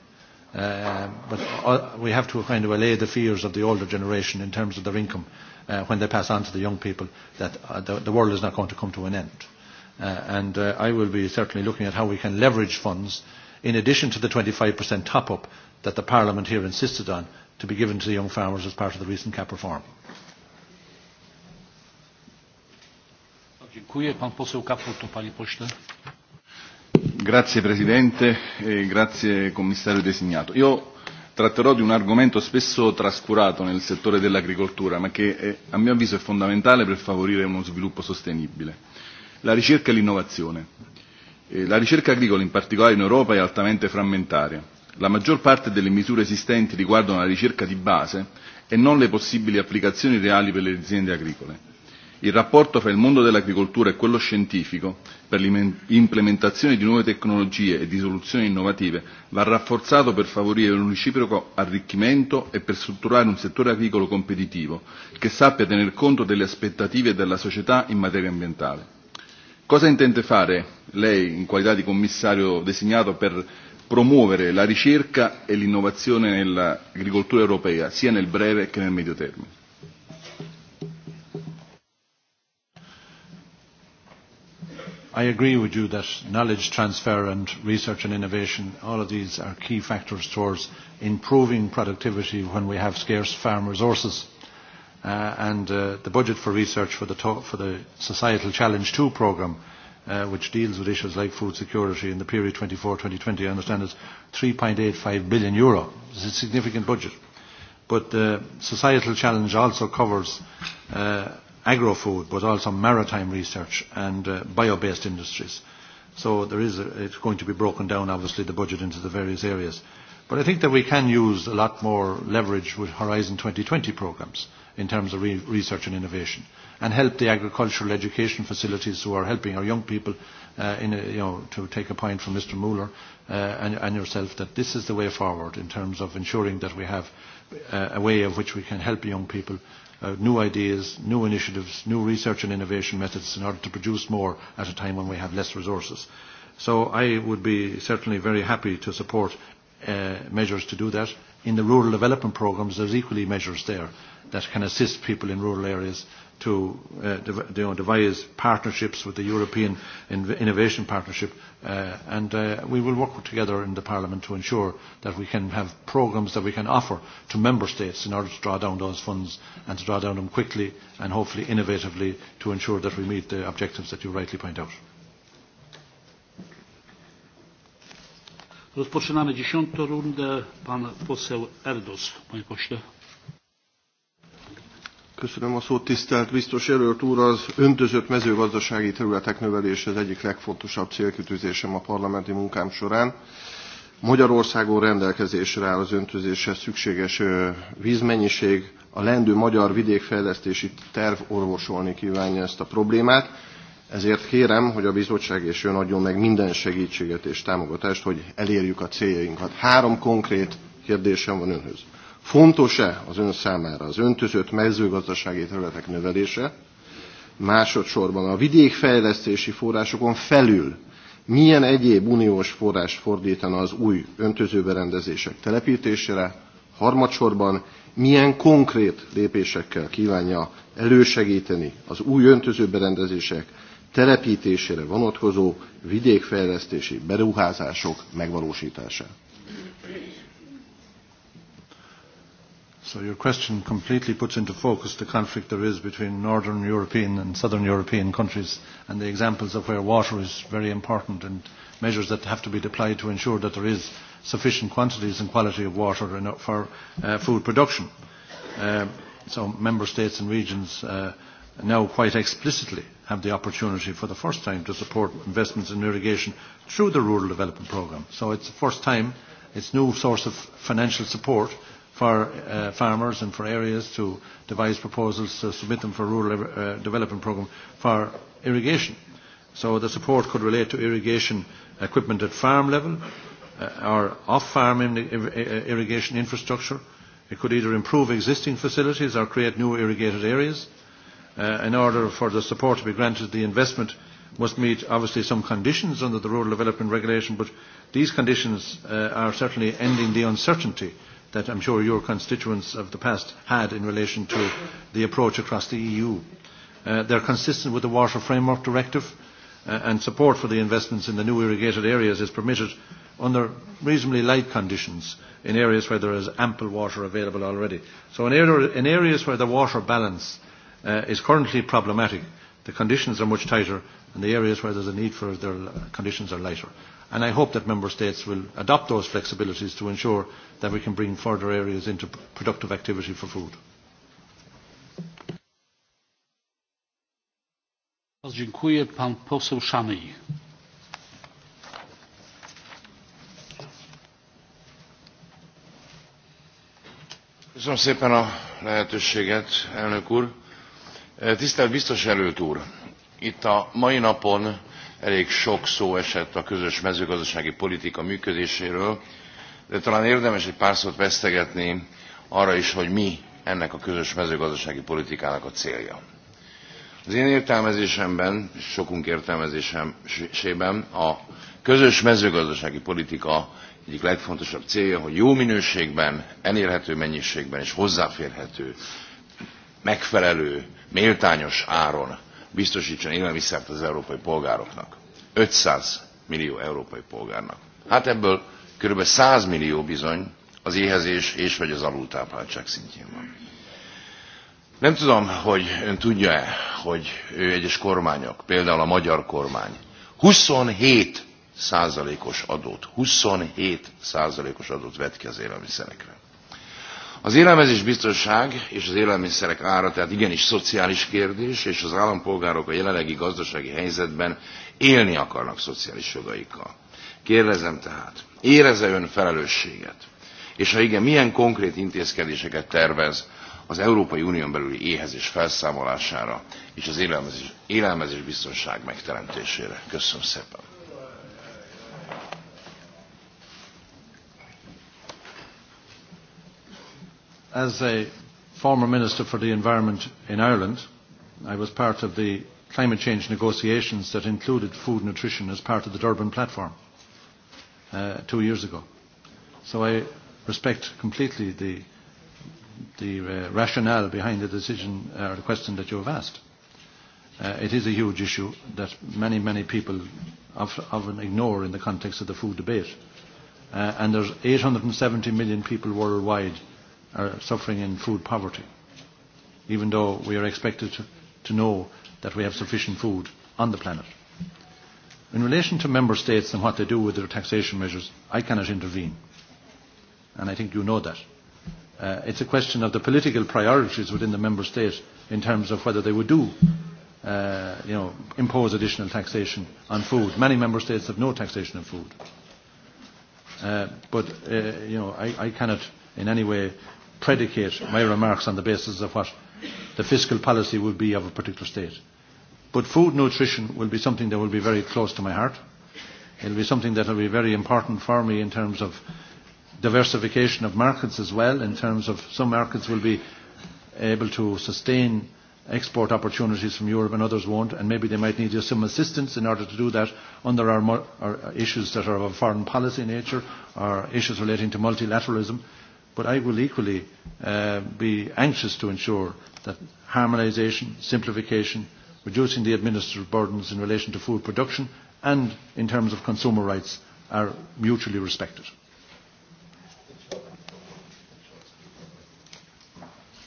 Uh, but uh, we have to kind of allay the fears of the older generation in terms of their income uh, when they pass on to the young people that uh, the, the world is not going to come to an end. Uh, and uh, I will be certainly looking at how we can leverage funds in addition to the 25% top-up that the Parliament here insisted on to be given to the young farmers as part of the recent cap reform. Dziękuję. Pan poseł Kaput, to panie pośle. Grazie Presidente e grazie Commissario designato. Io tratterò di un argomento spesso trascurato nel settore dell'agricoltura, ma che è, a mio avviso è fondamentale per favorire uno sviluppo sostenibile. La ricerca e l'innovazione. E la ricerca agricola, in particolare in Europa, è altamente frammentaria. La maggior parte delle misure esistenti riguardano la ricerca di base e non le possibili applicazioni reali per le aziende agricole. Il rapporto fra il mondo dell'agricoltura e quello scientifico per l'implementazione di nuove tecnologie e di soluzioni innovative va rafforzato per favorire un reciproco arricchimento e per strutturare un settore agricolo competitivo che sappia tener conto delle aspettative della società in materia ambientale. Cosa intende fare lei in qualità di commissario designato per promuovere la ricerca e l'innovazione nell'agricoltura europea sia nel breve che nel medio termine? I agree with you that knowledge transfer and research and innovation, all of these are key factors towards improving productivity when we have scarce farm resources. Uh, and uh, the budget for research for the, for the Societal Challenge 2 programme, uh, which deals with issues like food security in the period 24-2020, I understand is 3.85 billion euro. It's a significant budget. But the Societal Challenge also covers uh, agro-food, but also maritime research and uh, bio-based industries. So there is a, it's going to be broken down, obviously, the budget into the various areas. But I think that we can use a lot more leverage with Horizon 2020 programs in terms of re research and innovation and help the agricultural education facilities who are helping our young people uh, in a, you know, to take a point from Mr. Mueller uh, and, and yourself that this is the way forward in terms of ensuring that we have uh, a way of which we can help young people uh, new ideas, new initiatives, new research and innovation methods in order to produce more at a time when we have less resources. So I would be certainly very happy to support uh, measures to do that. In the rural development programs, there's equally measures there that can assist people in rural areas to uh, the, you know, devise partnerships with the European in Innovation Partnership uh, and uh, we will work together in the Parliament to ensure that we can have programmes that we can offer to Member States in order to draw down those funds and to draw down them quickly and hopefully innovatively to ensure that we meet the objectives that you rightly point out. Rozpoczynamy dziesiątą rundę. Pan poseł Erdos, panie pośle. Köszönöm a szót, tisztelt biztos jelölt úr. Az öntözött mezőgazdasági területek növelése az egyik legfontosabb célkütőzésem a parlamenti munkám során. Magyarországon rendelkezésre áll az öntözéshez szükséges vízmennyiség. A lendő magyar vidékfejlesztési terv orvosolni kívánja ezt a problémát. Ezért kérem, hogy a bizottság és ön adjon meg minden segítséget és támogatást, hogy elérjük a céljainkat. Három konkrét kérdésem van önhöz. Fontos-e az ön számára az öntözött mezőgazdasági területek növelése? Másodszorban a vidékfejlesztési forrásokon felül milyen egyéb uniós forrás fordítana az új öntözőberendezések telepítésére? Harmadsorban milyen konkrét lépésekkel kívánja elősegíteni az új öntözőberendezések telepítésére vonatkozó vidékfejlesztési beruházások megvalósítását? So your question completely puts into focus the conflict there is between northern European and southern European countries and the examples of where water is very important and measures that have to be deployed to ensure that there is sufficient quantities and quality of water in, for uh, food production. Uh, so member states and regions uh, now quite explicitly have the opportunity for the first time to support investments in irrigation through the rural development programme. So it's the first time, it's a new source of financial support for uh, farmers and for areas to devise proposals to submit them for rural uh, development program for irrigation. So the support could relate to irrigation equipment at farm level uh, or off-farm in, uh, irrigation infrastructure. It could either improve existing facilities or create new irrigated areas. Uh, in order for the support to be granted, the investment must meet obviously some conditions under the Rural Development Regulation, but these conditions uh, are certainly ending the uncertainty that I'm sure your constituents of the past had in relation to the approach across the EU. Uh, they're consistent with the Water Framework Directive uh, and support for the investments in the new irrigated areas is permitted under reasonably light conditions in areas where there is ample water available already. So in, area, in areas where the water balance uh, is currently problematic, the conditions are much tighter and the areas where there's a need for their uh, conditions are lighter. And I hope that Member States will adopt those flexibilities to ensure that we can bring further areas into productive activity for food. Dziękuję. Pan poseł Szanyj. Köszönöm szépen a lehetőséget, elnök úr. Tisztelt biztos előtt úr, itt a mai napon elég sok szó esett a közös mezőgazdasági politika működéséről, de talán érdemes egy pár szót vesztegetni arra is, hogy mi ennek a közös mezőgazdasági politikának a célja. Az én értelmezésemben, és sokunk értelmezésében a közös mezőgazdasági politika egyik legfontosabb célja, hogy jó minőségben, elérhető mennyiségben és hozzáférhető, megfelelő, méltányos áron biztosítson élelmiszert az európai polgároknak. 500 millió európai polgárnak. Hát ebből kb. 100 millió bizony az éhezés és vagy az alultápláltság szintjén van. Nem tudom, hogy ön tudja-e, hogy ő egyes kormányok, például a magyar kormány, 27 százalékos adót, 27 százalékos adót vett ki az élelmiszerekre. Az élelmezés biztonság és az élelmiszerek ára tehát igenis szociális kérdés, és az állampolgárok a jelenlegi gazdasági helyzetben élni akarnak szociális jogaikkal. Kérdezem tehát, éreze ön felelősséget? És ha igen, milyen konkrét intézkedéseket tervez az Európai Unión belüli éhezés felszámolására és az élelmezés, élelmezés biztonság megteremtésére? Köszönöm szépen! As a former Minister for the Environment in Ireland, I was part of the climate change negotiations that included food nutrition as part of the Durban platform uh, two years ago. So I respect completely the, the uh, rationale behind the decision or uh, the question that you have asked. Uh, it is a huge issue that many, many people often ignore in the context of the food debate. Uh, and there's 870 million people worldwide are uh, suffering in food poverty, even though we are expected to, to know that we have sufficient food on the planet. In relation to member states and what they do with their taxation measures, I cannot intervene. And I think you know that. Uh, it's a question of the political priorities within the member state in terms of whether they would do, uh, you know, impose additional taxation on food. Many member states have no taxation on food. Uh, but, uh, you know, I, I cannot in any way predicate my remarks on the basis of what the fiscal policy would be of a particular state. But food nutrition will be something that will be very close to my heart. It will be something that will be very important for me in terms of diversification of markets as well, in terms of some markets will be able to sustain export opportunities from Europe and others won't, and maybe they might need some assistance in order to do that under our, our issues that are of foreign policy nature, or issues relating to multilateralism. But I will equally uh, be anxious to ensure that harmonisation, simplification, reducing the administrative burdens in relation to food production and in terms of consumer rights are mutually respected.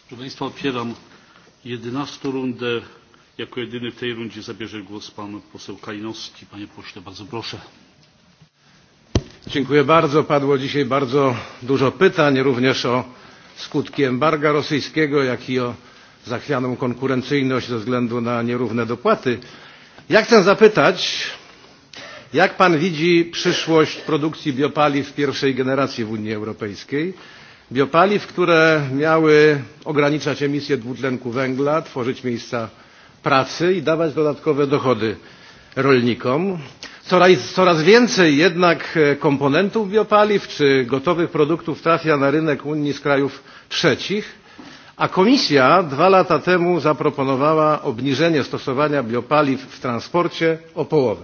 Proszę Państwa, otwieram 11 rundę. Jako jedyny w tej rundzie zabierze głos pan poseł Kalinowski. Panie pośle, bardzo proszę. Dziękuję bardzo. Padło dzisiaj bardzo dużo pytań, również o skutki embarga rosyjskiego, jak i o zachwianą konkurencyjność ze względu na nierówne dopłaty. Ja chcę zapytać, jak pan widzi przyszłość produkcji biopaliw pierwszej generacji w Unii Europejskiej? Biopaliw, które miały ograniczać emisję dwutlenku węgla, tworzyć miejsca pracy i dawać dodatkowe dochody rolnikom. Coraz, coraz więcej jednak e, komponentów biopaliw czy gotowych produktów trafia na rynek Unii z krajów trzecich, a Komisja dwa lata temu zaproponowała obniżenie stosowania biopaliw w transporcie o połowę.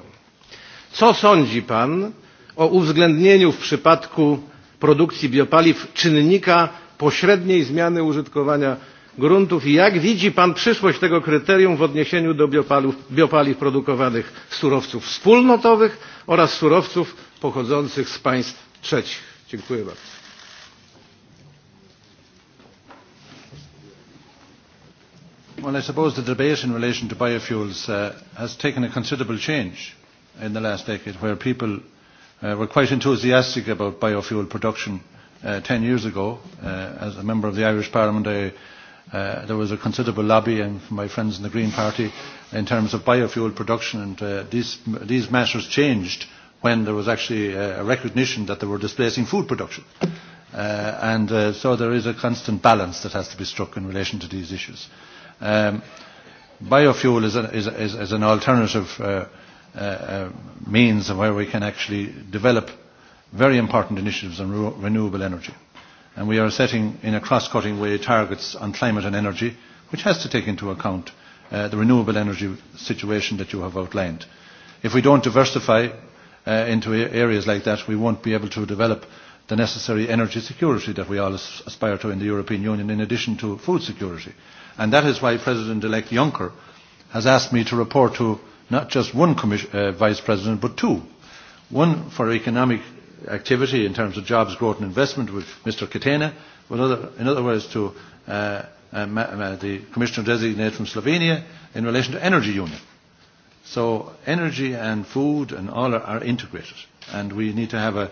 Co sądzi Pan o uwzględnieniu w przypadku produkcji biopaliw czynnika pośredniej zmiany użytkowania gruntów i jak widzi Pan przyszłość tego kryterium w odniesieniu do biopaliw, biopaliw produkowanych z surowców wspólnotowych oraz surowców pochodzących z państw trzecich. Dziękuję bardzo. Well, I suppose the debate in relation to biofuels uh, has taken a considerable change in the last decade where people uh, were quite enthusiastic about biofuel production uh, 10 years ago. Uh, as a member of the Irish Parliament, I Uh, there was a considerable lobbying from my friends in the Green Party in terms of biofuel production, and uh, these, these matters changed when there was actually uh, a recognition that they were displacing food production. Uh, and uh, so there is a constant balance that has to be struck in relation to these issues. Um, biofuel is, a, is, is, is an alternative uh, uh, uh means where we can actually develop very important initiatives on re renewable energy and we are setting in a cross-cutting way targets on climate and energy, which has to take into account uh, the renewable energy situation that you have outlined. If we don't diversify uh, into areas like that, we won't be able to develop the necessary energy security that we all aspire to in the European Union in addition to food security. And that is why President-elect Juncker has asked me to report to not just one commission, uh, Vice President, but two. One for economic activity in terms of jobs, growth and investment with Mr. Katena. but other, in other words, to uh, uh, uh, the Commissioner designate from Slovenia in relation to energy union. So energy and food and all are, are integrated. And we need to have a,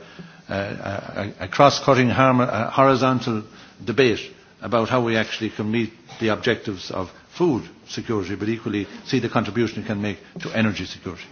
a, a, a cross-cutting uh, horizontal debate about how we actually can meet the objectives of food security, but equally see the contribution it can make to energy security.